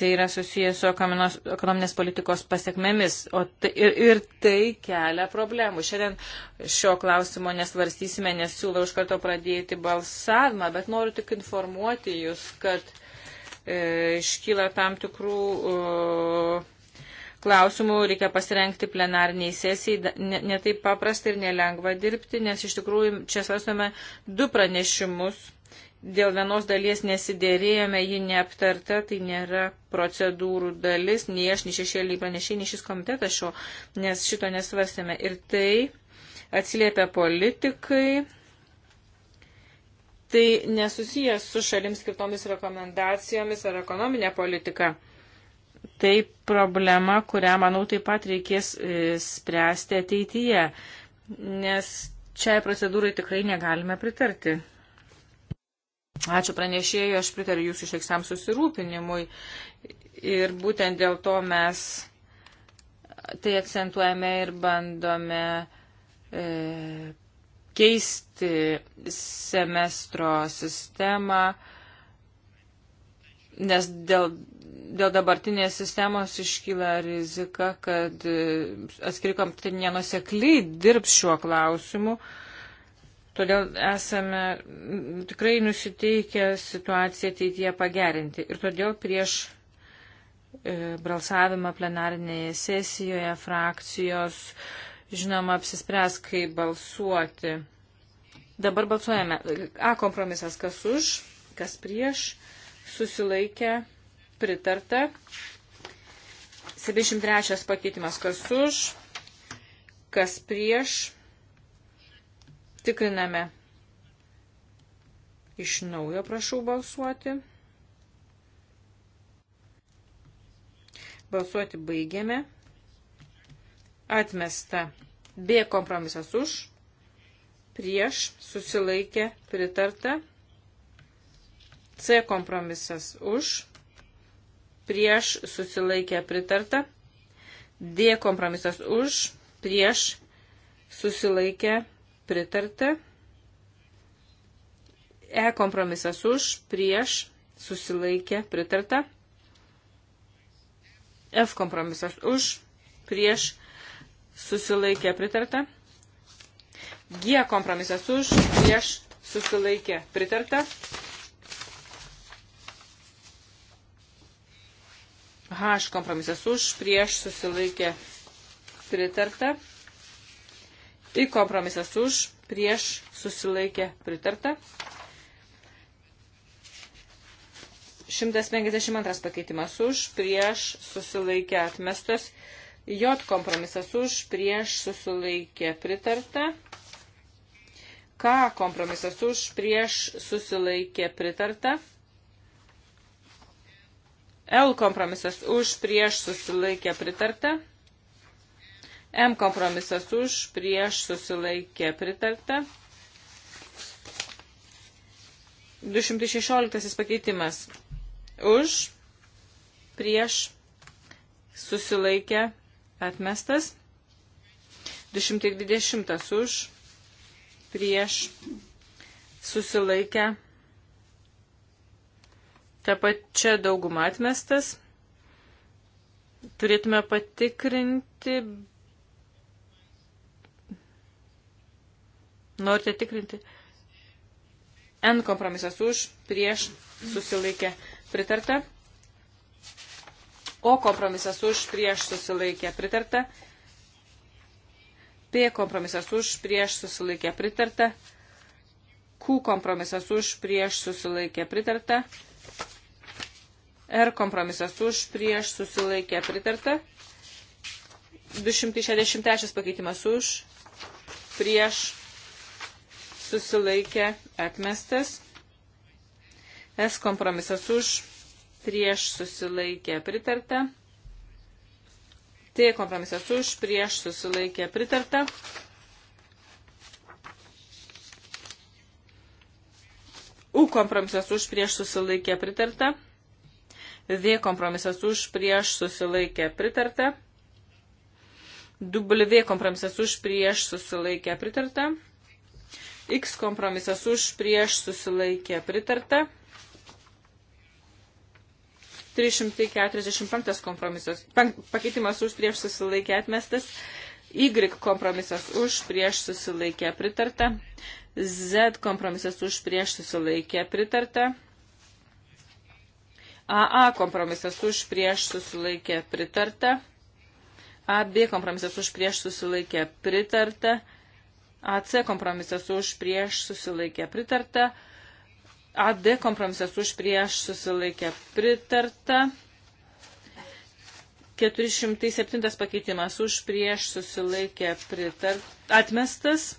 tai yra susijęs su ekominos, ekonominės politikos pasiekmėmis tai, ir, ir tai kelia problemų. Šiandien šio klausimo nesvarstysime, nes siūlau iš karto pradėti balsavimą, bet noriu tik informuoti Jūs, kad e, iškyla tam tikrų. E, klausimų reikia pasirengti plenarniai sesijai, netaip ne, ne paprasta ir nelengva dirbti, nes iš tikrųjų čia svarstome du pranešimus dėl vienos dalies nesidėrėjome, ji neaptarta, tai nėra procedūrų dalis, nei aš, nei šešėliai pranešiai, nei šis komitetas šio, nes šito nesvarstėme. Ir tai atsiliepia politikai. Tai nesusijęs su šalims skirtomis rekomendacijomis ar ekonominė politika. Tai problema, kurią, manau, taip pat reikės e, spręsti ateityje, nes šiai procedūrai tikrai negalime pritarti. Ačiū pranešėjai, aš pritariu jūsų išreiksam susirūpinimui ir būtent dėl to mes tai akcentuojame ir bandome e, keisti semestro sistemą, nes dėl, dėl dabartinės sistemos iškyla rizika, kad e, atskiri kompiuterė nenusekliai dirbs šiuo klausimu. E, Todėl esame tikrai nusiteikę situaciją ateityje pagerinti. Ir todėl prieš e, balsavimą plenarinėje sesijoje frakcijos, žinoma, apsispręs, kaip balsuoti. Dabar balsuojame. A kompromisas, kas už, kas prieš, susilaikė, pritarta. 73 pakeitimas, kas už, kas prieš, Tikriname. Iš naujo prašau balsuoti. Balsuoti baigiame. Atmesta. B kompromisas už. Prieš. Susilaikė. Pritarta. C kompromisas už. Prieš. Susilaikė. Pritarta. D kompromisas už. Prieš. Susilaikė. Pritarta pritarta. E kompromisas už, prieš, susilaikė, pritarta. F kompromisas už, prieš, susilaikė, pritarta. G kompromisas už, prieš, susilaikė, pritarta. H kompromisas už, prieš, susilaikė, pritarta. Tai kompromisas už, prieš, susilaikė, pritarta. 152 pakeitimas už, prieš, susilaikė, atmestas. J kompromisas už, prieš, susilaikė, pritarta. K kompromisas už, prieš, susilaikė, pritarta. L kompromisas už, prieš, susilaikė, pritarta. M kompromisas už, prieš susilaikė pritarta. 216 pakeitimas už, prieš susilaikė atmestas. 220 už, prieš susilaikę. Ta pačia dauguma atmestas. Turėtume patikrinti, Norite tikrinti? N kompromisas už, prieš, susilaikė, pritarta. O kompromisas už, prieš, susilaikė, pritarta. P kompromisas už, prieš, susilaikė, pritarta. Q kompromisas už, prieš, susilaikė, pritarta. R kompromisas už, prieš, susilaikė, pritarta. 263 pakeitimas už, prieš, susilaikė atmestas. S kompromisas už, prieš susilaikė pritarta. T kompromisas už, prieš susilaikė pritarta. U kompromisas už, prieš susilaikė pritarta. V kompromisas už, prieš susilaikė pritarta. W kompromisas už, prieš susilaikė pritarta. X kompromisas už prieš susilaikė pritarta. 345 kompromisas, pakeitimas už prieš susilaikė atmestas, Y kompromisas už prieš susilaikė pritarta, Z kompromisas už prieš susilaikė pritarta, AA kompromisas už prieš susilaikė pritarta, AB kompromisas už prieš susilaikė pritarta, AC kompromisas už prieš susilaikė pritarta. AD kompromisas už prieš susilaikė pritarta. 407 pakeitimas už prieš susilaikė pritart, atmestas.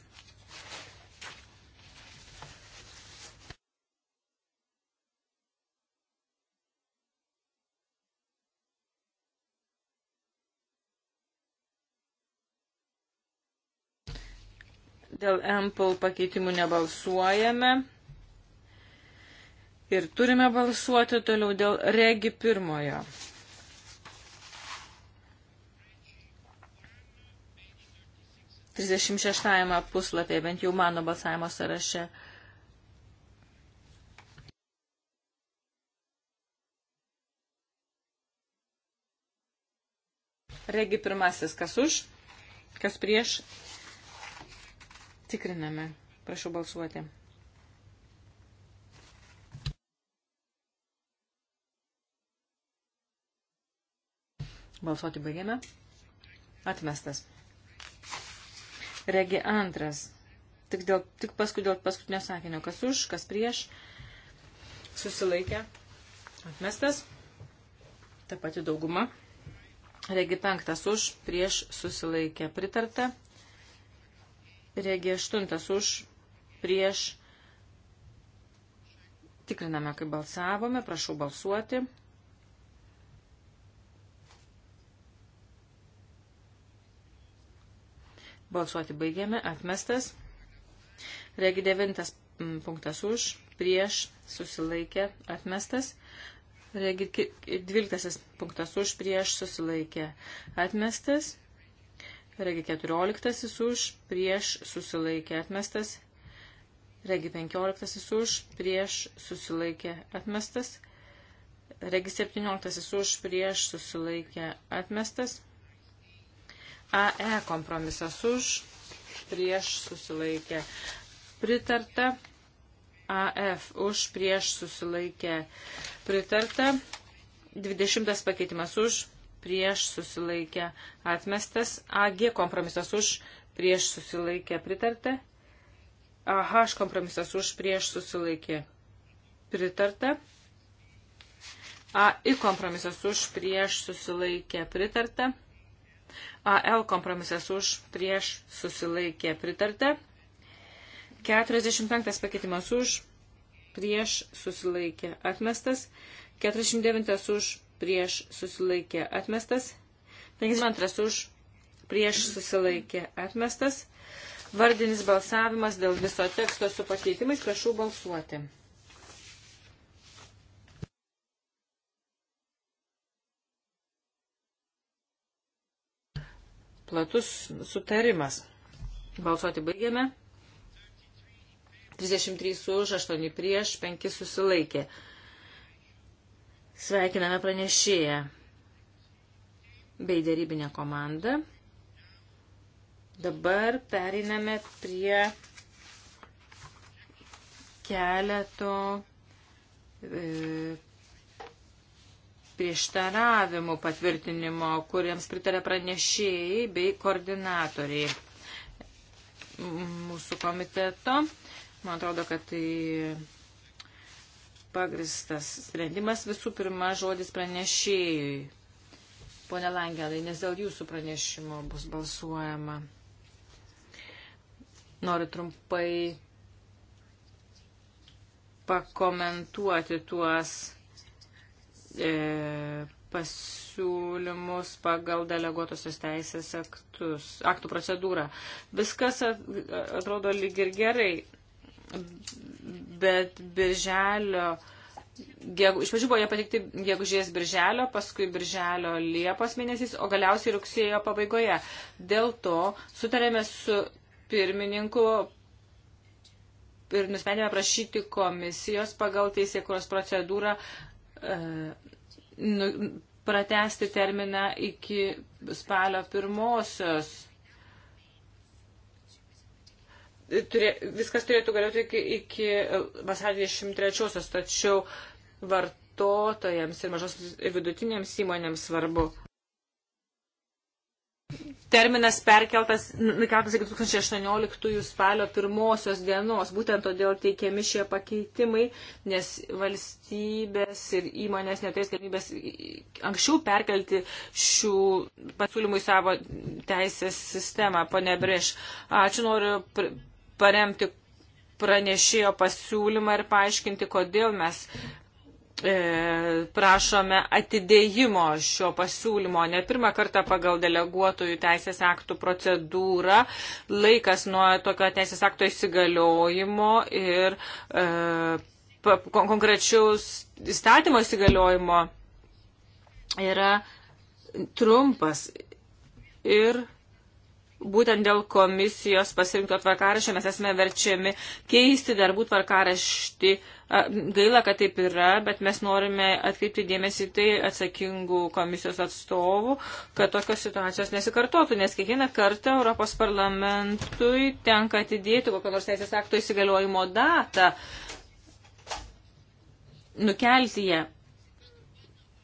Dėl MPL pakeitimų nebalsuojame. Ir turime balsuoti toliau dėl regi pirmojo. Trisdešimt šeštajame puslapyje, bent jau mano balsavimo sąraše. Regi pirmasis, kas už, kas prieš, Tikriname. Prašau balsuoti. Balsuoti baigėme. Atmestas. Regi antras. Tik, dėl, tik paskui dėl paskutinio sakinio. Kas už, kas prieš. Susilaikė. Atmestas. Ta pati dauguma. Regi penktas už, prieš susilaikė. Pritarta. Regė aštuntas už, prieš. Tikriname, kaip balsavome. Prašau balsuoti. Balsuoti baigėme. Atmestas. Regi devintas mm, punktas už, prieš, susilaikė, atmestas. Regi dvyliktasis punktas už, prieš, susilaikė, atmestas. Regi 14 už, prieš susilaikė atmestas. Regi 15 už, prieš susilaikė atmestas. Regi 17 už, prieš susilaikė atmestas. AE kompromisas už, prieš susilaikė pritarta. AF už prieš susilaikę pritarta. 20 pakeitimas už prieš susilaikę atmestas, AG kompromisas už prieš susilaikę pritartę, AH kompromisas už prieš susilaikę pritartę, AI kompromisas už prieš susilaikę pritartę, AL kompromisas už prieš susilaikę pritartę, 45 pakeitimas už prieš susilaikę atmestas, 49 už prieš susilaikė atmestas. 52 už prieš susilaikė atmestas. Vardinis balsavimas dėl viso teksto su pakeitimais. Prašau balsuoti. Platus sutarimas. Balsuoti baigėme. 33 už, 8 prieš, 5 susilaikė. Sveikiname pranešėją bei dėrybinę komandą. Dabar periname prie keleto e, prieštaravimų patvirtinimo, kuriems pritarė pranešėjai bei koordinatoriai mūsų komiteto. Man atrodo, kad tai pagristas sprendimas. Visų pirma, žodis pranešėjui. Pone Langelai, nes dėl jūsų pranešimo bus balsuojama. Noriu trumpai pakomentuoti tuos e, pasiūlymus pagal deleguotosios teisės aktus, aktų procedūrą. Viskas atrodo lyg ir gerai, bet birželio. Gegu, iš pradžių buvo jie patikti gegužės birželio, paskui birželio liepos mėnesiais, o galiausiai rugsėjo pabaigoje. Dėl to sutarėme su pirmininku ir nusprendėme prašyti komisijos pagal teisėkuros procedūrą e, nu, pratesti terminą iki spalio pirmosios turė, viskas turėtų galioti iki, iki e, vasario 23-osios, tačiau vartotojams ir mažos ir vidutinėms įmonėms svarbu. Terminas perkeltas, nukeltas iki 2018 spalio pirmosios dienos. Būtent todėl teikiami šie pakeitimai, nes valstybės ir įmonės neturės galimybės anksčiau perkelti šių pasiūlymų į savo teisės sistemą. Pane Breš, ačiū noriu paremti pranešėjo pasiūlymą ir paaiškinti, kodėl mes e, prašome atidėjimo šio pasiūlymo. Ne pirmą kartą pagal deleguotojų teisės aktų procedūrą laikas nuo tokio teisės akto įsigaliojimo ir e, konkrečiaus įstatymo įsigaliojimo yra trumpas ir būtent dėl komisijos pasirinkto tvarkaraščio mes esame verčiami keisti darbų tvarkaraštį. Gaila, kad taip yra, bet mes norime atkreipti dėmesį tai atsakingų komisijos atstovų, kad tokios situacijos nesikartotų, nes kiekvieną kartą Europos parlamentui tenka atidėti kokią nors teisės akto įsigaliojimo datą, nukelti ją.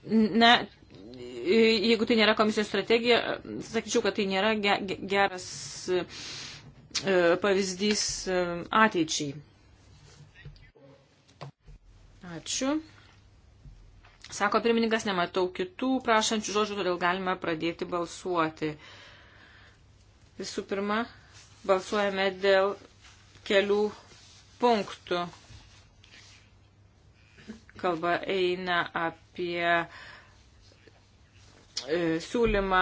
Na, jeigu tai nėra komisijos strategija, sakyčiau, kad tai nėra geras e, pavyzdys e, ateičiai. Ačiū. Sako pirmininkas, nematau kitų prašančių žodžių, todėl galime pradėti balsuoti. Visų pirma, balsuojame dėl kelių punktų. Kalba eina apie E, siūlymą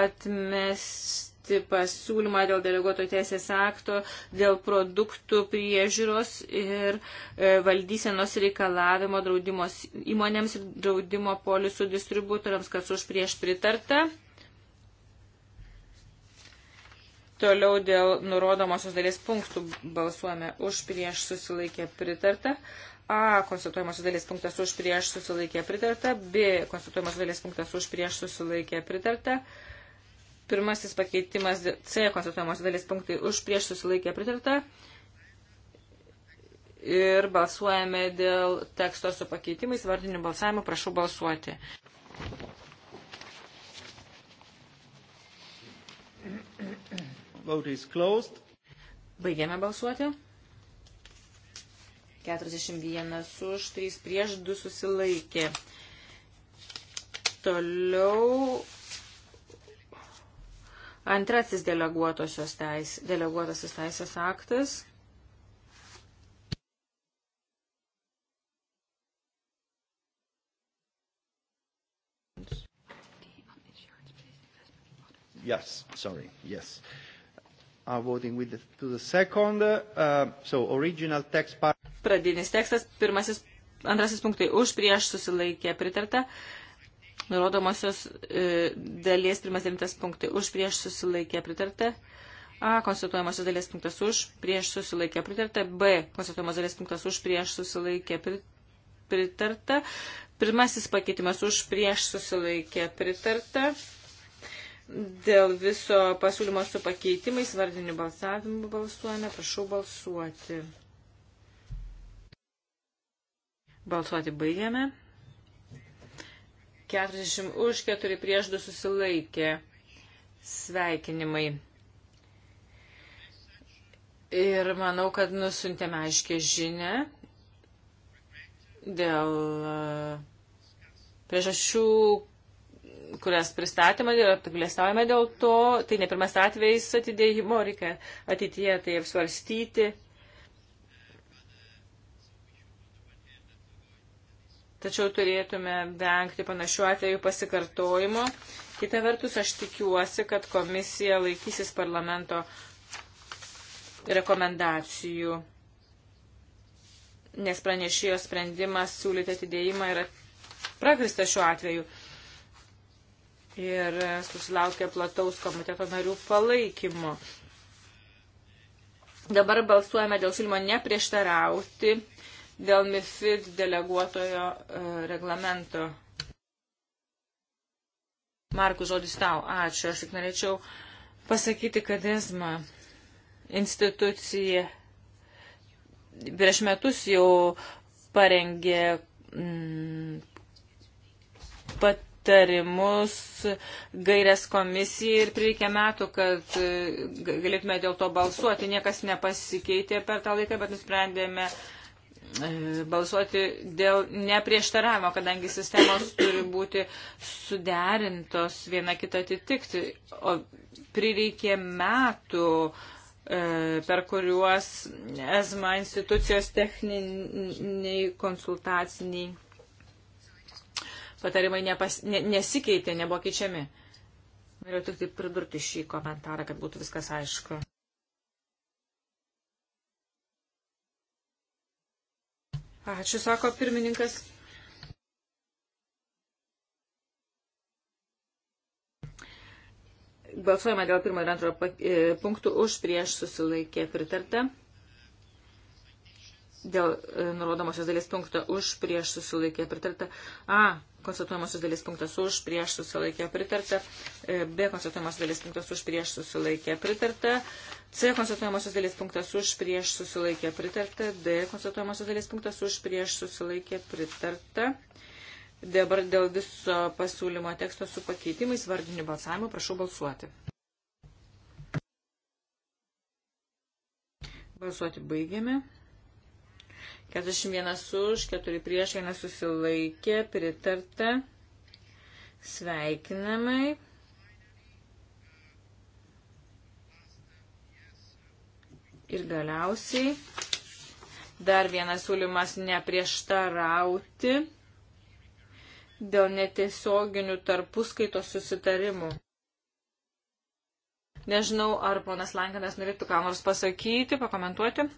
atmesti pasiūlymą dėl deleguoto teisės akto, dėl produktų priežiūros ir e, valdysenos reikalavimo draudimos įmonėms ir draudimo polisų distributoriams, kas už prieš pritarta. Toliau dėl nurodomosios dalies punktų balsuojame už prieš susilaikę pritartą. A konstatuojamosios dalies punktas už prieš susilaikė pritarta, B konstatuojamosios dalies punktas už prieš susilaikė pritarta, pirmasis pakeitimas C konstatuojamosios dalies punktai už prieš susilaikė pritarta ir balsuojame dėl teksto su pakeitimais, vardiniu balsavimu prašau balsuoti. Vote is closed. Baigėme balsuoti. 41 už, 3 prieš, 2 susilaikė. Toliau antrasis deleguotosios teis, deleguotasis teisės aktas. Yes, sorry, yes. Uh, are voting with the, to the second. Uh, so original text part. Pradinis tekstas, pirmasis, antrasis punktai už, prieš susilaikė pritarta. Nurodomosios e, dalies pirmas devintas punktai už, prieš susilaikė pritarta. A. Konstatuojamosios dalies punktas už, prieš susilaikė pritarta. B. Konstatuojamosios dalies punktas už, prieš susilaikė pritarta. Pirmasis pakeitimas už, prieš susilaikė pritarta. Dėl viso pasiūlymo su pakeitimais, vardiniu balsavimu balsuojame. Prašau balsuoti. Balsuoti baigiame. 40 už, 4 prieš 2 susilaikė. Sveikinimai. Ir manau, kad nusintėme aiškę žinę dėl e, priežasčių, kurias pristatėme ir apgailestaujame dėl to, tai ne pirmas atvejais atidėjimo, reikia ateityje tai apsvarstyti. Tačiau turėtume vengti panašių atvejų pasikartojimo. Kita vertus, aš tikiuosi, kad komisija laikysis parlamento rekomendacijų, nes pranešėjo sprendimas siūlyti atidėjimą yra prakristas šiuo atveju ir susilaukė plataus komiteto narių palaikymo. Dabar balsuojame dėl siūlymo neprieštarauti dėl MIFID deleguotojo e, reglamento. Markus, žodis tau. Ačiū. Aš tik norėčiau pasakyti, kad ESMA institucija prieš metus jau parengė mm, pat tarimus, gairias komisijai ir prireikė metų, kad e, galėtume dėl to balsuoti. Niekas nepasikeitė per tą laiką, bet nusprendėme e, balsuoti dėl neprieštaravimo, kadangi sistemos turi būti suderintos viena kitą atitikti. O prireikė metų e, per kuriuos esma institucijos techniniai konsultaciniai patarimai nepas, ne, nesikeitė, nebuvo keičiami. Norėjau tik tai pridurti šį komentarą, kad būtų viskas aišku. Ačiū, sako pirmininkas. Balsuojama dėl pirmo ir antro e, punktų už prieš susilaikė pritarta. Dėl e, nurodomosios dalies punkto už prieš susilaikė pritarta. A, konstatuojamosios dalis punktas už, prieš susilaikė pritarta. E, B konstatuojamosios dalis punktas už, prieš susilaikė pritarta. C konstatuojamosios dalis punktas už, prieš susilaikė pritarta. D konstatuojamosios dalis punktas už, prieš susilaikė pritarta. Dabar dėl viso pasiūlymo teksto su pakeitimais vardiniu balsavimu prašau balsuoti. Balsuoti baigiame. 41 už, 4 prieš, 1 susilaikė, pritarta. Sveikinamai. Ir galiausiai dar vienas siūlymas neprieštarauti dėl netiesioginių tarpuskaito susitarimų. Nežinau, ar ponas Lankinas norėtų ką nors pasakyti, pakomentuoti.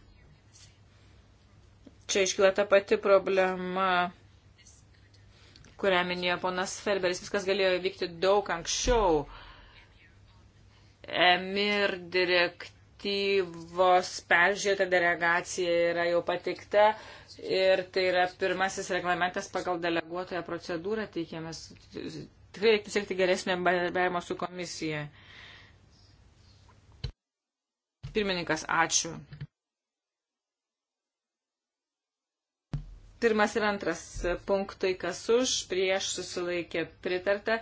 Čia iškyla ta pati problema, kurią minėjo ponas Ferberis. Viskas galėjo vykti daug anksčiau. Emir direktyvos peržiūrėta delegacija yra jau pateikta ir tai yra pirmasis reglamentas pagal deleguotoją procedūrą teikiamas. Tikrai reikia siekti geresnio bendradarbiavimo su komisija. Pirmininkas, ačiū. Pirmas ir antras punktai, kas už, prieš susilaikė pritarta.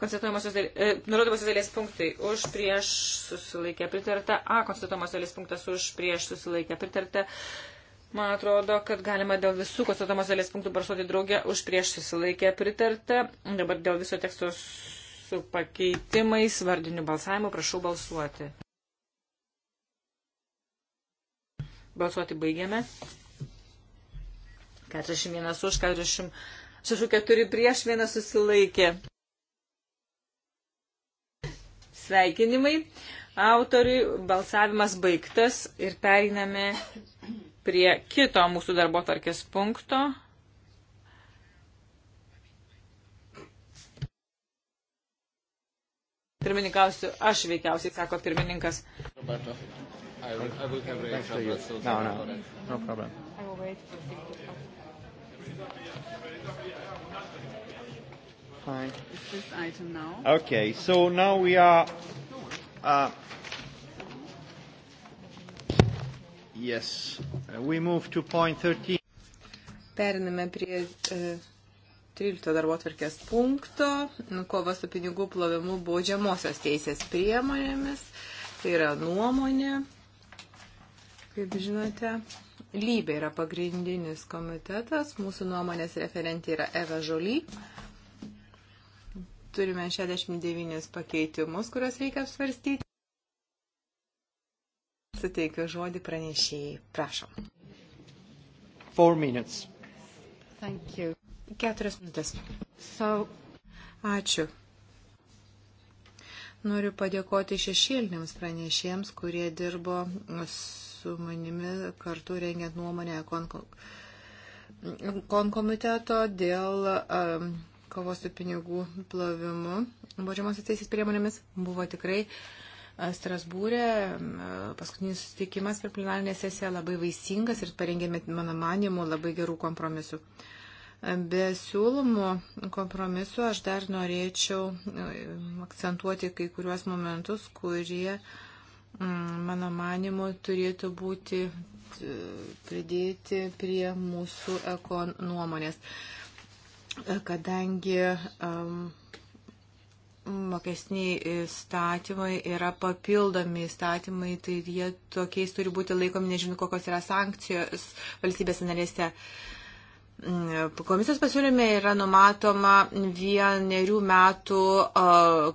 Konstatuojamosios dalis, e, nurodomosios dalies punktai už, prieš susilaikė pritarta. A, konstatuojamosios dalies punktas už, prieš susilaikė pritarta. Man atrodo, kad galima dėl visų konstatuojamosios dalies punktų barsuoti draugę už, prieš susilaikė pritarta. Dabar dėl viso teksto su pakeitimais, vardiniu balsavimu, prašau balsuoti. Balsuoti baigiame. 41 už, 44 prieš, vienas susilaikė. Sveikinimai. Autoriui balsavimas baigtas ir periname prie kito mūsų darbo tarkės punkto. Pirmininkausiu, aš veikiausiai, sako pirmininkas. Roberto, I will, I will have reaction. No, no, no problem. I will wait for Fine. It's this item now. Okay, so now we are. Uh, yes, uh, we move to point 13. Periname prie. Uh, e, 13 darbo tvarkės punkto, nu, kova su pinigų plovimu baudžiamosios teisės priemonėmis, tai yra nuomonė, kaip žinote. Lybė yra pagrindinis komitetas, mūsų nuomonės referentė yra Eva Žoly. Turime 69 pakeitimus, kuriuos reikia apsvarstyti. Suteikiu žodį pranešėjai. Prašom. Four minutes. Thank you. Keturias minutės. So... Ačiū. Noriu padėkoti šešėliniams pranešėjams, kurie dirbo su su manimi kartu rengiant nuomonę konkomiteto dėl um, kovos su pinigų plovimu baudžiamosios teisės priemonėmis. Buvo tikrai Strasbūrė, paskutinis susitikimas per plenarinę sesiją labai vaisingas ir parengėme, mano manimu, labai gerų kompromisų. Be siūlomų kompromisų aš dar norėčiau akcentuoti kai kuriuos momentus, kurie uh, Mm, mano manimu, turėtų būti pridėti prie mūsų ekon nuomonės, e, kadangi um, mokesniai įstatymai yra papildomi įstatymai, tai jie tokiais turi būti laikomi, nežinau, kokios yra sankcijos valstybės narėse. Uh, Komisijos pasiūlyme yra numatoma vienerių metų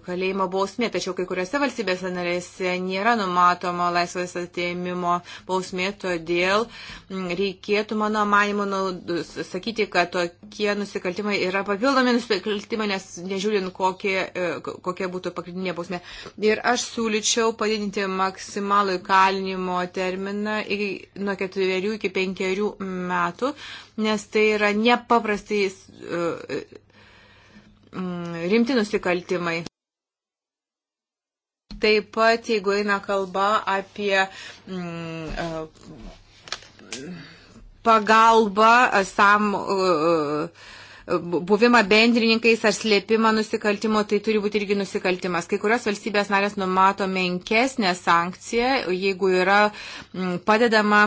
kalėjimo bausmė, tačiau kai kuriuose valstybėse narėse nėra numatoma laisvės atėmimo bausmė, todėl reikėtų, mano manimo, nu, sakyti, kad tokie nusikaltimai yra papildomi nusikaltimai, nes nežiūrint, kokie, e, kokia būtų pagrindinė bausmė. Ir aš siūlyčiau padidinti maksimalų įkalinimo terminą iki, nuo ketverių iki penkerių metų, nes tai yra nepaprastai uh, uh, mm, rimti nusikaltimai. Taip pat, jeigu eina kalba apie mm, uh, pagalbą sam buvimą bendrininkais ar slėpimą nusikaltimo, tai turi būti irgi nusikaltimas. Kai kurios valstybės narės numato menkesnę sankciją, jeigu yra mm, padedama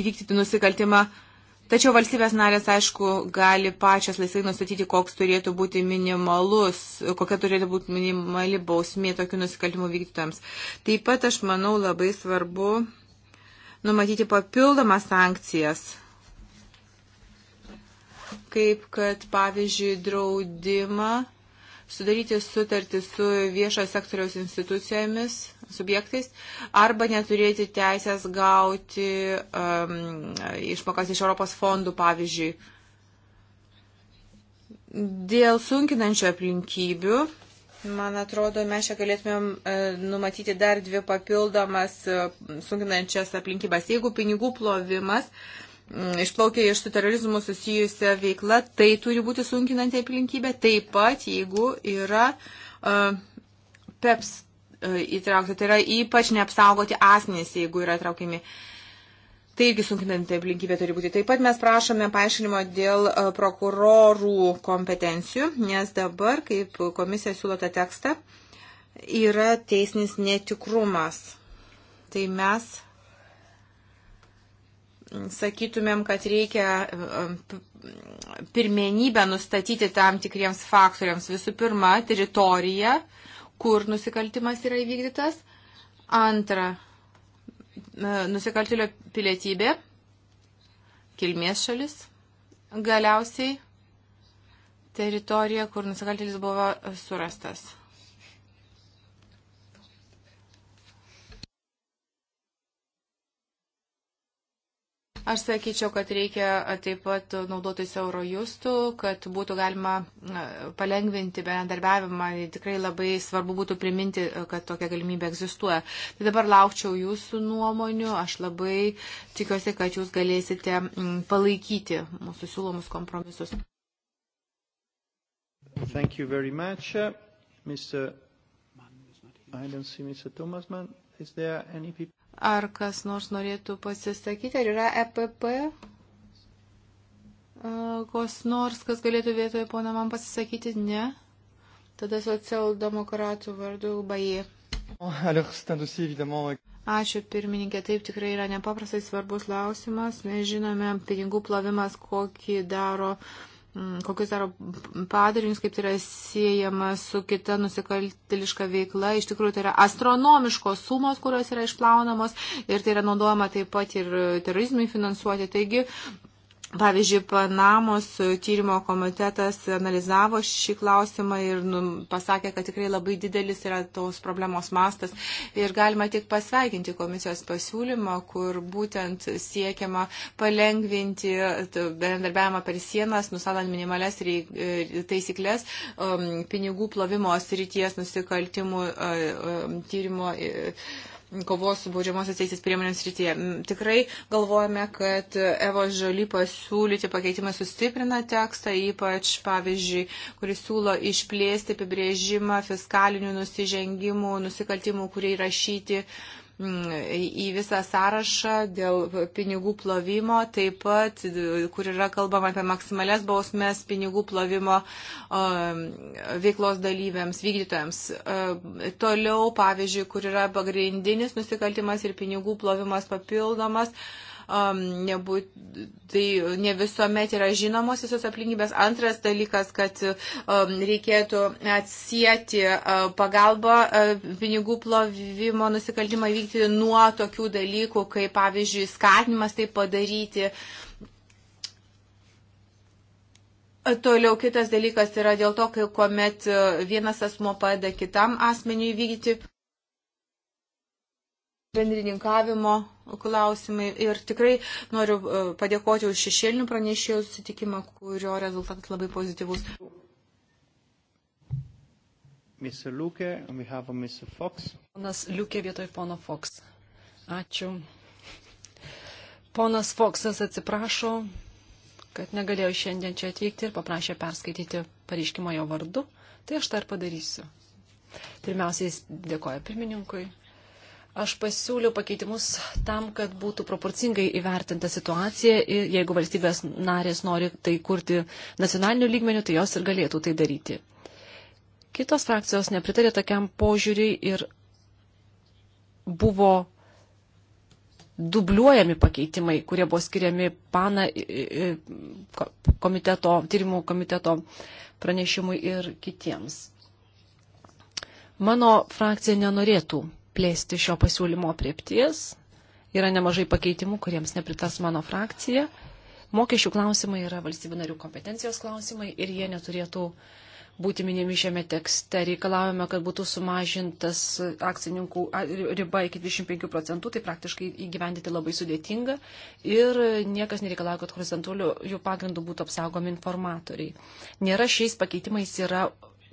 įvykdyti nusikaltimą uh, Tačiau valstybės narės, aišku, gali pačios laisvai nustatyti, koks turėtų būti minimalus, kokia turėtų būti minimali bausmė tokių nusikaltimų vykdytams. Taip pat aš manau labai svarbu numatyti papildomas sankcijas kaip kad, pavyzdžiui, draudimą sudaryti sutartį su viešojo sektoriaus institucijomis, subjektais, arba neturėti teisės gauti um, išmokas iš Europos fondų, pavyzdžiui. Dėl sunkinančių aplinkybių Man atrodo, mes čia galėtumėm e, numatyti dar dvi papildomas e, sunkinančias aplinkybas. Jeigu pinigų plovimas, uh, Mm, išplaukia iš su terorizmu susijusią veiklą, tai turi būti sunkinanti aplinkybė. Taip pat, jeigu yra uh, PEPS uh, e, įtraukta, tai yra ypač neapsaugoti asmenys, jeigu yra traukiami. Tai irgi sunkinanti aplinkybė turi būti. Taip pat mes prašome paaiškinimo dėl uh, prokurorų kompetencijų, nes dabar, kaip komisija siūlo tą tekstą, yra teisnis netikrumas. Tai mes sakytumėm, kad reikia e, pirmenybę nustatyti tam tikriems faktoriams. Visų pirma, teritorija, kur nusikaltimas yra įvykdytas. Antra, e, nusikaltėlio pilietybė, kilmės šalis. Galiausiai teritorija, kur nusikaltėlis buvo surastas. Aš sakyčiau, kad reikia taip pat naudotis Eurojustų, kad būtų galima palengvinti bendarbiavimą. Tikrai labai svarbu būtų priminti, kad tokia galimybė egzistuoja. Tai dabar laukčiau jūsų nuomonių. Aš labai tikiuosi, kad jūs galėsite palaikyti mūsų siūlomus kompromisus. Thank you very much. Mr. I don't see Mr. Thomasman. Is there any people? Ar kas nors norėtų pasisakyti? Ar yra EPP? E, Kos nors, kas galėtų vietoje pono man pasisakyti? Ne. Tada socialdemokratų vardu Baji. Euh, Ačiū pirmininkė, taip tikrai yra nepaprastai svarbus klausimas. Mes žinome pinigų plovimas, kokį daro uh, Mm, kokius daro padarinius, kaip tai yra siejama su kita nusikaltiliška veikla. Iš tikrųjų, tai yra astronomiškos sumos, kurios yra išplaunamos ir tai yra naudojama taip pat ir terorizmui finansuoti. Taigi, Pavyzdžiui, Panamos tyrimo komitetas analizavo šį klausimą ir nu, pasakė, kad tikrai labai didelis yra tos problemos mastas. Ir galima tik pasveikinti komisijos pasiūlymą, kur būtent siekiama palengvinti bendarbiavimą per sienas, nusalant minimales e, taisyklės um, pinigų plovimo srities nusikaltimų tyrimo. Ir, e, kovos su baudžiamosios teisės priemonėms rytyje. Tikrai galvojame, kad Evo Žaly pasiūlyti pakeitimai sustiprina tekstą, ypač, pavyzdžiui, kuris siūlo išplėsti apibrėžimą fiskalinių nusižengimų, nusikaltimų, kurie įrašyti uh, Mm, į visą sąrašą dėl pinigų plovimo, taip pat, kur yra kalbama apie maksimales bausmes pinigų plovimo um, veiklos dalyviams, vykdytojams. Um, toliau, pavyzdžiui, kur yra pagrindinis nusikaltimas ir pinigų plovimas papildomas um, nebūt, tai ne visuomet yra žinomos visos aplinkybės. Antras dalykas, kad um, reikėtų atsijėti uh, pagalbą uh, pinigų plovimo nusikaltimą vykti nuo tokių dalykų, kaip pavyzdžiui skatinimas tai padaryti. Toliau kitas dalykas yra dėl to, kai kuomet vienas asmo padeda kitam asmeniui vykdyti bendrininkavimo klausimai ir tikrai noriu e, padėkoti už šešėlinių pranešėjų susitikimą, kurio rezultatas labai pozityvus. Mr. Luke, on behalf of Mr. Fox. Ponas Liukė vietoj pono Fox. Ačiū. Ponas Foksas atsiprašo, kad negalėjo šiandien čia atvykti ir paprašė perskaityti pareiškimo jo vardu. Tai aš tą ir padarysiu. Pirmiausiai jis dėkoja pirmininkui Aš pasiūliau pakeitimus tam, kad būtų proporcingai įvertinta situacija ir jeigu valstybės narės nori tai kurti nacionaliniu lygmeniu, tai jos ir galėtų tai daryti. Kitos frakcijos nepritarė tokiam požiūriui ir buvo dubliuojami pakeitimai, kurie buvo skiriami pana komiteto, tyrimų komiteto pranešimui ir kitiems. Mano frakcija nenorėtų plėsti šio pasiūlymo priepties. Yra nemažai pakeitimų, kuriems nepritars mano frakcija. Mokesčių klausimai yra valstybių narių kompetencijos klausimai ir jie neturėtų būti minimi šiame tekste. Reikalavome, kad būtų sumažintas akcininkų riba iki 25 procentų, tai praktiškai įgyvendyti labai sudėtinga ir niekas nereikalavo, kad horizontualių jų pagrindų būtų apsaugomi informatoriai. Nėra šiais pakeitimais yra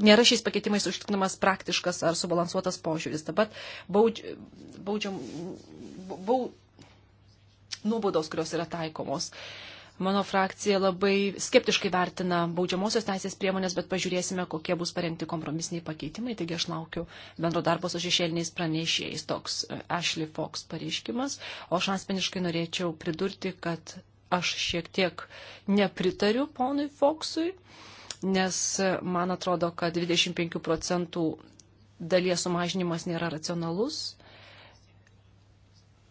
nėra šiais pakeitimais užtikrinamas praktiškas ar subalansuotas požiūris. Dabar baudž, baudžiam, baud, nuobaudos, kurios yra taikomos. Mano frakcija labai skeptiškai vertina baudžiamosios teisės priemonės, bet pažiūrėsime, kokie bus parengti kompromisiniai pakeitimai. Taigi aš laukiu bendro darbo su šešėliniais pranešėjais. Toks e, Ashley Fox pareiškimas. O aš asmeniškai norėčiau pridurti, kad aš šiek tiek nepritariu ponui Foxui. Uh, nes man atrodo, kad 25 procentų dalies sumažinimas nėra racionalus.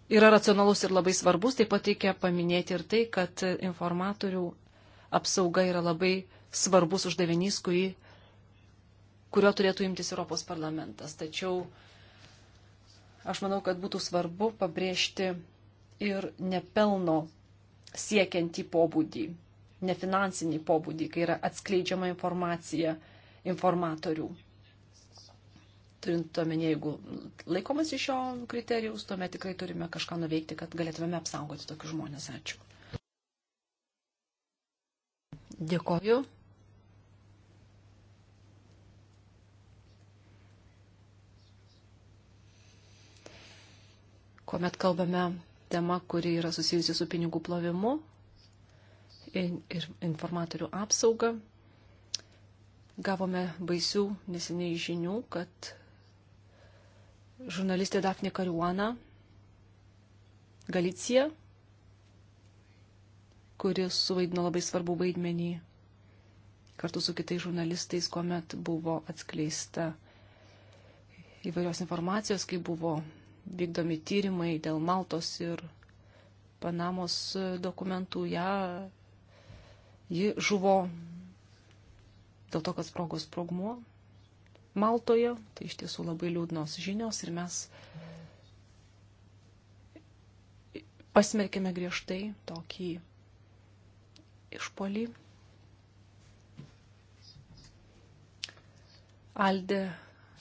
Yra racionalus ir labai svarbus, taip pat reikia paminėti ir tai, kad informatorių apsauga yra labai svarbus uždavinys, kurį, kurio turėtų imtis Europos parlamentas. Tačiau aš manau, kad būtų svarbu pabrėžti ir nepelno siekiantį pobūdį nefinansinį pobūdį, kai yra atskleidžiama informacija informatorių. Turint omenyje, jeigu laikomas iš šio kriterijaus, tuomet tikrai turime kažką nuveikti, kad galėtumėme apsaugoti tokius žmonės. Ačiū. Dėkoju. Kuomet kalbame tema, kuri yra susijusi su pinigų plovimu, ir informatorių apsaugą. Gavome baisių neseniai žinių, kad žurnalistė Dafne Kariuana Galicija, kuris suvaidino labai svarbų vaidmenį kartu su kitais žurnalistais, kuomet buvo atskleista įvairios informacijos, kai buvo vykdomi tyrimai dėl Maltos ir Panamos dokumentų, ją ja, Ji žuvo dėl to, kad sprogo sprogmuo Maltoje. Tai iš tiesų labai liūdnos žinios ir mes pasmerkėme griežtai tokį išpolį. Aldė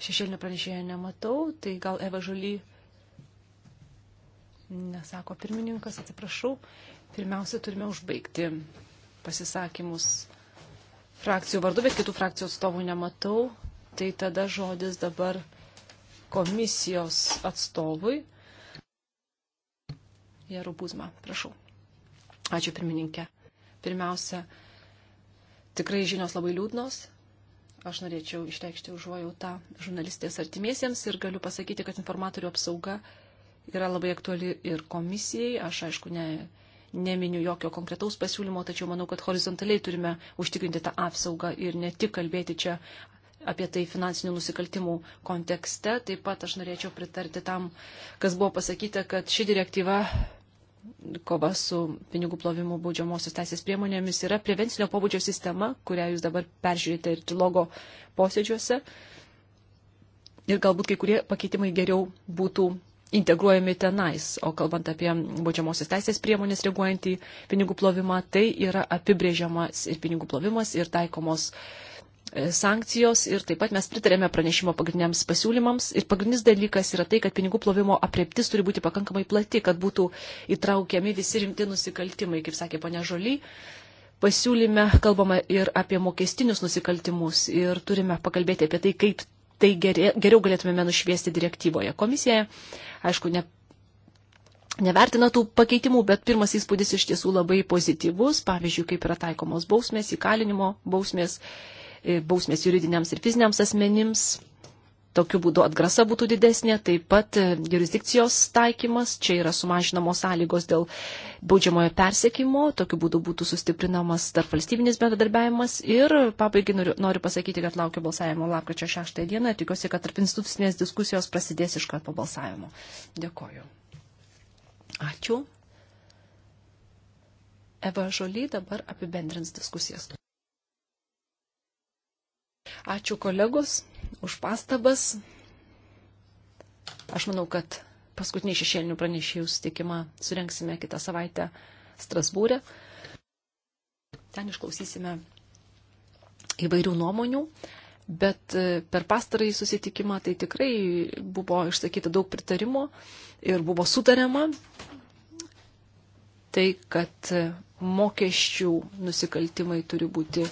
šešėlinio pranešėjo nematau, tai gal Eva Žaly nesako pirmininkas, atsiprašau. Pirmiausia, turime užbaigti pasisakymus frakcijų vardu, bet kitų frakcijų atstovų nematau. Tai tada žodis dabar komisijos atstovui. Jarubuzma, prašau. Ačiū pirmininkė. Pirmiausia, tikrai žinios labai liūdnos. Aš norėčiau išreikšti užuojautą žurnalistės artimiesiems ir galiu pasakyti, kad informatorių apsauga yra labai aktuali ir komisijai. Aš, aišku, ne, neminiu jokio konkretaus pasiūlymo, tačiau manau, kad horizontaliai turime užtikrinti tą apsaugą ir ne tik kalbėti čia apie tai finansinių nusikaltimų kontekste. Taip pat aš norėčiau pritarti tam, kas buvo pasakyta, kad ši direktyva kova su pinigų plovimu baudžiamosios teisės priemonėmis yra prevencinio pobūdžio sistema, kurią jūs dabar peržiūrite ir trilogo posėdžiuose. Ir galbūt kai kurie pakeitimai geriau būtų integruojami tenais. O kalbant apie baudžiamosios teisės priemonės reaguojant į pinigų plovimą, tai yra apibrėžiamas ir pinigų plovimas ir taikomos e, sankcijos ir taip pat mes pritarėme pranešimo pagrindiniams pasiūlymams ir pagrindinis dalykas yra tai, kad pinigų plovimo apreptis turi būti pakankamai plati, kad būtų įtraukiami visi rimti nusikaltimai, kaip sakė ponia Žoly. Pasiūlyme kalbama ir apie mokestinius nusikaltimus ir turime pakalbėti apie tai, kaip tai gerė, geriau galėtumėme nušviesti direktyvoje. Komisija, aišku, ne, nevertina tų pakeitimų, bet pirmas įspūdis iš tiesų labai pozityvus, pavyzdžiui, kaip yra taikomos bausmės, įkalinimo bausmės, e, bausmės juridiniams ir fiziniams asmenims, Tokiu būdu atgrasa būtų didesnė, taip pat e, jurisdikcijos taikymas, čia yra sumažinamos sąlygos dėl baudžiamojo persekimo, tokiu būdu būtų sustiprinamas tarp valstybinis bendradarbiavimas ir pabaigai noriu, noriu pasakyti, kad laukiu balsavimo lapkričio 6 dieną, tikiuosi, kad tarp institucinės diskusijos prasidės iš karto balsavimo. Dėkoju. Ačiū. Eva Žoly dabar apibendrins diskusijas. Ačiū kolegos už pastabas. Aš manau, kad paskutinį šešėlinių pranešėjų sutikimą surenksime kitą savaitę Strasbūrė. Ten išklausysime įvairių nuomonių, bet e, per pastarąjį susitikimą tai tikrai buvo išsakyta daug pritarimo ir buvo sutariama tai, kad e, mokesčių nusikaltimai turi būti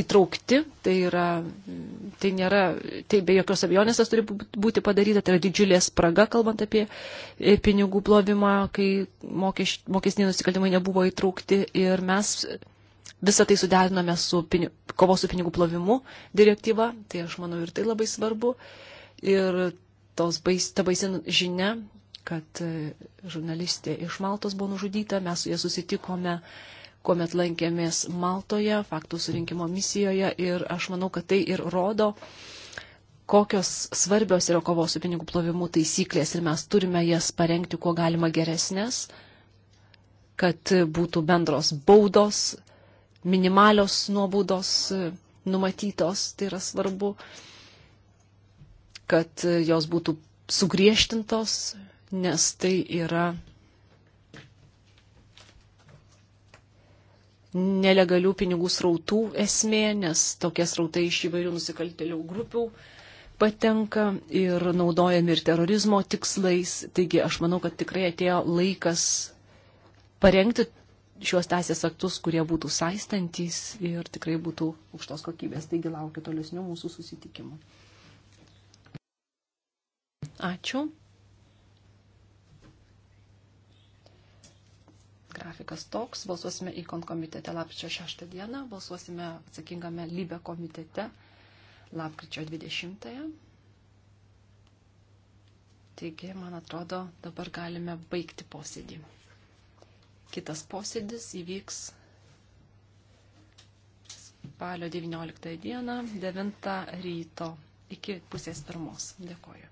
įtraukti, tai, yra, tai nėra, tai be jokios abejonės tas turi būti padaryta, tai yra didžiulė spraga, kalbant apie e, pinigų plovimą, kai mokes, mokesniai nusikaltimai nebuvo įtraukti ir mes visą tai suderiname su pini, kovos su pinigų plovimu direktyva, tai aš manau ir tai labai svarbu. Ir tos bais, ta baisin žinia, kad e, žurnalistė iš Maltos buvo nužudyta, mes su ja susitikome uh, kuomet lankėmės Maltoje, faktų surinkimo misijoje ir aš manau, kad tai ir rodo, kokios svarbios yra kovos su pinigų plovimu taisyklės ir mes turime jas parengti kuo galima geresnės, kad būtų bendros baudos, minimalios nuobaudos numatytos, tai yra svarbu, kad jos būtų sugriežtintos, nes tai yra nelegalių pinigų srautų esmė, nes tokie srautai iš įvairių nusikaltėlių grupių patenka ir naudojami ir terorizmo tikslais. Taigi aš manau, kad tikrai atėjo laikas parengti šiuos teisės aktus, kurie būtų saistantys ir tikrai būtų aukštos kokybės. Taigi laukiu tolesnių mūsų susitikimų. Ačiū. grafikas toks. Balsuosime į konkomitete lapkričio 6 dieną, balsuosime atsakingame lybe komitete lapkričio 20. -ąją. Taigi, man atrodo, dabar galime baigti posėdį. Kitas posėdis įvyks spalio 19 dieną, 9 ryto iki pusės pirmos. Dėkoju.